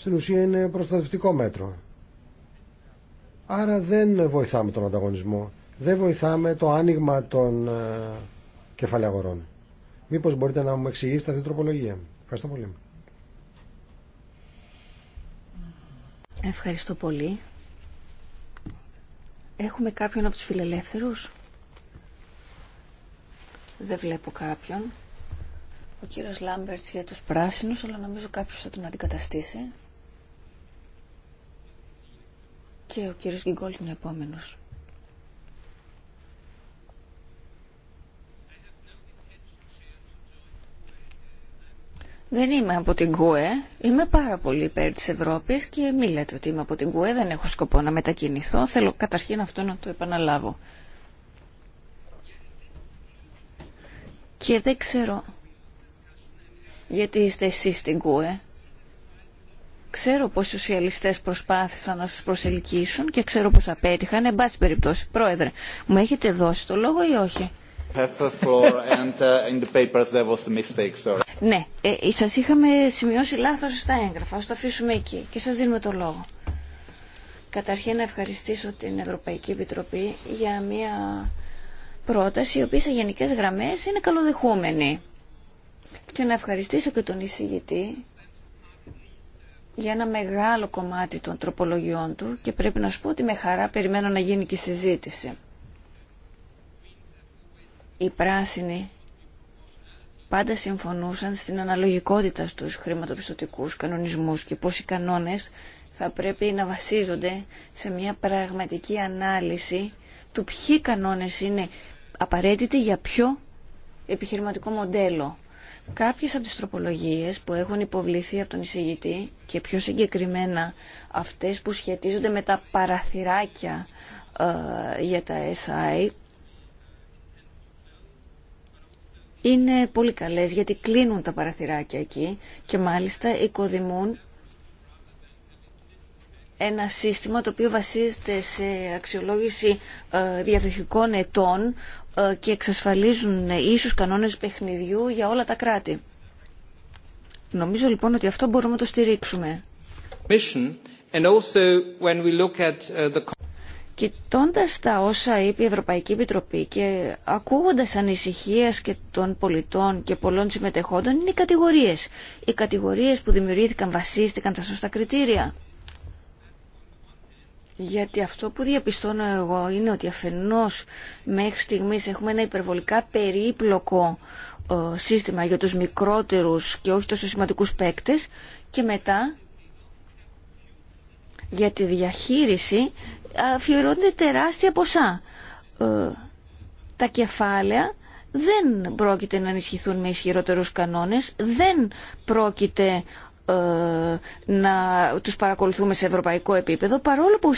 στην ουσία είναι προστατευτικό μέτρο. Άρα δεν βοηθάμε τον ανταγωνισμό, δεν βοηθάμε το άνοιγμα των ε, κεφαλαίων αγορών. Μήπως μπορείτε να μου εξηγήσετε αυτή την τροπολογία. Ευχαριστώ πολύ. Ευχαριστώ πολύ. Έχουμε κάποιον από τους φιλελεύθερους. Δεν βλέπω κάποιον. Ο κύριος Λάμπερτς για τους πράσινους, αλλά νομίζω κάποιος θα τον αντικαταστήσει. Και ο κύριος Γκυγκόλ είναι επόμενος. Δεν είμαι από την ΚΟΕ, είμαι πάρα πολύ υπέρ της Ευρώπης και μη λέτε ότι είμαι από την ΚΟΕ, δεν έχω σκοπό να μετακινηθώ, θέλω καταρχήν αυτό να το επαναλάβω. Και δεν ξέρω γιατί είστε εσείς στην ΚΟΕ. Ξέρω πως οι σοσιαλιστές προσπάθησαν να σας προσελκύσουν και ξέρω πως απέτυχαν. Εν πάση περιπτώσει, πρόεδρε, μου έχετε δώσει το λόγο ή όχι. Uh, ναι, ε, ε, σας είχαμε σημειώσει λάθος στα έγγραφα, ας το αφήσουμε εκεί και σας δίνουμε το λόγο. Καταρχήν να ευχαριστήσω την Ευρωπαϊκή Επιτροπή για μια πρόταση η οποία σε γενικές γραμμές είναι καλοδεχούμενη. Και να ευχαριστήσω και τον εισηγητή για ένα μεγάλο κομμάτι των τροπολογιών του και πρέπει να σου πω ότι με χαρά περιμένω να γίνει και η συζήτηση. Οι πράσινοι πάντα συμφωνούσαν στην αναλογικότητα στους χρηματοπιστωτικούς κανονισμούς και πώς οι κανόνες θα πρέπει να βασίζονται σε μια πραγματική ανάλυση του ποιοι κανόνες είναι απαραίτητοι για ποιο επιχειρηματικό μοντέλο. Κάποιες από τις τροπολογίες που έχουν υποβληθεί από τον εισηγητή και πιο συγκεκριμένα αυτές που σχετίζονται με τα παραθυράκια ε, για τα SI είναι πολύ καλές γιατί κλείνουν τα παραθυράκια εκεί και μάλιστα οικοδημούν ένα σύστημα το οποίο βασίζεται σε αξιολόγηση ε, διαδοχικών ετών ε, και εξασφαλίζουν ε, ίσους κανόνες παιχνιδιού για όλα τα κράτη. Νομίζω λοιπόν ότι αυτό μπορούμε να το στηρίξουμε. Uh, Κοιτώντα τα όσα είπε η Ευρωπαϊκή Επιτροπή και ακούγοντα ανησυχίε και των πολιτών και πολλών συμμετεχόντων, είναι οι κατηγορίε. Οι κατηγορίε που δημιουργήθηκαν βασίστηκαν στα σωστά κριτήρια. Γιατί αυτό που διαπιστώνω εγώ είναι ότι αφενός μέχρι στιγμής έχουμε ένα υπερβολικά περίπλοκο ε, σύστημα για τους μικρότερους και όχι τόσο σημαντικούς παίκτες και μετά για τη διαχείριση αφιερώνται τεράστια ποσά. Ε, τα κεφάλαια δεν πρόκειται να ενισχυθούν με ισχυρότερους κανόνες, δεν πρόκειται ε, να τους παρακολουθούμε σε ευρωπαϊκό επίπεδο παρόλο που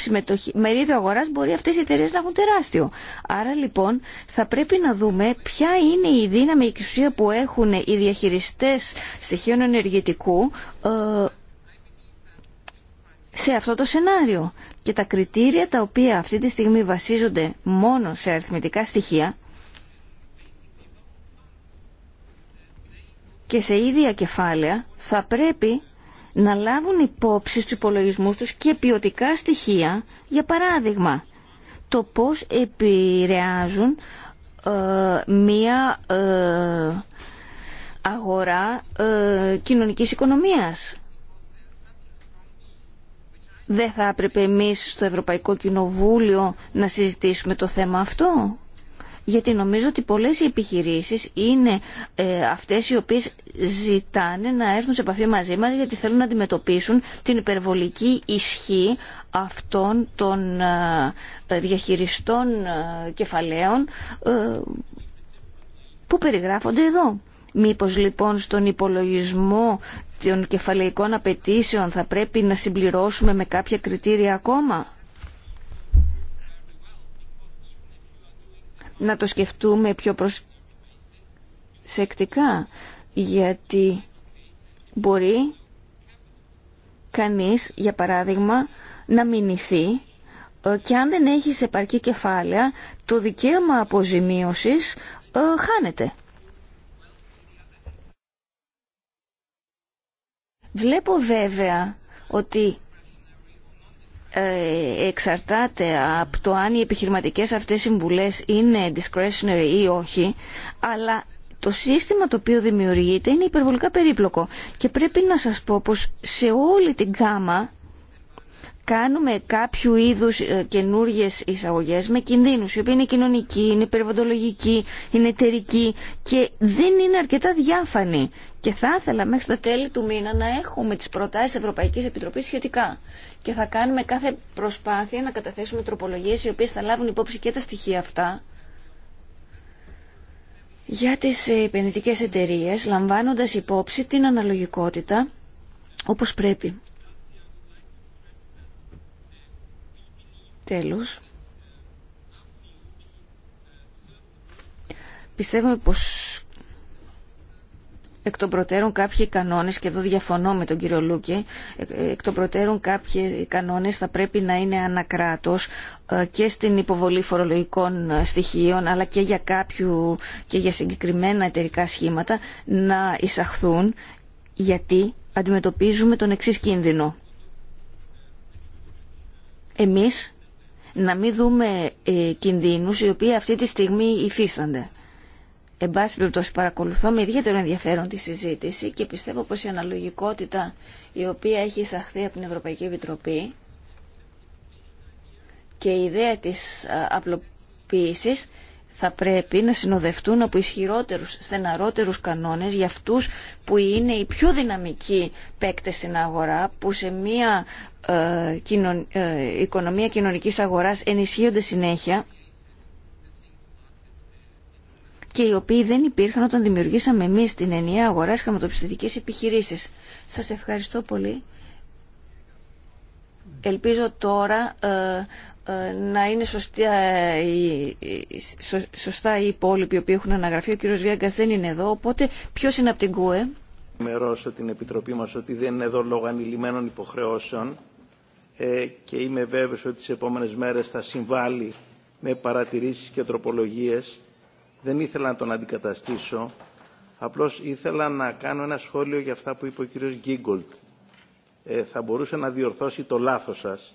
μερίδιο αγοράς μπορεί αυτές οι εταιρείε να έχουν τεράστιο. Άρα λοιπόν θα πρέπει να δούμε ποια είναι η δύναμη η εξουσία που έχουν οι διαχειριστές στοιχείων ενεργητικού ε, σε αυτό το σενάριο. Και τα κριτήρια τα οποία αυτή τη στιγμή βασίζονται μόνο σε αριθμητικά στοιχεία και σε ίδια κεφάλαια θα πρέπει να λάβουν υπόψη στους υπολογισμούς τους και ποιοτικά στοιχεία, για παράδειγμα, το πώς επηρεάζουν ε, μία ε, αγορά ε, κοινωνικής οικονομίας. Δεν θα έπρεπε εμείς στο Ευρωπαϊκό Κοινοβούλιο να συζητήσουμε το θέμα αυτό γιατί νομίζω ότι πολλές οι επιχειρήσεις είναι ε, αυτές οι οποίες ζητάνε να έρθουν σε επαφή μαζί μας γιατί θέλουν να αντιμετωπίσουν την υπερβολική ισχύ αυτών των ε, διαχειριστών ε, κεφαλαίων που περιγράφονται εδώ. Μήπως λοιπόν στον υπολογισμό των κεφαλαϊκών απαιτήσεων θα πρέπει να συμπληρώσουμε με κάποια κριτήρια ακόμα. να το σκεφτούμε πιο προσεκτικά γιατί μπορεί κανείς για παράδειγμα να μηνυθεί ε, και αν δεν έχει επαρκή κεφάλαια το δικαίωμα αποζημίωσης ε, χάνεται. Βλέπω βέβαια ότι ε, εξαρτάται από το αν οι επιχειρηματικές αυτές συμβουλές είναι discretionary ή όχι, αλλά το σύστημα το οποίο δημιουργείται είναι υπερβολικά περίπλοκο και πρέπει να σας πω πως σε όλη την γάμα κάνουμε κάποιου είδους ε, καινούργιες εισαγωγές με κινδύνους, οι οποίοι είναι κοινωνικοί, είναι περιβαλλοντολογικοί, είναι εταιρικοί και δεν είναι αρκετά διάφανοι. Και θα ήθελα μέχρι τα τέλη του μήνα να έχουμε τις προτάσεις Ευρωπαϊκής Επιτροπής σχετικά. Και θα κάνουμε κάθε προσπάθεια να καταθέσουμε τροπολογίες οι οποίες θα λάβουν υπόψη και τα στοιχεία αυτά για τις επενδυτικές εταιρείες, λαμβάνοντας υπόψη την αναλογικότητα όπως πρέπει. Τέλος, πιστεύουμε πως εκ των προτέρων κάποιοι κανόνες και εδώ διαφωνώ με τον κύριο Λούκε εκ των προτέρων κάποιοι κανόνες θα πρέπει να είναι ανακράτος ε, και στην υποβολή φορολογικών ε, στοιχείων αλλά και για κάποιου και για συγκεκριμένα εταιρικά σχήματα να εισαχθούν γιατί αντιμετωπίζουμε τον εξής κίνδυνο. Εμείς να μην δούμε ε, κινδύνους οι οποίοι αυτή τη στιγμή υφίστανται. Εν πάση περιπτώσει παρακολουθώ με ιδιαίτερο ενδιαφέρον τη συζήτηση και πιστεύω πως η αναλογικότητα η οποία έχει εισαχθεί από την Ευρωπαϊκή Επιτροπή και η ιδέα της απλοποίησης θα πρέπει να συνοδευτούν από ισχυρότερους, στεναρότερους κανόνες για αυτούς που είναι οι πιο δυναμικοί παίκτες στην αγορά, που σε μία ε, ε, οικονομία κοινωνικής αγοράς ενισχύονται συνέχεια και οι οποίοι δεν υπήρχαν όταν δημιουργήσαμε εμείς την ενιαία αγορά στις επιχειρήσεις. Σας ευχαριστώ πολύ. Ελπίζω τώρα ε, να είναι σωστά οι, σωστά οι υπόλοιποι οι οποίοι έχουν αναγραφεί. Ο κύριος Βιάγκας δεν είναι εδώ, οπότε ποιος είναι από την ΚΟΕ. την Επιτροπή μας ότι δεν είναι εδώ λόγω ανηλυμένων υποχρεώσεων ε, και είμαι βέβαιος ότι τις επόμενες μέρες θα συμβάλλει με παρατηρήσεις και τροπολογίες. Δεν ήθελα να τον αντικαταστήσω. Απλώς ήθελα να κάνω ένα σχόλιο για αυτά που είπε ο κύριος Γκίγκολτ. Ε, θα μπορούσε να διορθώσει το λάθος σας,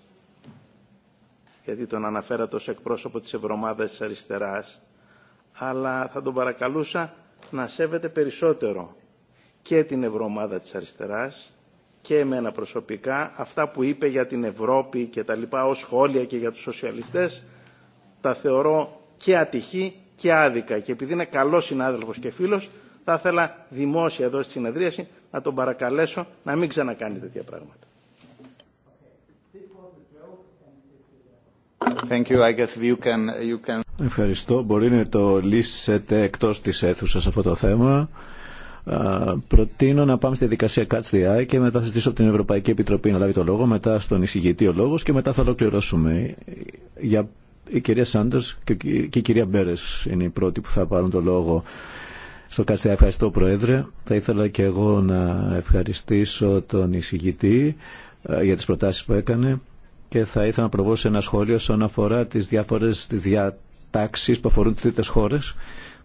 γιατί τον αναφέρατε ως εκπρόσωπο της Ευρωμάδας της Αριστεράς, αλλά θα τον παρακαλούσα να σέβεται περισσότερο και την Ευρωμάδα της Αριστεράς και εμένα προσωπικά αυτά που είπε για την Ευρώπη και τα λοιπά ως σχόλια και για τους σοσιαλιστές τα θεωρώ και ατυχή και άδικα και επειδή είναι καλός συνάδελφος και φίλος θα ήθελα δημόσια εδώ στη συνεδρίαση να τον παρακαλέσω να μην ξανακάνει τέτοια πράγματα. Thank you. I guess you can, you can... Ευχαριστώ. Μπορεί να το λύσετε εκτός της αίθουσας αυτό το θέμα προτείνω να πάμε στη δικασία Catch the Eye και μετά θα ζητήσω την Ευρωπαϊκή Επιτροπή να λάβει το λόγο, μετά στον εισηγητή ο λόγος και μετά θα ολοκληρώσουμε. Για η κυρία Σάντερς και η κυρία Μπέρε είναι οι πρώτοι που θα πάρουν το λόγο. Στο Eye. ευχαριστώ Πρόεδρε. Θα ήθελα και εγώ να ευχαριστήσω τον εισηγητή για τις προτάσεις που έκανε και θα ήθελα να προβώ σε ένα σχόλιο όσον αφορά τις διάφορες διατάξεις που αφορούν τι τρίτες χώρε.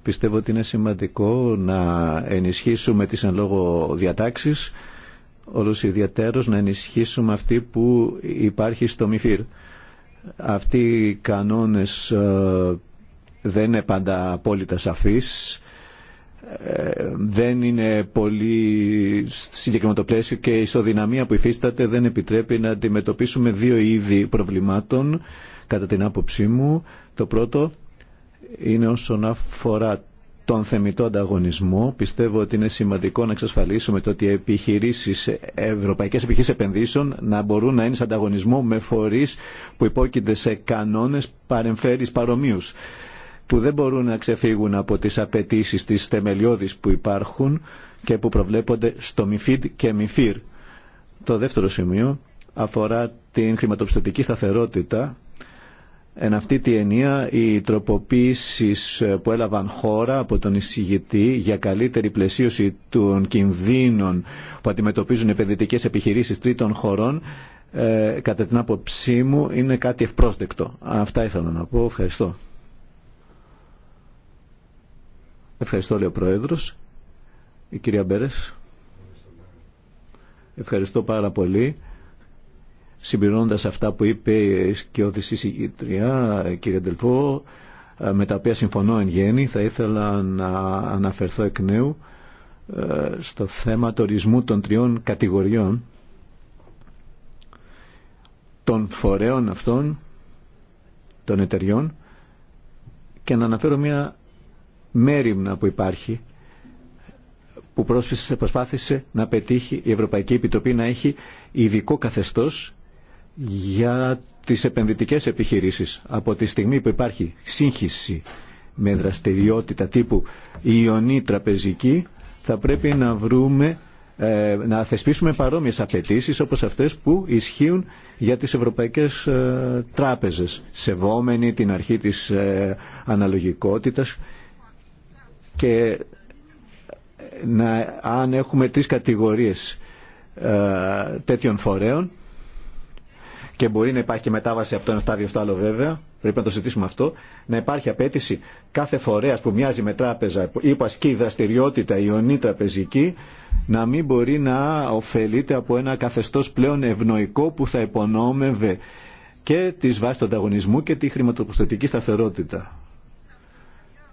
Πιστεύω ότι είναι σημαντικό να ενισχύσουμε τις εν λόγω διατάξεις, οι ιδιαίτερος να ενισχύσουμε αυτή που υπάρχει στο ΜΙΦΙΡ. Αυτοί οι κανόνες ε, δεν είναι πάντα απόλυτα σαφείς, ε, δεν είναι πολύ συγκεκριμένο πλαίσιο και η ισοδυναμία που υφίσταται δεν επιτρέπει να αντιμετωπίσουμε δύο είδη προβλημάτων κατά την άποψή μου. Το πρώτο είναι όσον αφορά τον θεμητό ανταγωνισμό. Πιστεύω ότι είναι σημαντικό να εξασφαλίσουμε το ότι οι ευρωπαϊκέ ευρωπαϊκές επενδύσεων να μπορούν να είναι σε ανταγωνισμό με φορεί που υπόκεινται σε κανόνε παρεμφέρεις παρομοίου, που δεν μπορούν να ξεφύγουν από τις απαιτήσει της θεμελιώδης που υπάρχουν και που προβλέπονται στο ΜΙΦΙΔ και ΜΙΦΙΡ. Το δεύτερο σημείο αφορά την χρηματοπιστωτική σταθερότητα Εν αυτή τη ενία οι τροποποίησεις ε, που έλαβαν χώρα από τον εισηγητή για καλύτερη πλαισίωση των κινδύνων που αντιμετωπίζουν επενδυτικές επιχειρήσεις τρίτων χωρών ε, κατά την άποψή μου είναι κάτι ευπρόσδεκτο. Αυτά ήθελα να πω. Ευχαριστώ. Ευχαριστώ, λέει ο Πρόεδρος. Η κυρία Μπέρες. Ευχαριστώ πάρα πολύ συμπληρώνοντας αυτά που είπε και ο ιτρία κύριε Ντελφό, ε, με τα οποία συμφωνώ εν γέννη, θα ήθελα να αναφερθώ εκ νέου ε, στο θέμα του των τριών κατηγοριών των φορέων αυτών, των εταιριών και να αναφέρω μια μέρημνα που υπάρχει που προσπάθησε να πετύχει η Ευρωπαϊκή Επιτροπή να έχει ειδικό καθεστώς για τις επενδυτικές επιχειρήσεις. Από τη στιγμή που υπάρχει σύγχυση με δραστηριότητα τύπου ιονή τραπεζική, θα πρέπει να βρούμε ε, να θεσπίσουμε παρόμοιες απαιτήσεις όπως αυτές που ισχύουν για τις ευρωπαϊκές ε, τράπεζες σεβόμενη την αρχή της ε, αναλογικότητας και να, αν έχουμε τρεις κατηγορίες τέτοιων φορέων και μπορεί να υπάρχει μετάβαση από το ένα στάδιο στο άλλο βέβαια, πρέπει να το συζητήσουμε αυτό, να υπάρχει απέτηση κάθε φορέα που μοιάζει με τράπεζα ή που ασκεί δραστηριότητα ιονή τραπεζική, να μην μπορεί να ωφελείται από ένα καθεστώ πλέον ευνοϊκό που θα υπονόμευε και τη βάση του ανταγωνισμού και τη χρηματοπιστωτική σταθερότητα.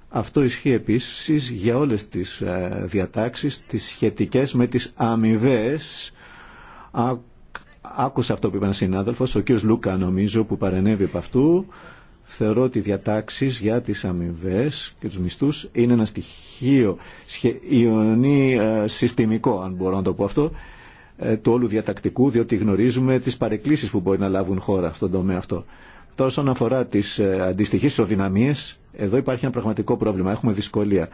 Αυτό ισχύει επίσης για όλες τις ε, διατάξεις, τις σχετικές με τις αμοιβέ Άκουσα αυτό που είπε ένα συνάδελφο, ο κ. Λούκα νομίζω που παρενέβη από αυτού. Θεωρώ ότι οι διατάξει για τι αμοιβέ και του μισθού είναι ένα στοιχείο ιονή ε, συστημικό, αν μπορώ να το πω αυτό, ε, του όλου διατακτικού, διότι γνωρίζουμε τι παρεκκλήσει που μπορεί να λάβουν χώρα στον τομέα αυτό. Τώρα, όσον αφορά τι ε, αντιστοιχεί ισοδυναμίε, εδώ υπάρχει ένα πραγματικό πρόβλημα. Έχουμε δυσκολία.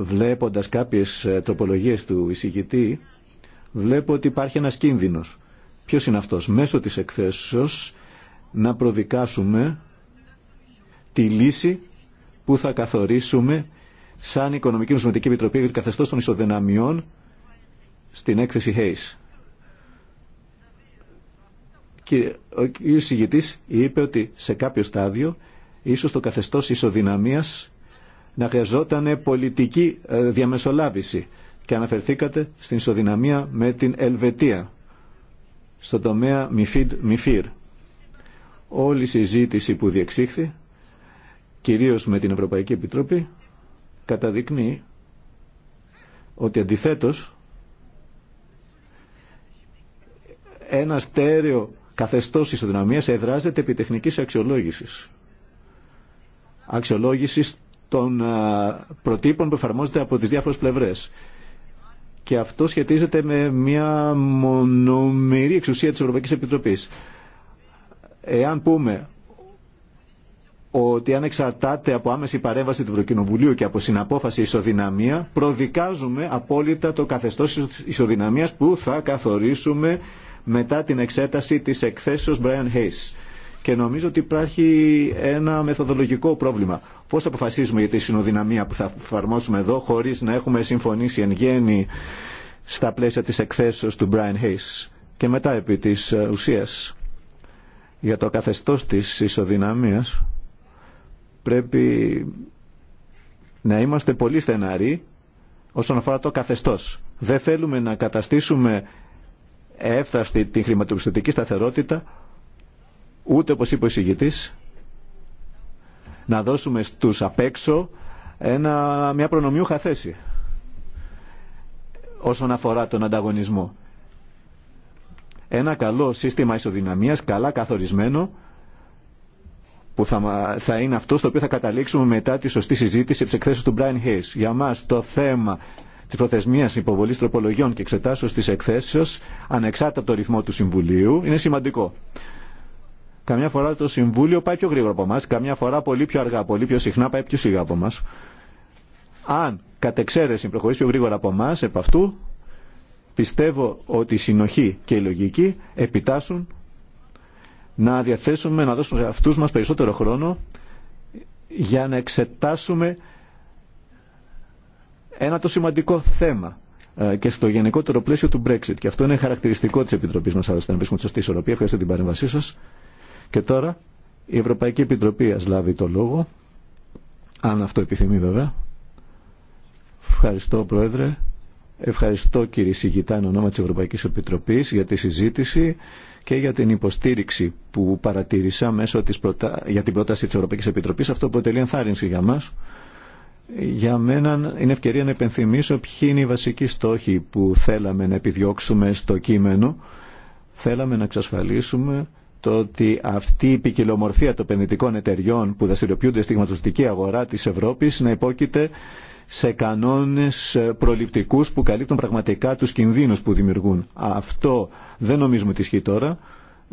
Βλέποντα κάποιε τροπολογίε του εισηγητή, βλέπω ότι υπάρχει ένας κίνδυνος. Ποιος είναι αυτός. Μέσω της εκθέσεως να προδικάσουμε τη λύση που θα καθορίσουμε σαν Οικονομική Νοσηματική Επιτροπή για το καθεστώς των ισοδυναμιών στην έκθεση Hayes. Και ο κ. είπε ότι σε κάποιο στάδιο ίσως το καθεστώς ισοδυναμίας να χρειαζόταν πολιτική ε, διαμεσολάβηση και αναφερθήκατε στην ισοδυναμία με την Ελβετία στο τομέα Μιφίντ Μιφίρ. Όλη η συζήτηση που διεξήχθη, κυρίως με την Ευρωπαϊκή Επιτροπή, καταδεικνύει ότι αντιθέτως ένα στέρεο καθεστώς ισοδυναμίας εδράζεται επί τεχνικής αξιολόγησης. Αξιολόγησης των προτύπων που εφαρμόζεται από τις διάφορες πλευρές. Και αυτό σχετίζεται με μια μονομερή εξουσία της Ευρωπαϊκής Επιτροπής. Εάν πούμε ότι αν εξαρτάται από άμεση παρέμβαση του Ευρωκοινοβουλίου και από συναπόφαση ισοδυναμία, προδικάζουμε απόλυτα το καθεστώς ισοδυναμίας που θα καθορίσουμε μετά την εξέταση της εκθέσεως Brian Hayes και νομίζω ότι υπάρχει ένα μεθοδολογικό πρόβλημα. Πώ αποφασίζουμε για τη συνοδυναμία που θα εφαρμόσουμε εδώ χωρί να έχουμε συμφωνήσει εν γέννη στα πλαίσια τη εκθέσεω του Brian Hayes και μετά επί τη ε, ουσία για το καθεστώ της ισοδυναμία πρέπει να είμαστε πολύ στεναροί όσον αφορά το καθεστώ. Δεν θέλουμε να καταστήσουμε έφταστη την χρηματοπιστωτική σταθερότητα ούτε όπως είπε ο εισηγητής να δώσουμε στους απ' έξω ένα, μια προνομιούχα θέση όσον αφορά τον ανταγωνισμό. Ένα καλό σύστημα ισοδυναμίας, καλά καθορισμένο, που θα, θα είναι αυτό στο οποίο θα καταλήξουμε μετά τη σωστή συζήτηση της εκθέσεως του Brian Hayes. Για μας το θέμα της προθεσμίας υποβολής τροπολογιών και εξετάσεως της εκθέσεως, ανεξάρτητα από το ρυθμό του Συμβουλίου, είναι σημαντικό. Καμιά φορά το Συμβούλιο πάει πιο γρήγορα από εμά, καμιά φορά πολύ πιο αργά, πολύ πιο συχνά πάει πιο σιγά από εμά. Αν κατ' εξαίρεση προχωρήσει πιο γρήγορα από εμά, επ' αυτού πιστεύω ότι η συνοχή και η λογική επιτάσσουν να διαθέσουμε, να δώσουμε σε αυτού μας περισσότερο χρόνο για να εξετάσουμε ένα το σημαντικό θέμα ε, και στο γενικότερο πλαίσιο του Brexit. Και αυτό είναι χαρακτηριστικό τη επιτροπή μα, άλλωστε, να βρίσκουμε τη σωστή ισορροπία. την παρέμβασή σα. Και τώρα η Ευρωπαϊκή Επιτροπή ας λάβει το λόγο, αν αυτό επιθυμεί βέβαια. Ευχαριστώ Πρόεδρε, ευχαριστώ κύριε Σιγητά εν ονόμα της Ευρωπαϊκής Επιτροπής για τη συζήτηση και για την υποστήριξη που παρατήρησα μέσω της για την πρόταση της Ευρωπαϊκής Επιτροπής. Αυτό αποτελεί ενθάρρυνση για μας. Για μένα είναι ευκαιρία να επενθυμίσω ποιοι είναι οι βασικοί στόχοι που θέλαμε να επιδιώξουμε στο κείμενο. Θέλαμε να εξασφαλίσουμε το ότι αυτή η ποικιλομορφία των επενδυτικών εταιριών που δραστηριοποιούνται στη χρηματοδοτική αγορά τη Ευρώπη, να υπόκειται σε κανόνε προληπτικού που καλύπτουν πραγματικά του κινδύνου που δημιουργούν. Αυτό δεν νομίζουμε ότι ισχύει τώρα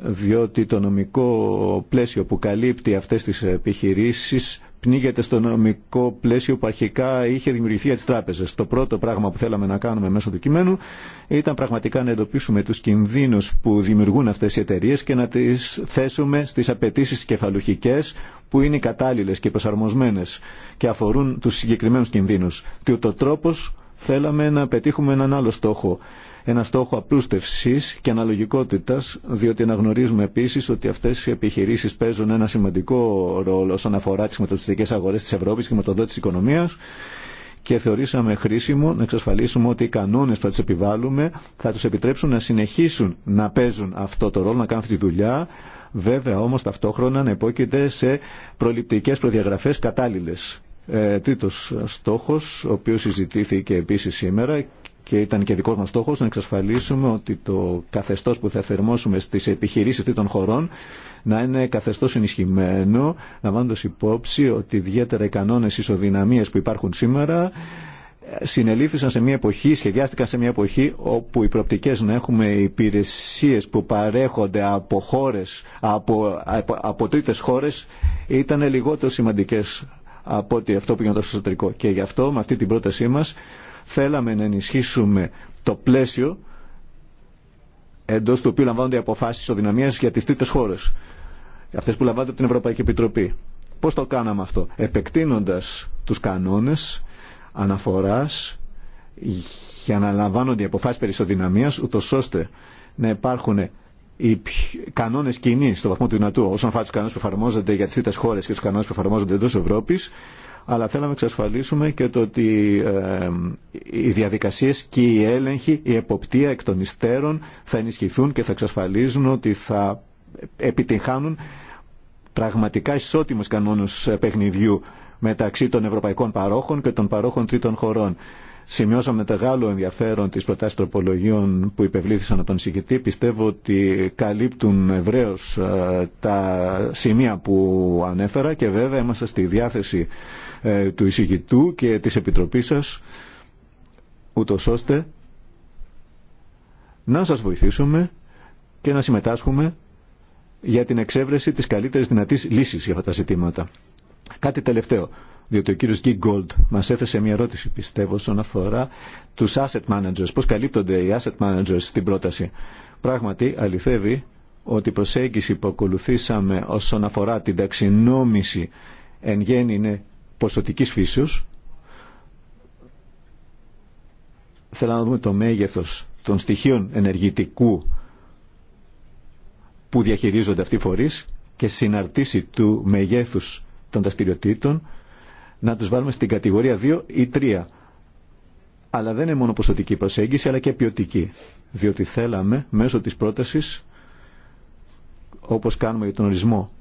διότι το νομικό πλαίσιο που καλύπτει αυτές τις επιχειρήσεις πνίγεται στο νομικό πλαίσιο που αρχικά είχε δημιουργηθεί για τις τράπεζες. Το πρώτο πράγμα που θέλαμε να κάνουμε μέσω του κειμένου ήταν πραγματικά να εντοπίσουμε τους κινδύνους που δημιουργούν αυτές οι εταιρείε και να τις θέσουμε στις απαιτήσει κεφαλουχικές που είναι κατάλληλες και προσαρμοσμένες και αφορούν τους συγκεκριμένους κινδύνους. Τι ο τρόπος θέλαμε να πετύχουμε έναν άλλο στόχο ένα στόχο απλούστευση και αναλογικότητα, διότι αναγνωρίζουμε επίση ότι αυτέ οι επιχειρήσει παίζουν ένα σημαντικό ρόλο όσον αφορά τι μεταπιστικές αγορέ τη Ευρώπη και χρηματοδότηση της οικονομίας και θεωρήσαμε χρήσιμο να εξασφαλίσουμε ότι οι κανόνε που θα του επιβάλλουμε θα του επιτρέψουν να συνεχίσουν να παίζουν αυτό το ρόλο, να κάνουν αυτή τη δουλειά, βέβαια όμω ταυτόχρονα να υπόκειται σε προληπτικέ προδιαγραφέ κατάλληλε. Ε, τρίτος ο οποίο συζητήθηκε επίση σήμερα και ήταν και δικό μα στόχο να εξασφαλίσουμε ότι το καθεστώ που θα εφερμόσουμε στις επιχειρήσεις των χωρών να είναι καθεστώς ενισχυμένο, λαμβάνοντα υπόψη ότι ιδιαίτερα οι κανόνες ισοδυναμίες που υπάρχουν σήμερα ε, συνελήφθησαν σε μια εποχή, σχεδιάστηκαν σε μια εποχή όπου οι προπτικές να έχουμε υπηρεσίες που παρέχονται από χώρες, από, από, από τρίτες χώρες ήταν λιγότερο σημαντικές από ότι αυτό που γινόταν στο εσωτερικό. Και γι' αυτό με αυτή την πρότασή μας Θέλαμε να ενισχύσουμε το πλαίσιο εντός του οποίου λαμβάνονται οι αποφάσει οδυναμίας για τις τρίτε χώρε. Αυτές που λαμβάνονται από την Ευρωπαϊκή Επιτροπή. Πώς το κάναμε αυτό, Επεκτείνοντας τους κανόνες αναφοράς για να λαμβάνονται οι αποφάσει περί ισοδυναμία, ούτως ώστε να υπάρχουν οι κανόνε κοινοί στο βαθμό του δυνατού όσον αφορά τους κανόνε που εφαρμόζονται για τις τρίτε χώρε και τους κανόνε που εφαρμόζονται εντό Ευρώπη, αλλά θέλαμε να εξασφαλίσουμε και το ότι οι διαδικασίες και οι έλεγχοι, η εποπτεία εκ των υστέρων θα ενισχυθούν και θα εξασφαλίζουν ότι θα επιτυγχάνουν πραγματικά ισότιμους κανόνους παιχνιδιού μεταξύ των ευρωπαϊκών παρόχων και των παρόχων τρίτων χωρών. Σημειώσαμε μεγάλο ενδιαφέρον τις προτάσεις τροπολογίων που υπευλήθησαν από τον συγκητή. Πιστεύω ότι καλύπτουν ευρέω ε, τα σημεία που ανέφερα και βέβαια είμαστε στη διάθεση ε, του εισηγητού και της Επιτροπής σας, ούτως ώστε να σας βοηθήσουμε και να συμμετάσχουμε για την εξέβρεση της καλύτερης δυνατής λύσης για αυτά τα ζητήματα. Κάτι τελευταίο, διότι ο κύριος Γκίγκολτ μας έθεσε μια ερώτηση, πιστεύω, όσον αφορά τους asset managers, πώς καλύπτονται οι asset managers στην πρόταση. Πράγματι, αληθεύει ότι η προσέγγιση που ακολουθήσαμε όσον αφορά την ταξινόμηση εν γέννη είναι ποσοτικής φύσεως. Θέλω να δούμε το μέγεθος των στοιχείων ενεργητικού που διαχειρίζονται αυτοί οι φορείς και συναρτήσει του μεγέθους των δραστηριοτήτων να τους βάλουμε στην κατηγορία 2 ή 3. Αλλά δεν είναι μόνο ποσοτική προσέγγιση, αλλά και ποιοτική. Διότι θέλαμε μέσω της πρότασης, όπως κάνουμε για τον ορισμό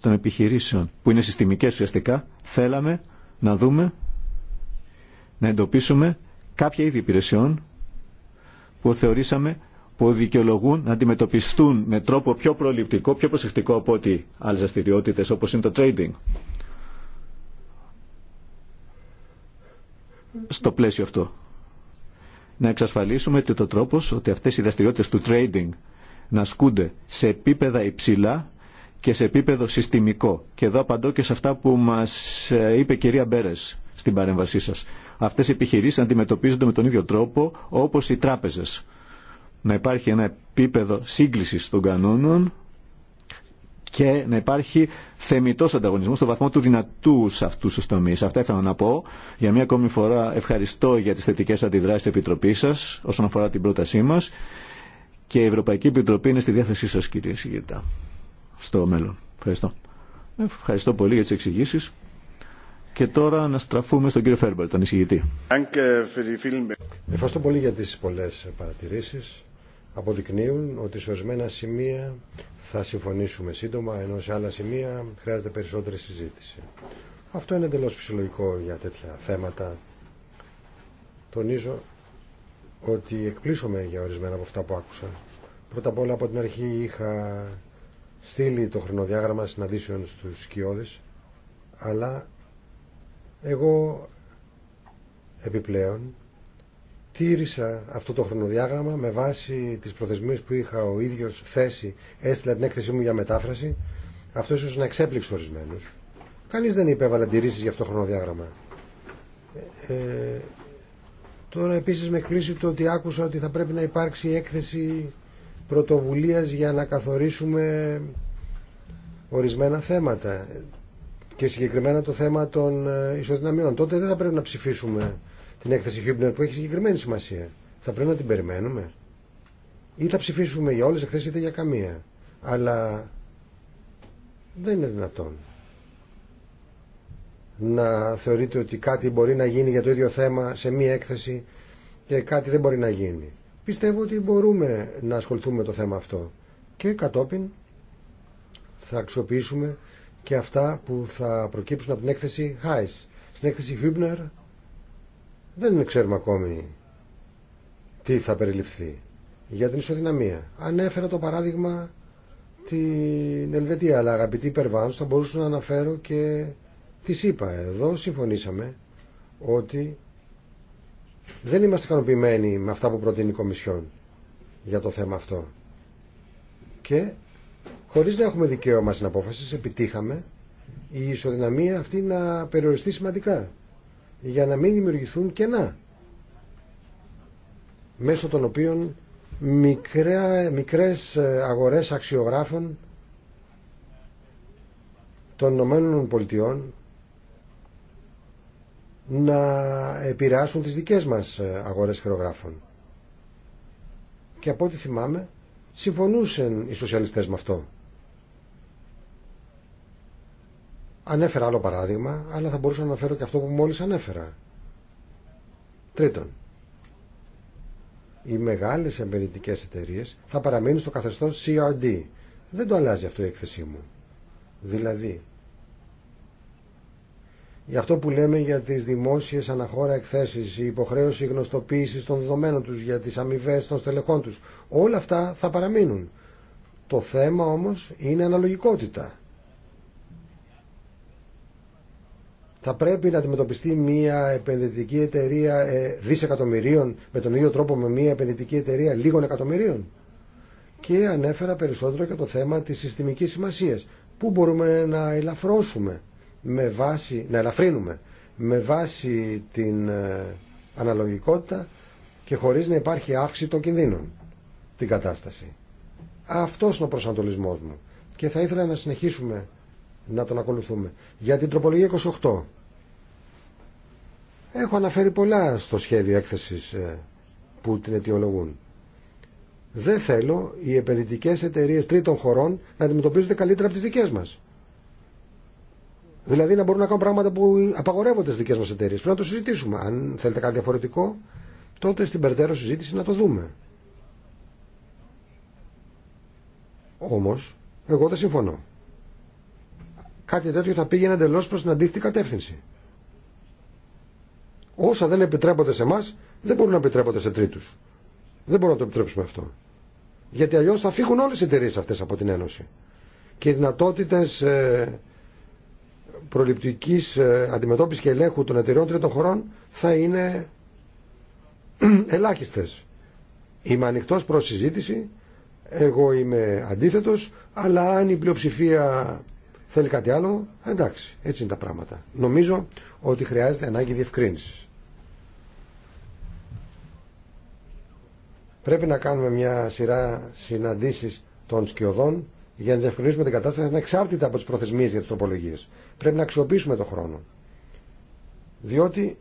των επιχειρήσεων που είναι συστημικές ουσιαστικά θέλαμε να δούμε να εντοπίσουμε κάποια είδη υπηρεσιών που θεωρήσαμε που δικαιολογούν να αντιμετωπιστούν με τρόπο πιο προληπτικό, πιο προσεκτικό από ό,τι άλλες δραστηριότητε όπως είναι το trading. Στο πλαίσιο αυτό. Να εξασφαλίσουμε ότι το τρόπος ότι αυτές οι δραστηριότητε του trading να ασκούνται σε επίπεδα υψηλά και σε επίπεδο συστημικό. Και εδώ απαντώ και σε αυτά που μας ε, είπε η κυρία Μπέρες στην παρέμβασή σας. Αυτές οι επιχειρήσεις αντιμετωπίζονται με τον ίδιο τρόπο όπως οι τράπεζες. Να υπάρχει ένα επίπεδο σύγκλησης των κανόνων και να υπάρχει θεμητός ανταγωνισμός στο βαθμό του δυνατού σε αυτούς τους τομείς. Αυτά ήθελα να πω. Για μία ακόμη φορά ευχαριστώ για τις θετικές αντιδράσεις της Επιτροπής σας όσον αφορά την πρότασή μας και η Ευρωπαϊκή Επιτροπή είναι στη διάθεσή σας κύριε Σιγητά στο μέλλον. Ευχαριστώ. Ευχαριστώ πολύ για τις εξηγήσεις. Και τώρα να στραφούμε στον κύριο Φέρμπερ, τον εισηγητή. Ευχαριστώ πολύ για τις πολλές παρατηρήσεις. Αποδεικνύουν ότι σε ορισμένα σημεία θα συμφωνήσουμε σύντομα, ενώ σε άλλα σημεία χρειάζεται περισσότερη συζήτηση. Αυτό είναι εντελώς φυσιολογικό για τέτοια θέματα. Τονίζω ότι εκπλήσωμαι για ορισμένα από αυτά που άκουσα. Πρώτα απ' όλα από την αρχή είχα στείλει το χρονοδιάγραμμα συναντήσεων στους σκιώδες αλλά εγώ επιπλέον τήρησα αυτό το χρονοδιάγραμμα με βάση τις προθεσμίες που είχα ο ίδιος θέσει έστειλα την έκθεσή μου για μετάφραση αυτό ίσως να εξέπληξε ορισμένου. Κανείς δεν υπέβαλε αντιρρήσεις για αυτό το χρονοδιάγραμμα. Ε, ε, τώρα επίσης με εκπλήσει το ότι άκουσα ότι θα πρέπει να υπάρξει έκθεση πρωτοβουλίας για να καθορίσουμε ορισμένα θέματα και συγκεκριμένα το θέμα των ε, ισοδυναμιών. Τότε δεν θα πρέπει να ψηφίσουμε την έκθεση Χιούμπνερ που έχει συγκεκριμένη σημασία. Θα πρέπει να την περιμένουμε. Ή θα ψηφίσουμε για όλες τις εκθέσεις είτε για καμία. Αλλά δεν είναι δυνατόν να θεωρείτε ότι κάτι μπορεί να γίνει για το ίδιο θέμα σε μία έκθεση και κάτι δεν μπορεί να γίνει. Πιστεύω ότι μπορούμε να ασχοληθούμε με το θέμα αυτό και κατόπιν θα αξιοποιήσουμε και αυτά που θα προκύψουν από την έκθεση Χάις. Στην έκθεση Χιούμπνερ δεν ξέρουμε ακόμη τι θα περιληφθεί για την ισοδυναμία. Ανέφερα το παράδειγμα την Ελβετία, αλλά αγαπητοί υπερβάνους θα μπορούσα να αναφέρω και τη ΣΥΠΑ. Εδώ συμφωνήσαμε ότι δεν είμαστε ικανοποιημένοι με αυτά που προτείνει η Κομισιόν για το θέμα αυτό. Και χωρίς να έχουμε δικαίωμα στην απόφαση, επιτύχαμε η ισοδυναμία αυτή να περιοριστεί σημαντικά για να μην δημιουργηθούν κενά μέσω των οποίων μικρέ μικρές ε, αγορές αξιογράφων των Ηνωμένων να επηρεάσουν τις δικές μας ε, αγορές χειρογράφων. Και από ό,τι θυμάμαι, συμφωνούσαν οι σοσιαλιστές με αυτό. Ανέφερα άλλο παράδειγμα, αλλά θα μπορούσα να αναφέρω και αυτό που μόλις ανέφερα. Τρίτον, οι μεγάλες επενδυτικές εταιρείες θα παραμείνουν στο καθεστώς CRD. Δεν το αλλάζει αυτό η έκθεσή μου. Δηλαδή, Γι' αυτό που λέμε για τις δημόσιες αναχώρα εκθέσεις, η υποχρέωση γνωστοποίησης των δεδομένων τους για τις αμοιβέ των στελεχών τους. Όλα αυτά θα παραμείνουν. Το θέμα όμως είναι αναλογικότητα. Θα πρέπει να αντιμετωπιστεί μια επενδυτική εταιρεία ε, δισεκατομμυρίων με τον ίδιο τρόπο με μια επενδυτική εταιρεία λίγων εκατομμυρίων. Και ανέφερα περισσότερο και το θέμα της συστημικής σημασίας. Πού μπορούμε να ελαφρώσουμε με βάση, να ελαφρύνουμε με βάση την ε, αναλογικότητα και χωρίς να υπάρχει αύξηση των κινδύνων την κατάσταση. Αυτός είναι ο προσανατολισμός μου και θα ήθελα να συνεχίσουμε να τον ακολουθούμε. Για την τροπολογία 28 έχω αναφέρει πολλά στο σχέδιο έκθεσης ε, που την αιτιολογούν. Δεν θέλω οι επενδυτικές εταιρείε τρίτων χωρών να αντιμετωπίζονται καλύτερα από τις δικές μας. Δηλαδή να μπορούν να κάνουν πράγματα που απαγορεύονται στι δικέ μα εταιρείε. Πρέπει να το συζητήσουμε. Αν θέλετε κάτι διαφορετικό, τότε στην περαιτέρω συζήτηση να το δούμε. Όμω, εγώ δεν συμφωνώ. Κάτι τέτοιο θα πήγαινε εντελώ προ την αντίθετη κατεύθυνση. Όσα δεν επιτρέπονται σε εμά, δεν μπορούν να επιτρέπονται σε τρίτου. Δεν μπορούμε να το επιτρέψουμε αυτό. Γιατί αλλιώ θα φύγουν όλε οι εταιρείε αυτέ από την Ένωση. Και οι δυνατότητε ε, προληπτικής ε, αντιμετώπιση και ελέγχου των εταιριών τρίτων χωρών θα είναι ελάχιστες. Είμαι ανοιχτό προ συζήτηση, εγώ είμαι αντίθετος, αλλά αν η πλειοψηφία θέλει κάτι άλλο, εντάξει, έτσι είναι τα πράγματα. Νομίζω ότι χρειάζεται ανάγκη διευκρίνηση. Πρέπει να κάνουμε μια σειρά συναντήσεις των σκιωδών για να διευκρινίσουμε την κατάσταση ανεξάρτητα από τι προθεσμίε για τι τροπολογίε. Πρέπει να αξιοποιήσουμε τον χρόνο. Διότι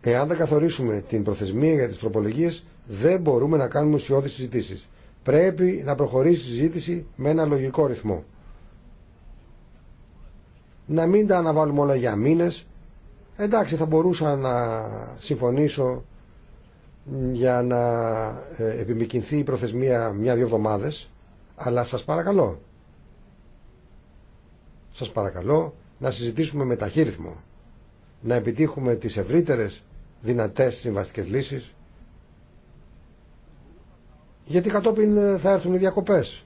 εάν δεν καθορίσουμε την προθεσμία για τι τροπολογίε, δεν μπορούμε να κάνουμε ουσιώδη συζητήσει. Πρέπει να προχωρήσει η συζήτηση με ένα λογικό ρυθμό. Να μην τα αναβάλουμε όλα για μήνε. Εντάξει, θα μπορούσα να συμφωνήσω για να ε, επιμηκυνθεί η προθεσμία μια-δύο εβδομάδες, αλλά σας παρακαλώ, σας παρακαλώ να συζητήσουμε με να επιτύχουμε τις ευρύτερες δυνατές συμβαστικές λύσεις, γιατί κατόπιν ε, θα έρθουν οι διακοπές.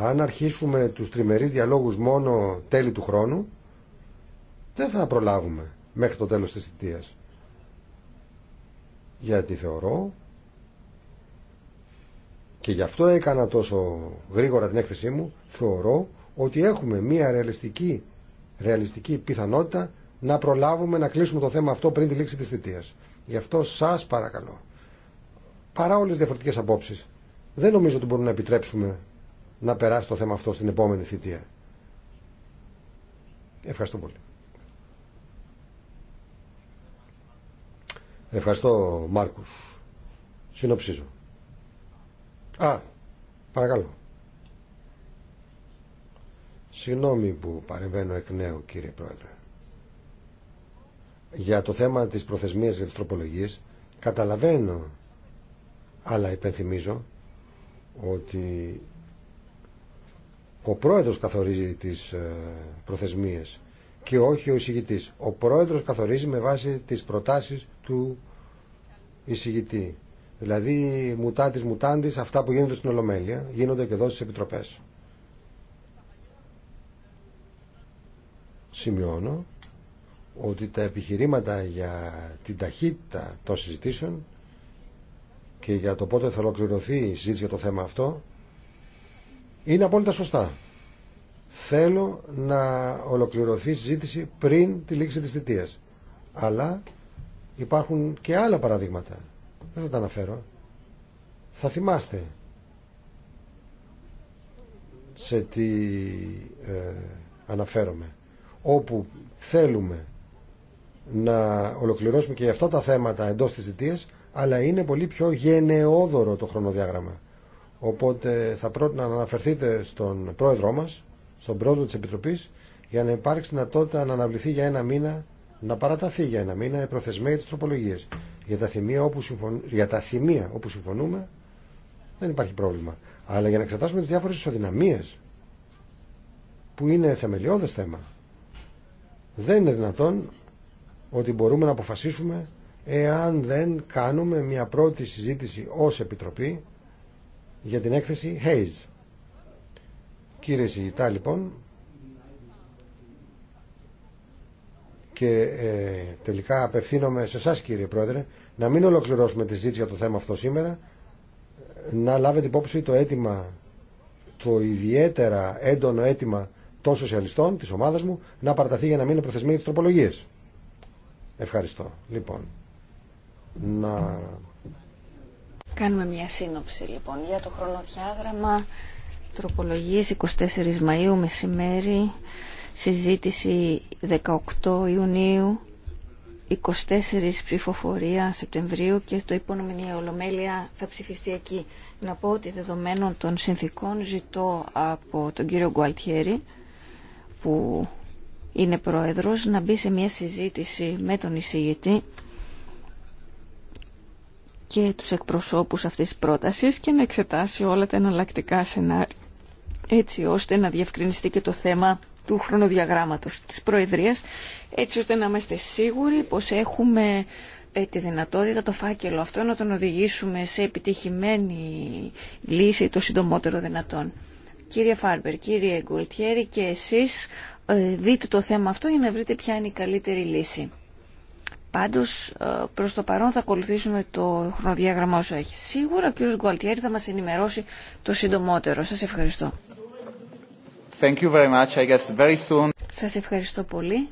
Αν αρχίσουμε τους τριμερείς διαλόγους μόνο τέλη του χρόνου, δεν θα προλάβουμε μέχρι το τέλος της θητείας. Γιατί θεωρώ και γι' αυτό έκανα τόσο γρήγορα την έκθεσή μου, θεωρώ ότι έχουμε μια ρεαλιστική, ρεαλιστική πιθανότητα να προλάβουμε να κλείσουμε το θέμα αυτό πριν τη λήξη της θητείας. Γι' αυτό σας παρακαλώ, παρά όλες τις διαφορετικές απόψεις, δεν νομίζω ότι μπορούμε να επιτρέψουμε να περάσει το θέμα αυτό στην επόμενη θητεία. Ευχαριστώ πολύ. Ευχαριστώ, Μάρκους. Συνοψίζω. Α, παρακαλώ. Συγγνώμη που παρεμβαίνω εκ νέου, κύριε Πρόεδρε. Για το θέμα της προθεσμίας για τις τροπολογίες, καταλαβαίνω, αλλά υπενθυμίζω, ότι ο πρόεδρος καθορίζει τις ε, προθεσμίες και όχι ο εισηγητής. Ο πρόεδρος καθορίζει με βάση τις προτάσεις του εισηγητή. Δηλαδή, μουτάτης μουτάντης, αυτά που γίνονται στην Ολομέλεια, γίνονται και εδώ στις Επιτροπές. Σημειώνω ότι τα επιχειρήματα για την ταχύτητα των συζητήσεων και για το πότε θα ολοκληρωθεί η συζήτηση για το θέμα αυτό είναι απόλυτα σωστά. Θέλω να ολοκληρωθεί η συζήτηση πριν τη λήξη της θητείας. Αλλά Υπάρχουν και άλλα παραδείγματα. Δεν θα τα αναφέρω. Θα θυμάστε σε τι ε, αναφέρομαι. Όπου θέλουμε να ολοκληρώσουμε και αυτά τα θέματα εντός της ζητίας αλλά είναι πολύ πιο γενναιόδωρο το χρονοδιάγραμμα. Οπότε θα πρότεινα να αναφερθείτε στον πρόεδρό μας, στον πρόεδρο της Επιτροπής, για να υπάρξει δυνατότητα να αναβληθεί για ένα μήνα να παραταθεί για ένα μήνα η προθεσμία της τροπολογίας. Για τα, όπου συμφων... για τα σημεία όπου συμφωνούμε δεν υπάρχει πρόβλημα. Αλλά για να εξετάσουμε τις διάφορες ισοδυναμίες που είναι θεμελιώδες θέμα δεν είναι δυνατόν ότι μπορούμε να αποφασίσουμε εάν δεν κάνουμε μια πρώτη συζήτηση ως Επιτροπή για την έκθεση Hayes. Κύριε Σιγητά, λοιπόν, Και ε, τελικά απευθύνομαι σε εσά κύριε Πρόεδρε να μην ολοκληρώσουμε τη συζήτηση για το θέμα αυτό σήμερα, να λάβετε υπόψη το αίτημα, το ιδιαίτερα έντονο αίτημα των σοσιαλιστών της ομάδας μου να παραταθεί για να μην είναι προθεσμή για τις τροπολογίες. Ευχαριστώ. Λοιπόν, να... Κάνουμε μια σύνοψη λοιπόν για το χρονοδιάγραμμα τροπολογίες 24 Μαΐου μεσημέρι συζήτηση 18 Ιουνίου, 24 ψηφοφορία Σεπτεμβρίου και το η Ολομέλεια θα ψηφιστεί εκεί. Να πω ότι δεδομένων των συνθήκων ζητώ από τον κύριο Γκουαλτιέρη που είναι πρόεδρος να μπει σε μια συζήτηση με τον εισηγητή και τους εκπροσώπους αυτής της πρότασης και να εξετάσει όλα τα εναλλακτικά σενάρια έτσι ώστε να διευκρινιστεί και το θέμα του χρονοδιαγράμματος της Προεδρίας, έτσι ώστε να είμαστε σίγουροι πως έχουμε ε, τη δυνατότητα το φάκελο αυτό να τον οδηγήσουμε σε επιτυχημένη λύση το συντομότερο δυνατόν. Κύριε Φάρμπερ, κύριε Γκολτιέρη και εσείς ε, δείτε το θέμα αυτό για να βρείτε ποια είναι η καλύτερη λύση. Πάντως ε, προς το παρόν θα ακολουθήσουμε το χρονοδιάγραμμα όσο έχει. Σίγουρα ο κύριος Γκουαλτιέρη θα μας ενημερώσει το συντομότερο. Σας ευχαριστώ. Thank you very much. I guess very soon... Σας ευχαριστώ πολύ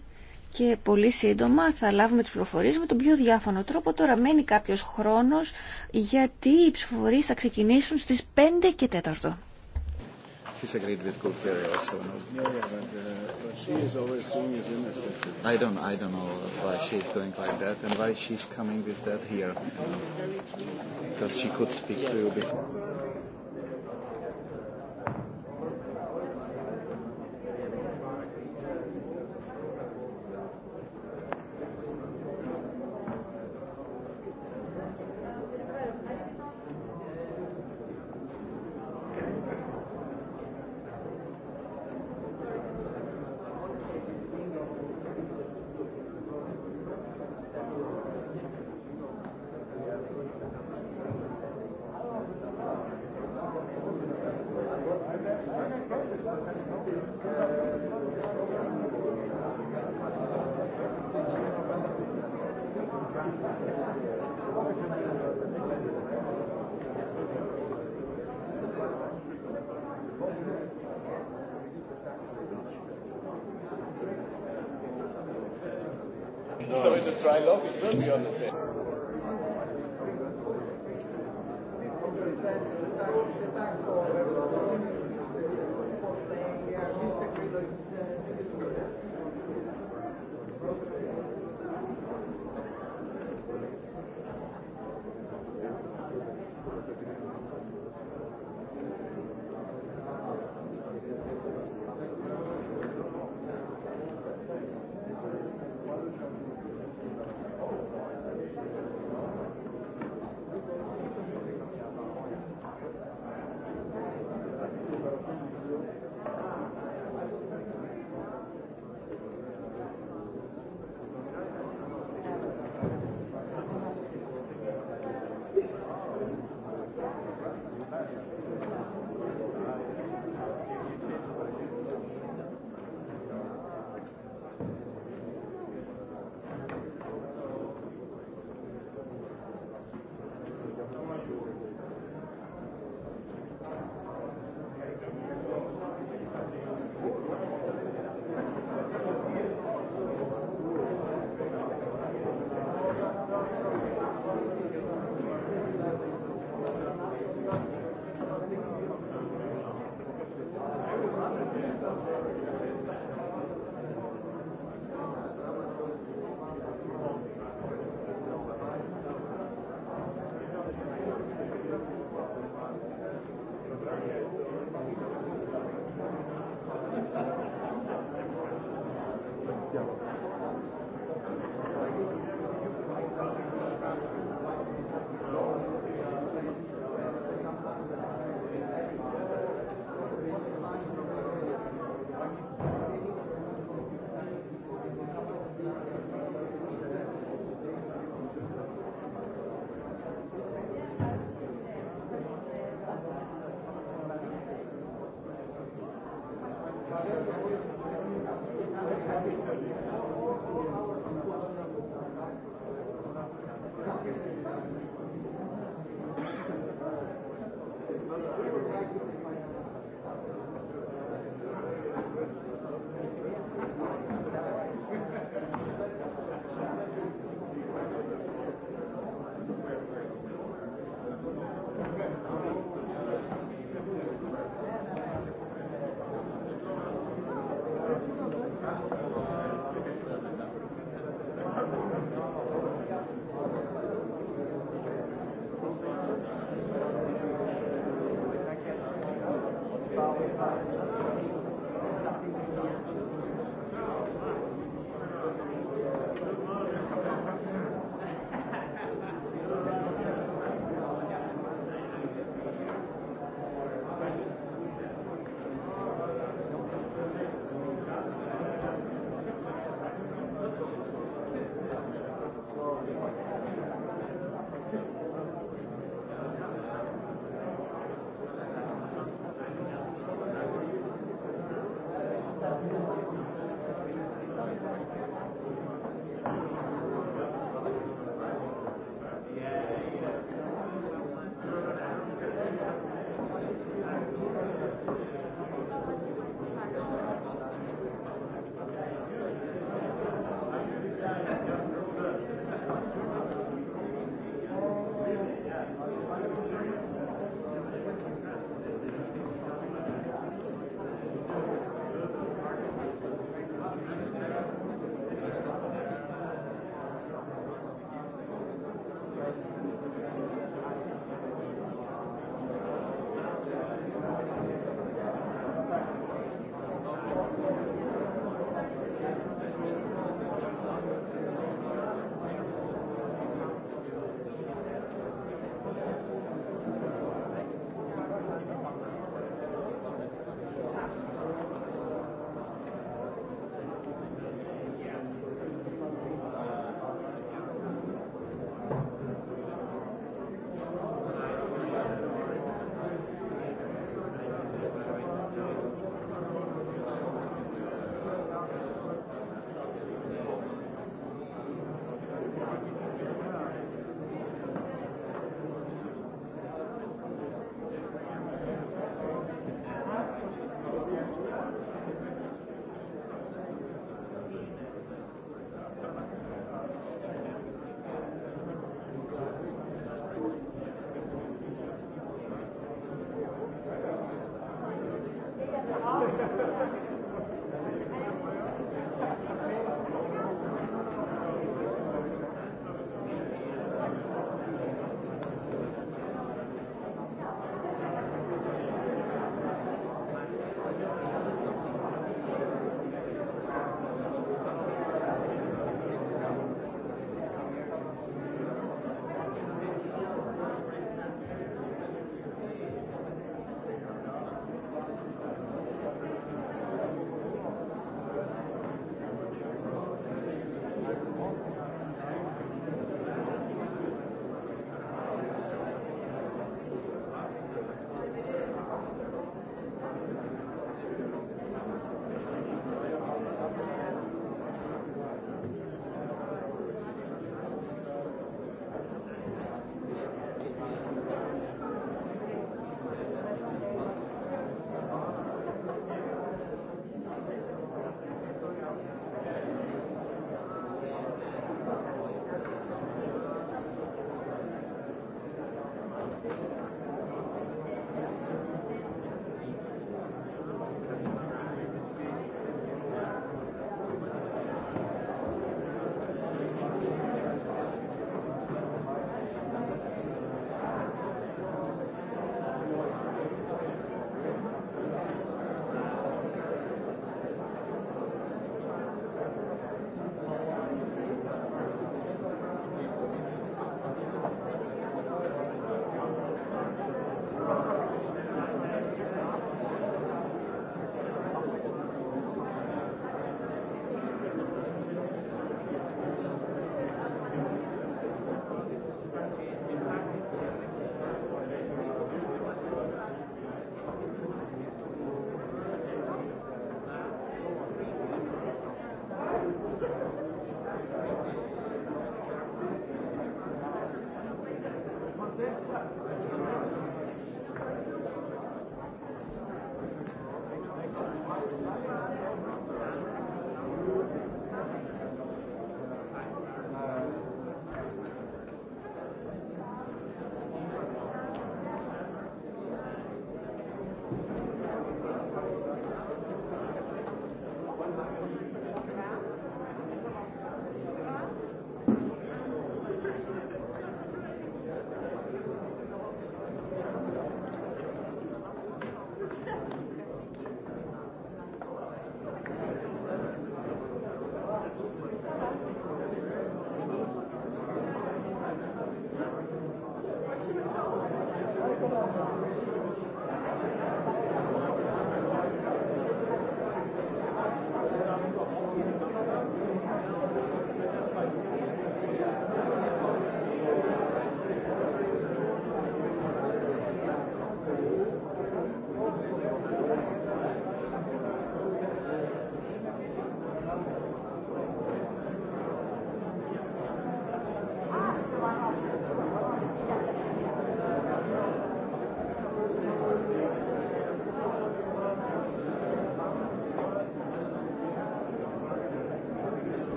και πολύ σύντομα θα λάβουμε τις πληροφορίες με τον πιο διάφανο τρόπο. Τώρα μένει κάποιος χρόνος γιατί οι ψηφοφορίες θα ξεκινήσουν στις 5 και 4. She's agreed with Gulfieri also. No? Yeah, yeah, but, uh, but she is always doing his innocent. I don't, I don't know why she's doing like that and why she's coming with that here. Because she could speak to you before. Υπότιτλοι it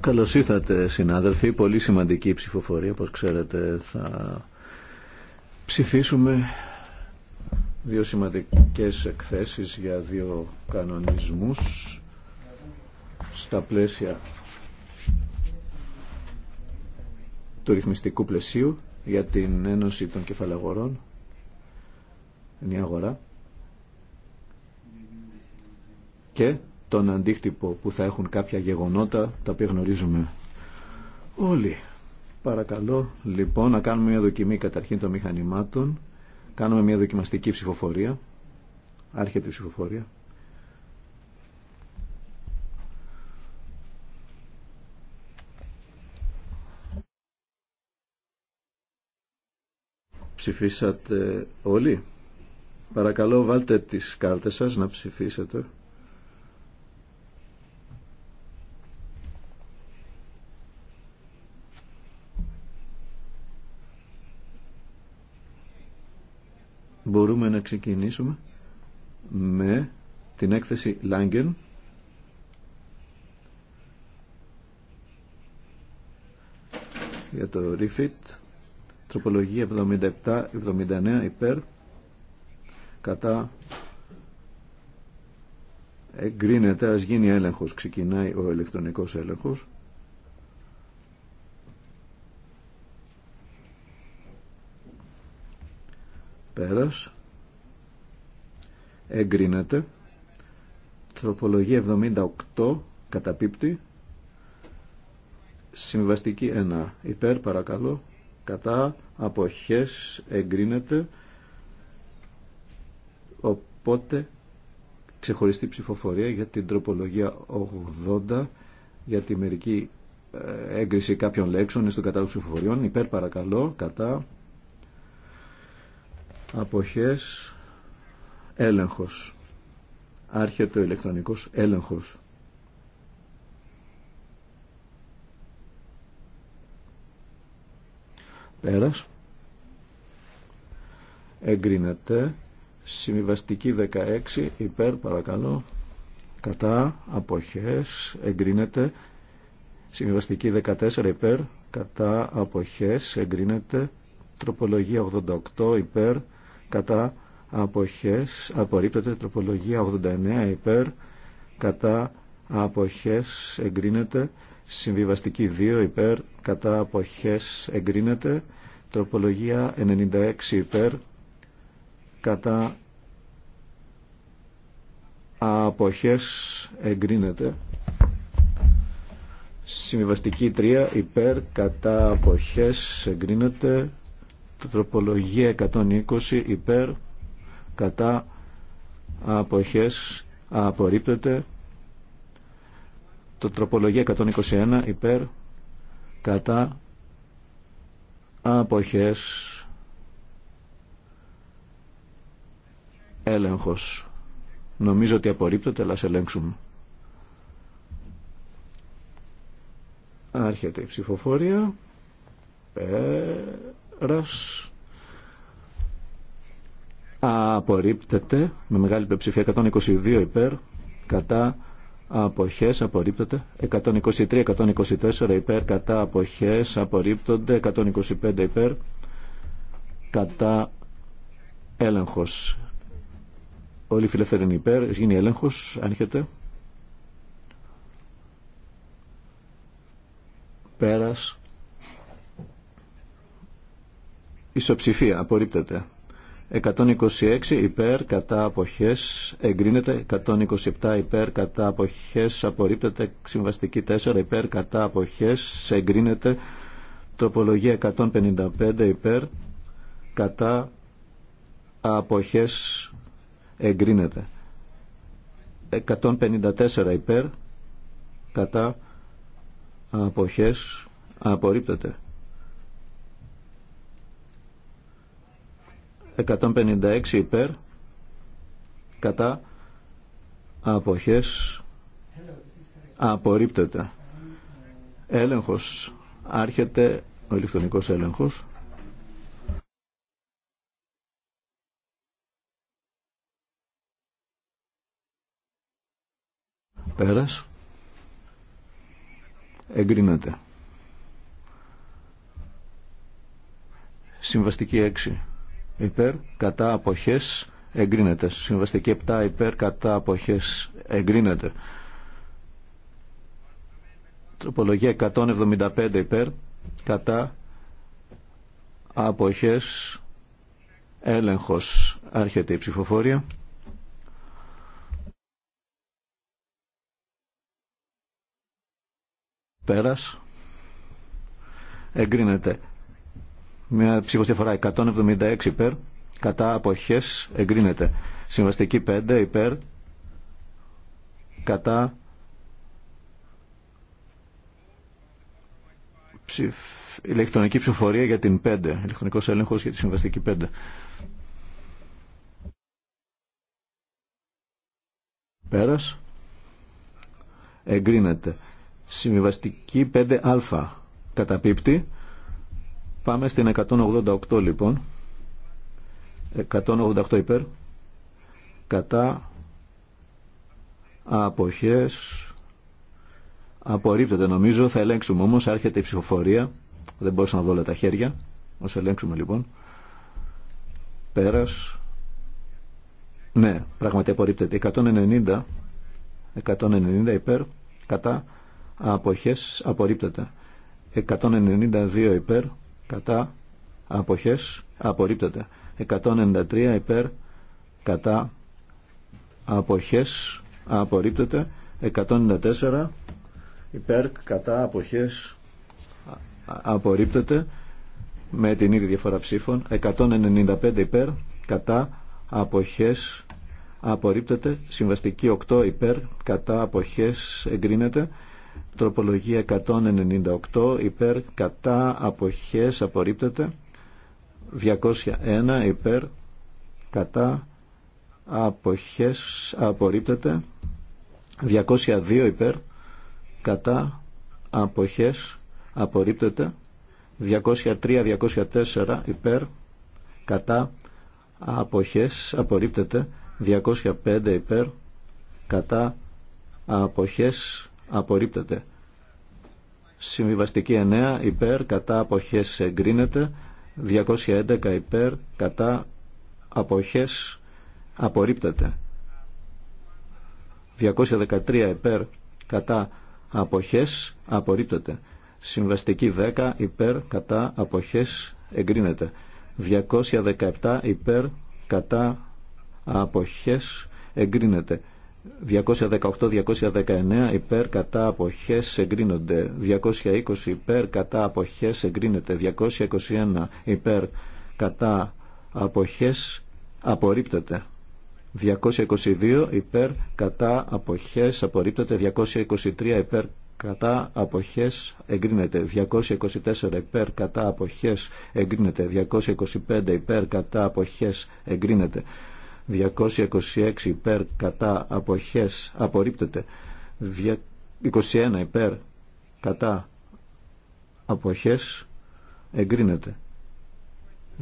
Καλώ ήρθατε συνάδελφοι, πολύ σημαντική ψηφοφορία, όπως ξέρετε θα ψηφίσουμε δύο σημαντικές εκθέσεις για δύο κανονισμούς στα πλαίσια του ρυθμιστικού πλαισίου για την Ένωση των Κεφαλαγορών, η αγορά και τον αντίκτυπο που θα έχουν κάποια γεγονότα τα οποία γνωρίζουμε όλοι. Παρακαλώ λοιπόν να κάνουμε μια δοκιμή καταρχήν των μηχανημάτων. Κάνουμε μια δοκιμαστική ψηφοφορία. Άρχεται η ψηφοφορία. Ψηφίσατε όλοι. Παρακαλώ βάλτε τις κάρτες σας να ψηφίσετε. μπορούμε να ξεκινήσουμε με την έκθεση Langen για το Refit τροπολογία 77-79 υπέρ κατά εγκρίνεται ας γίνει έλεγχος ξεκινάει ο ηλεκτρονικός έλεγχος Πέρας. Εγκρίνεται. Τροπολογία 78 καταπίπτει. Συμβαστική 1. Υπέρ παρακαλώ. Κατά αποχές εγκρίνεται. Οπότε ξεχωριστή ψηφοφορία για την τροπολογία 80 για τη μερική ε, έγκριση κάποιων λέξεων στον κατάλογο ψηφοφοριών. Υπέρ παρακαλώ. Κατά αποχές έλεγχος άρχεται ο ηλεκτρονικός έλεγχος πέρας εγκρίνεται συμβιβαστική 16 υπέρ παρακαλώ κατά αποχές εγκρίνεται συμβιβαστική 14 υπέρ κατά αποχές εγκρίνεται τροπολογία 88 υπέρ κατά αποχές απορρίπτεται τροπολογία 89 υπέρ κατά αποχές εγκρίνεται συμβιβαστική 2 υπέρ κατά αποχές εγκρίνεται τροπολογία 96 υπέρ κατά αποχές εγκρίνεται συμβιβαστική 3 υπέρ κατά αποχές εγκρίνεται Τροπολογία 120 υπέρ κατά αποχές απορρίπτεται. Το τροπολογία 121 υπέρ κατά αποχές έλεγχος. Νομίζω ότι απορρίπτεται, αλλά σε ελέγξουμε. Άρχεται η ψηφοφορία. Άρας απορρίπτεται με μεγάλη πλειοψηφία 122 υπέρ κατά αποχές απορρίπτεται 123, 124 υπέρ κατά αποχές απορρίπτονται 125 υπέρ κατά έλεγχος όλοι οι φιλεύθεροι είναι υπέρ γίνει έλεγχος άρχεται πέρας Ισοψηφία. Απορρίπτεται. 126 υπέρ κατά αποχές εγκρίνεται. 127 υπέρ κατά αποχές απορρίπτεται. Συμβαστική 4 υπέρ κατά αποχές εγκρίνεται. τοπολογία 155 υπέρ κατά αποχές εγκρίνεται. 154 υπέρ κατά αποχές απορρίπτεται. 156 υπέρ κατά αποχές απορρίπτεται έλεγχος άρχεται ο ηλεκτρονικός έλεγχος πέρας εγκρίνεται συμβαστική 6 υπέρ κατά αποχές εγκρίνεται. Συμβαστική 7 υπέρ κατά αποχές εγκρίνεται. Τροπολογία 175 υπέρ κατά αποχές έλεγχος άρχεται η ψηφοφορία. Πέρας. Εγκρίνεται. Μια ψήφος 176 υπέρ, κατά αποχές εγκρίνεται. Συμβαστική 5 υπέρ, κατά ψηφ... ηλεκτρονική ψηφοφορία για την 5, ηλεκτρονικός έλεγχος για τη συμβαστική 5. Πέρας. Εγκρίνεται. Συμβαστική 5α. Καταπίπτει. Πάμε στην 188 λοιπόν. 188 υπέρ. Κατά αποχές απορρίπτεται νομίζω. Θα ελέγξουμε όμως. Άρχεται η ψηφοφορία. Δεν μπορούσα να δω όλα τα χέρια. Ας ελέγξουμε λοιπόν. Πέρας. Ναι, πραγματικά απορρίπτεται. 190, 190 υπέρ, κατά αποχές απορρίπτεται. 192 υπέρ, κατά αποχές απορρίπτεται 193 υπέρ κατά αποχές απορρίπτεται 194 υπέρ κατά αποχές απορρίπτεται με την ίδια διαφορά ψήφων 195 υπέρ κατά αποχές απορρίπτεται συμβαστική 8 υπέρ κατά αποχές εγκρίνεται Τροπολογία 198 υπέρ κατά αποχές απορρίπτεται. 201 υπέρ κατά αποχές απορρίπτεται. 202 υπέρ κατά αποχές απορρίπτεται. 203-204 υπέρ κατά αποχές απορρίπτεται. 205 υπέρ κατά αποχές απορρίπτεται. Συμβιβαστική 9 υπέρ κατά αποχές εγκρίνεται. 211 υπέρ κατά αποχές απορρίπτεται. 213 υπέρ κατά αποχές απορρίπτεται. Συμβαστική 10 υπέρ κατά αποχές εγκρίνεται. 217 υπέρ κατά αποχές εγκρίνεται. 218-219 υπέρ κατά αποχές εγκρίνονται 220 υπέρ κατά αποχές εγκρίνεται 221 υπέρ κατά αποχές απορρίπτεται 222 υπέρ κατά αποχές απορρίπτεται 223 υπέρ κατά αποχές εγκρίνεται 224 υπέρ κατά αποχές εγκρίνεται 225 υπέρ κατά αποχές εγκρίνεται 226 υπέρ κατά αποχές απορρίπτεται 21 υπέρ κατά αποχές εγκρίνεται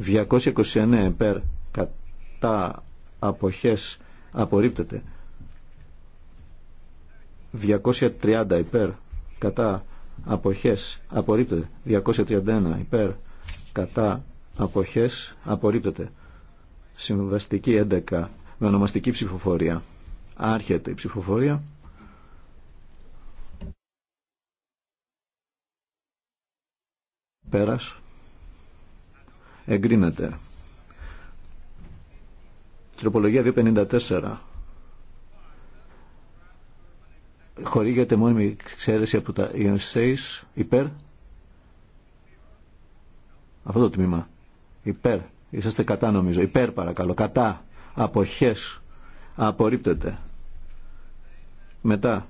229 υπέρ κατά αποχές απορρίπτεται 230 υπέρ κατά αποχές απορρίπτεται 231 υπέρ κατά αποχές απορρίπτεται Συμβαστική 11 με ονομαστική ψηφοφορία. Άρχεται η ψηφοφορία. Πέρας. Εγκρίνεται. Τροπολογία 254. Χορήγεται μόνιμη εξαίρεση από τα ΙΕΝΣΕΙΣ υπέρ. Αυτό το τμήμα. Υπέρ. Είσαστε κατά νομίζω. Υπέρ παρακαλώ. Κατά. Αποχές. Απορρίπτεται. Μετά.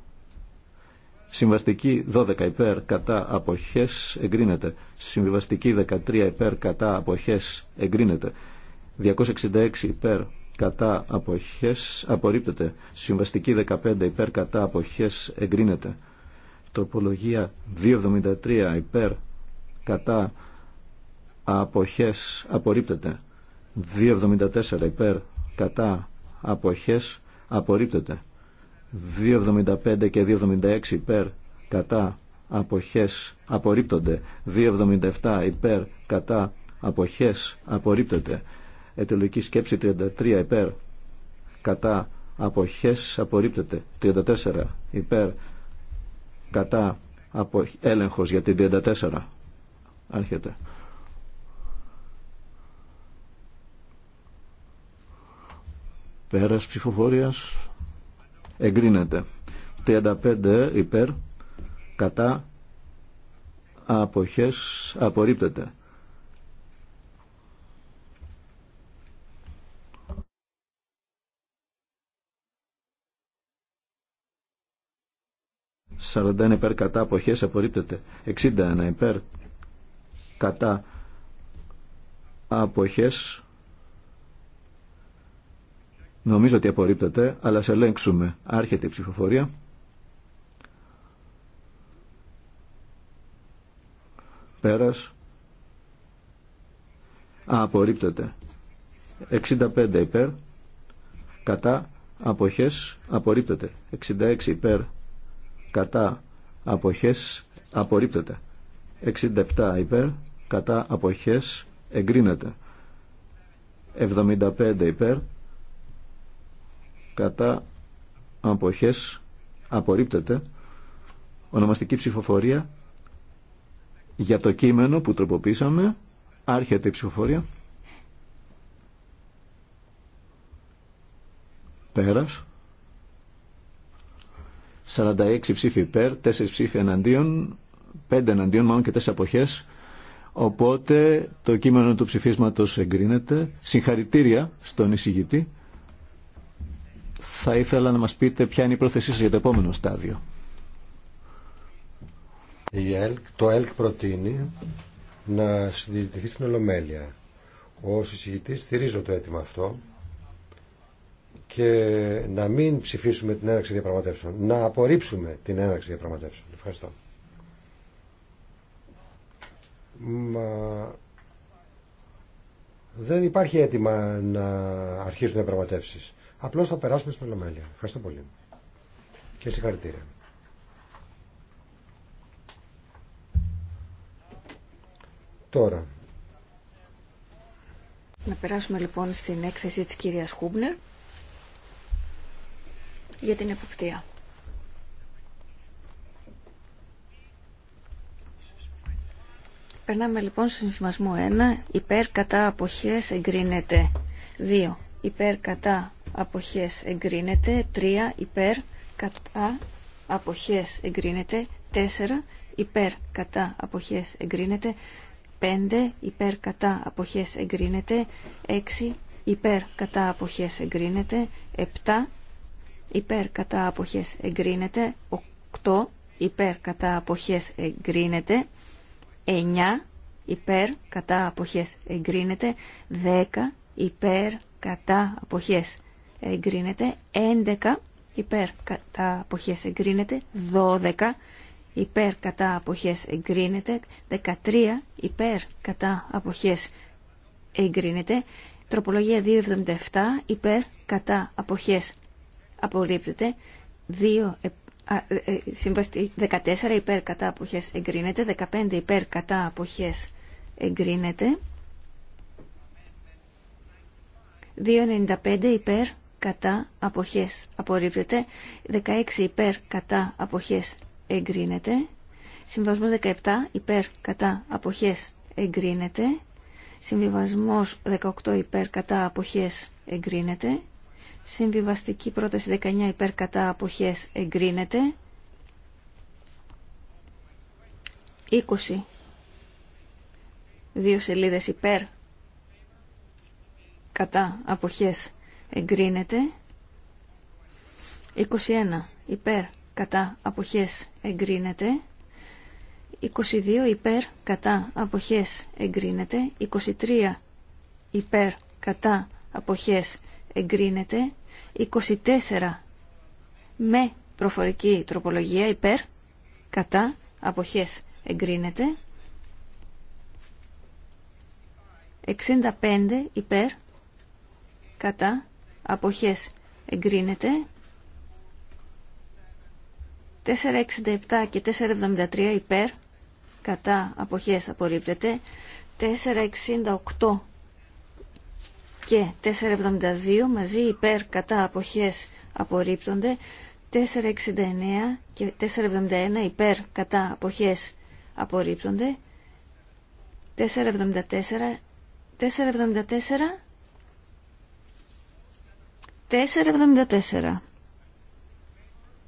Συμβαστική 12 υπέρ κατά αποχές εγκρίνεται. Συμβαστική 13 υπέρ κατά αποχές εγκρίνεται. 266 υπέρ κατά αποχές απορρίπτεται. Συμβαστική 15 υπέρ κατά αποχές εγκρίνεται. Τροπολογία 273 υπέρ κατά αποχές απορρίπτεται 2.74 υπέρ κατά αποχές απορρίπτεται 2.75 και 2.76 υπέρ κατά αποχές απορρίπτονται 2.77 υπέρ κατά αποχές απορρίπτεται ετελογική σκέψη 33 υπέρ κατά αποχές απορρίπτεται 34 υπέρ κατά απο... έλεγχος για την 34 άρχεται Πέρας ψηφοφορίας εγκρίνεται. 35 υπέρ κατά αποχές απορρίπτεται. «41 υπέρ κατά αποχές απορρίπτεται. 61 υπέρ κατά αποχές Νομίζω ότι απορρίπτεται, αλλά σε ελέγξουμε. Άρχεται η ψηφοφορία. Πέρας. Α, απορρίπτεται. 65 υπέρ. Κατά. Αποχές. Απορρίπτεται. 66 υπέρ. Κατά. Αποχές. Απορρίπτεται. 67 υπέρ. Κατά. Αποχές. Εγκρίνεται. 75 υπέρ κατά αποχές απορρίπτεται ονομαστική ψηφοφορία για το κείμενο που τροποποίησαμε άρχεται η ψηφοφορία πέρας 46 ψήφοι υπέρ 4 ψήφοι εναντίον 5 εναντίον μάλλον και 4 αποχές οπότε το κείμενο του ψηφίσματος εγκρίνεται συγχαρητήρια στον εισηγητή θα ήθελα να μας πείτε ποια είναι η πρόθεσή σας για το επόμενο στάδιο. το ΕΛΚ προτείνει να συντηρηθεί στην Ολομέλεια. Ο συζητητής στηρίζω το αίτημα αυτό και να μην ψηφίσουμε την έναρξη διαπραγματεύσεων, να απορρίψουμε την έναρξη διαπραγματεύσεων. Ευχαριστώ. Μα... Δεν υπάρχει αίτημα να αρχίσουν διαπραγματεύσεις. Απλώς θα περάσουμε στην Ολομέλεια. Ευχαριστώ πολύ. Και συγχαρητήρια. Τώρα. Να περάσουμε λοιπόν στην έκθεση της κυρίας Χούμπνερ για την εποπτεία. Περνάμε λοιπόν στο συμφημασμό 1. Υπέρ κατά αποχές εγκρίνεται 2. Υπέρ κατά αποχές εγκρίνεται 3 υπέρ κατά αποχές εγκρίνεται 4 υπέρ κατά αποχές εγκρίνεται 5 υπέρ κατά αποχές εγκρίνεται 6 υπέρ κατά αποχές εγκρίνεται 7 υπέρ κατά αποχές εγκρίνεται 8 υπέρ κατά αποχές εγκρίνεται 9 υπέρ κατά αποχές εγκρίνεται 10 υπέρ κατά αποχές εγκρίνεται 11 υπέρ κατά αποχές εγκρίνεται 12 υπέρ κατά αποχές εγκρίνεται 13 υπέρ κατά αποχές εγκρίνεται τροπολογία 277 υπέρ κατά αποχές απορρίπτεται 2 14 ε, ε, ε, υπέρ κατά αποχές εγκρίνεται, 15 υπέρ κατά αποχές εγκρίνεται, 2,95 υπέρ κατά αποχές απορρίπτεται 16 υπέρ κατά αποχές εγκρίνεται συμβασμός 17 υπέρ κατά αποχές εγκρίνεται συμβιβασμός 18 υπέρ κατά αποχές εγκρίνεται συμβιβαστική πρόταση 19 υπέρ κατά αποχές εγκρίνεται 20 δύο σελίδες υπέρ κατά αποχές εγκρίνεται 21 υπέρ κατά αποχές εγκρίνεται 22 υπέρ κατά αποχές εγκρίνεται 23 υπέρ κατά αποχές εγκρίνεται 24 με προφορική τροπολογία υπέρ κατά αποχές εγκρίνεται 65 υπέρ κατά αποχές εγκρίνεται. 467 και 473 υπέρ κατά αποχές απορρίπτεται. 468 και 472 μαζί υπέρ κατά αποχές απορρίπτονται. 469 και 471 υπέρ κατά αποχές απορρίπτονται. 474 474 4,74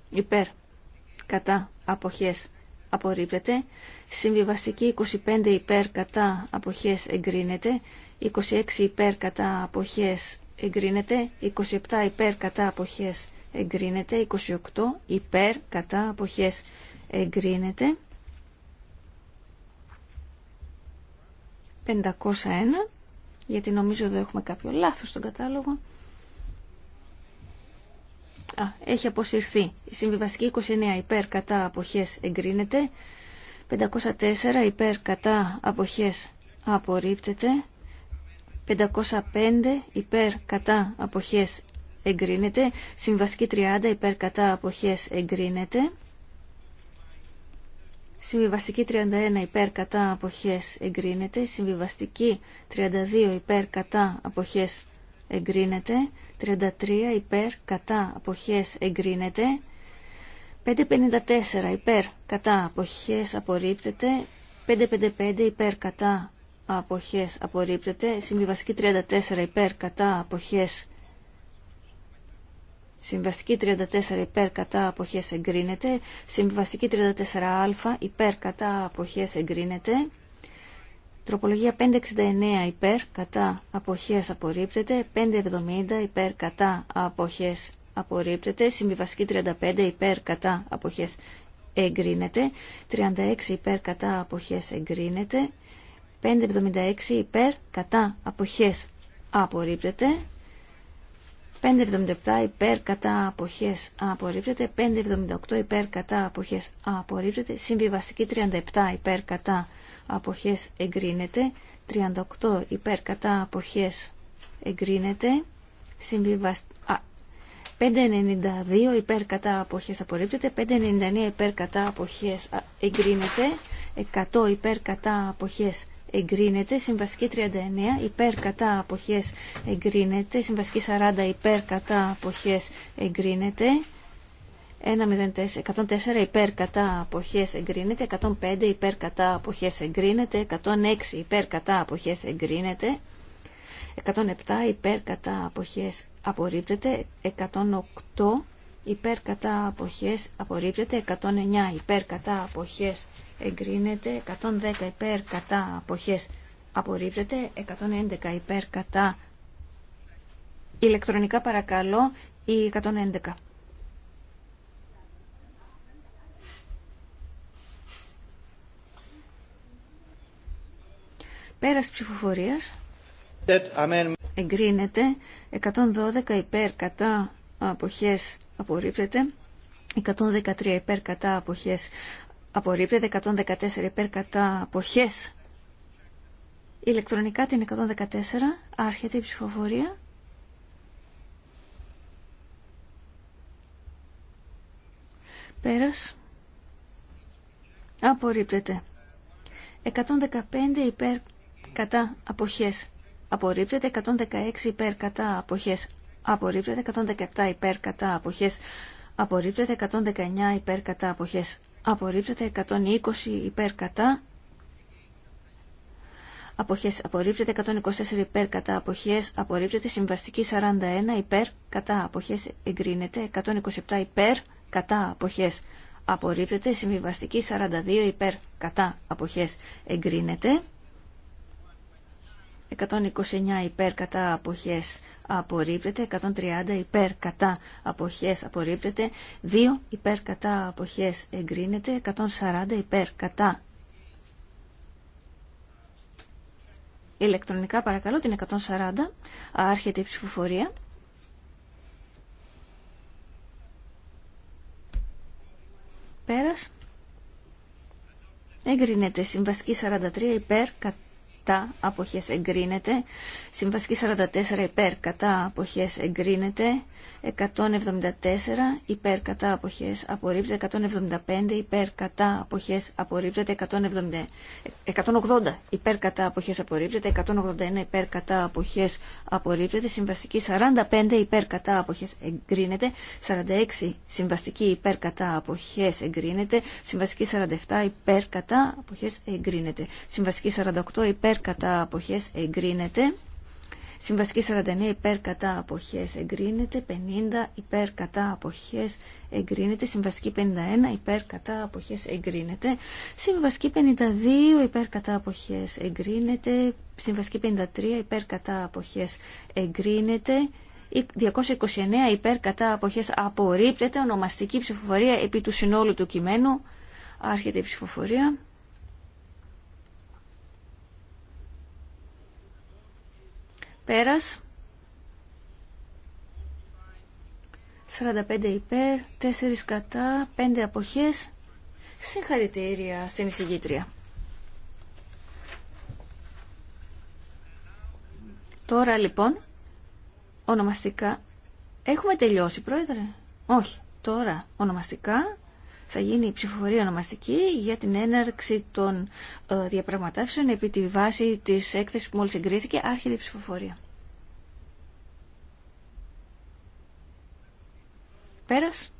υπέρ κατά αποχές απορρίπτεται συμβιβαστική 25 υπέρ κατά αποχές εγκρίνεται 26 υπέρ κατά αποχές εγκρίνεται 27 υπέρ κατά αποχές εγκρίνεται 28 υπέρ κατά αποχές εγκρίνεται 501 γιατί νομίζω εδώ έχουμε κάποιο λάθος στον κατάλογο Α, έχει αποσυρθεί. Συμβιβαστική 29 υπέρ κατά αποχές εγκρίνεται. 504 υπέρ κατά αποχές απορρίπτεται. 505 υπέρ κατά αποχές εγκρίνεται. συμβιβαστική 30 υπέρ κατά αποχές εγκρίνεται. Συμβιβαστική 31 υπέρ κατά αποχές εγκρίνεται. Συμβιβαστική 32 υπέρ κατά αποχές εγκρίνεται. 33 υπέρ κατά αποχές εγκρίνεται. 554 υπέρ κατά αποχές απορρίπτεται. 555 υπέρ κατά αποχές απορρίπτεται. Συμβιβαστική 34 υπέρ κατά αποχές Συμβαστική 34 υπέρ κατά αποχές εγκρίνεται. Συμβαστική 34α υπέρ κατά αποχές εγκρίνεται. Τροπολογία 569 υπέρ κατά αποχές απορρίπτεται. 570 υπέρ κατά αποχές απορρίπτεται. Συμβιβαστική 35 υπέρ κατά αποχές εγκρίνεται. 36 υπέρ κατά αποχές εγκρίνεται. 576 υπέρ κατά αποχές απορρίπτεται. 577 υπέρ κατά αποχές απορρίπτεται, 578 υπέρ κατά αποχές απορρίπτεται, συμβιβαστική 37 υπέρ κατά αποχές εγκρίνεται. 38 υπερκατα κατά αποχές εγκρίνεται. Α, 592 υπέρ κατά αποχές απορρίπτεται, 599 υπέρ κατά αποχές εγκρίνεται, 100 υπέρ κατά αποχές εγκρίνεται, συμβασική 39 υπέρ κατά αποχές εγκρίνεται, συμβασική 40 υπέρ κατά αποχές εγκρίνεται, 104 υπέρ κατά αποχές εγκρίνεται, 105 υπέρ κατά αποχές εγκρίνεται, 106 υπέρ κατά αποχές εγκρίνεται, 107 υπέρ κατά αποχές απορρίπτεται, 108 υπέρ κατά αποχές απορρίπτεται, 109 υπέρ κατά αποχές εγκρίνεται, 110 υπέρ κατά αποχές απορρίπτεται, 111 υπέρ κατά ηλεκτρονικά παρακαλώ ή 111. Πέρας ψηφοφορίας. Εγκρίνεται. 112 υπέρ κατά αποχές απορρίπτεται. 113 υπέρ κατά αποχές απορρίπτεται. 114 υπέρ κατά αποχές. Ηλεκτρονικά την 114 άρχεται η ψηφοφορία. Πέρας. Απορρίπτεται. 115 υπέρ κατά αποχές απορρίπτεται 116 υπέρ κατά αποχές απορρίπτεται 117 υπέρ κατά αποχές απορρίπτεται 119 υπέρ κατά αποχές απορρίπτεται 120 υπέρ κατά αποχές απορρίπτεται 124 υπέρ κατά αποχές απορρίπτεται συμβαστική 41 υπέρ κατά αποχές εγκρίνεται 127 υπέρ κατά αποχές απορρίπτεται συμβιβαστική 42 υπέρ κατά αποχές εγκρίνεται 129 υπέρ κατά αποχές απορρίπτεται, 130 υπέρ κατά αποχές απορρίπτεται, 2 υπέρ κατά αποχές εγκρίνεται, 140 υπέρ κατά ηλεκτρονικά παρακαλώ την 140 άρχεται η ψηφοφορία πέρας εγκρίνεται συμβαστική 43 υπέρ κατά κατά αποχές εγκρίνεται. Συμβαστική 44 υπέρ κατά αποχές εγκρίνεται. 174 υπέρ κατά αποχές απορρίπτεται. 175 υπέρ κατά αποχές απορρίπτεται. 170, 180 υπέρ κατά αποχές απορρίπτεται. 181 υπέρ κατά αποχές απορρίπτεται. Συμβαστική 45 υπέρ κατά αποχές εγκρίνεται. 46 συμβαστική υπέρ κατά αποχές εγκρίνεται. Συμβαστική 47 υπέρ κατά αποχές εγκρίνεται. Συμβαστική 48 υπέρ κατά αποχές εγκρίνεται. Συμβαστική 49 υπέρ κατά αποχές εγκρίνεται, 50 υπέρ κατά αποχές εγκρίνεται, συμβαστική 51 υπέρ κατά αποχές εγκρίνεται, συμβαστική 52 υπέρ κατά αποχές εγκρίνεται, συμβαστική 53 υπέρ κατά αποχές εγκρίνεται, 229 υπέρ κατά αποχές απορρίπτεται, ονομαστική ψηφοφορία επί του συνόλου του κειμένου, άρχεται η ψηφοφορία. Πέρας. 45 υπέρ, 4 κατά, 5 αποχές. Συγχαρητήρια στην εισηγήτρια. Τώρα λοιπόν, ονομαστικά, έχουμε τελειώσει πρόεδρε. Όχι, τώρα ονομαστικά θα γίνει η ψηφοφορία ονομαστική για την έναρξη των ε, διαπραγματεύσεων επί τη βάση της έκθεσης που μόλις εγκρίθηκε, άρχιδη ψηφοφορία. Πέρας.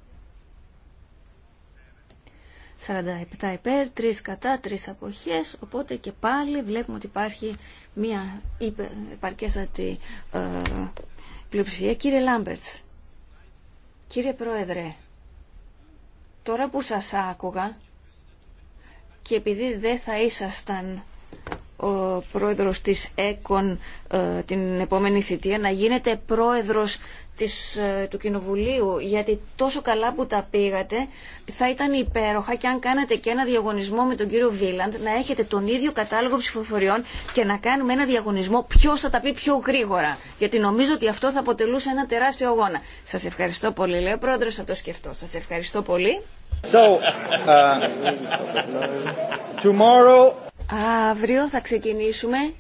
47 υπέρ, 3 κατά, 3 αποχές, οπότε και πάλι βλέπουμε ότι υπάρχει μια υπαρκέστατη ε, πλειοψηφία. Κύριε Λάμπερτς, κύριε Πρόεδρε, Τώρα που σας άκουγα και επειδή δεν θα ήσασταν ο πρόεδρος της ΕΚΟΝ ε, την επόμενη θητεία να γίνεται πρόεδρος της, ε, του Κοινοβουλίου γιατί τόσο καλά που τα πήγατε θα ήταν υπέροχα και αν κάνατε και ένα διαγωνισμό με τον κύριο Βίλαντ να έχετε τον ίδιο κατάλογο ψηφοφοριών και να κάνουμε ένα διαγωνισμό ποιος θα τα πει πιο γρήγορα γιατί νομίζω ότι αυτό θα αποτελούσε ένα τεράστιο αγώνα. Σας ευχαριστώ πολύ λέει ο πρόεδρος, θα το σκεφτώ. Σας ευχαριστώ πολύ. Uh, Αύριο θα ξεκινήσουμε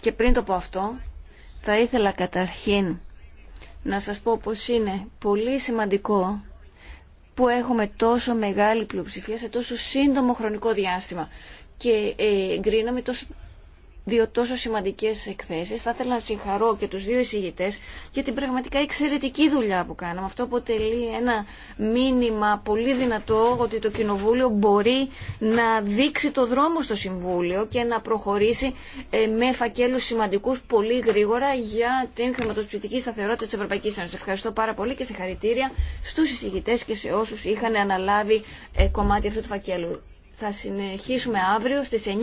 και πριν το πω αυτό θα ήθελα καταρχήν να σας πω πως είναι πολύ σημαντικό που έχουμε τόσο μεγάλη πλειοψηφία σε τόσο σύντομο χρονικό διάστημα και ε, γκρίναμε τόσο δύο τόσο σημαντικές εκθέσεις. Θα ήθελα να συγχαρώ και τους δύο εισηγητέ για την πραγματικά εξαιρετική δουλειά που κάναμε. Αυτό αποτελεί ένα μήνυμα πολύ δυνατό ότι το Κοινοβούλιο μπορεί να δείξει το δρόμο στο Συμβούλιο και να προχωρήσει ε, με φακέλου σημαντικούς πολύ γρήγορα για την χρηματοσπιτική σταθερότητα της Ευρωπαϊκής Ένωσης. Ευχαριστώ πάρα πολύ και συγχαρητήρια στους εισηγητέ και σε όσους είχαν αναλάβει ε, κομμάτι αυτού του φακέλου. Θα συνεχίσουμε αύριο στις 9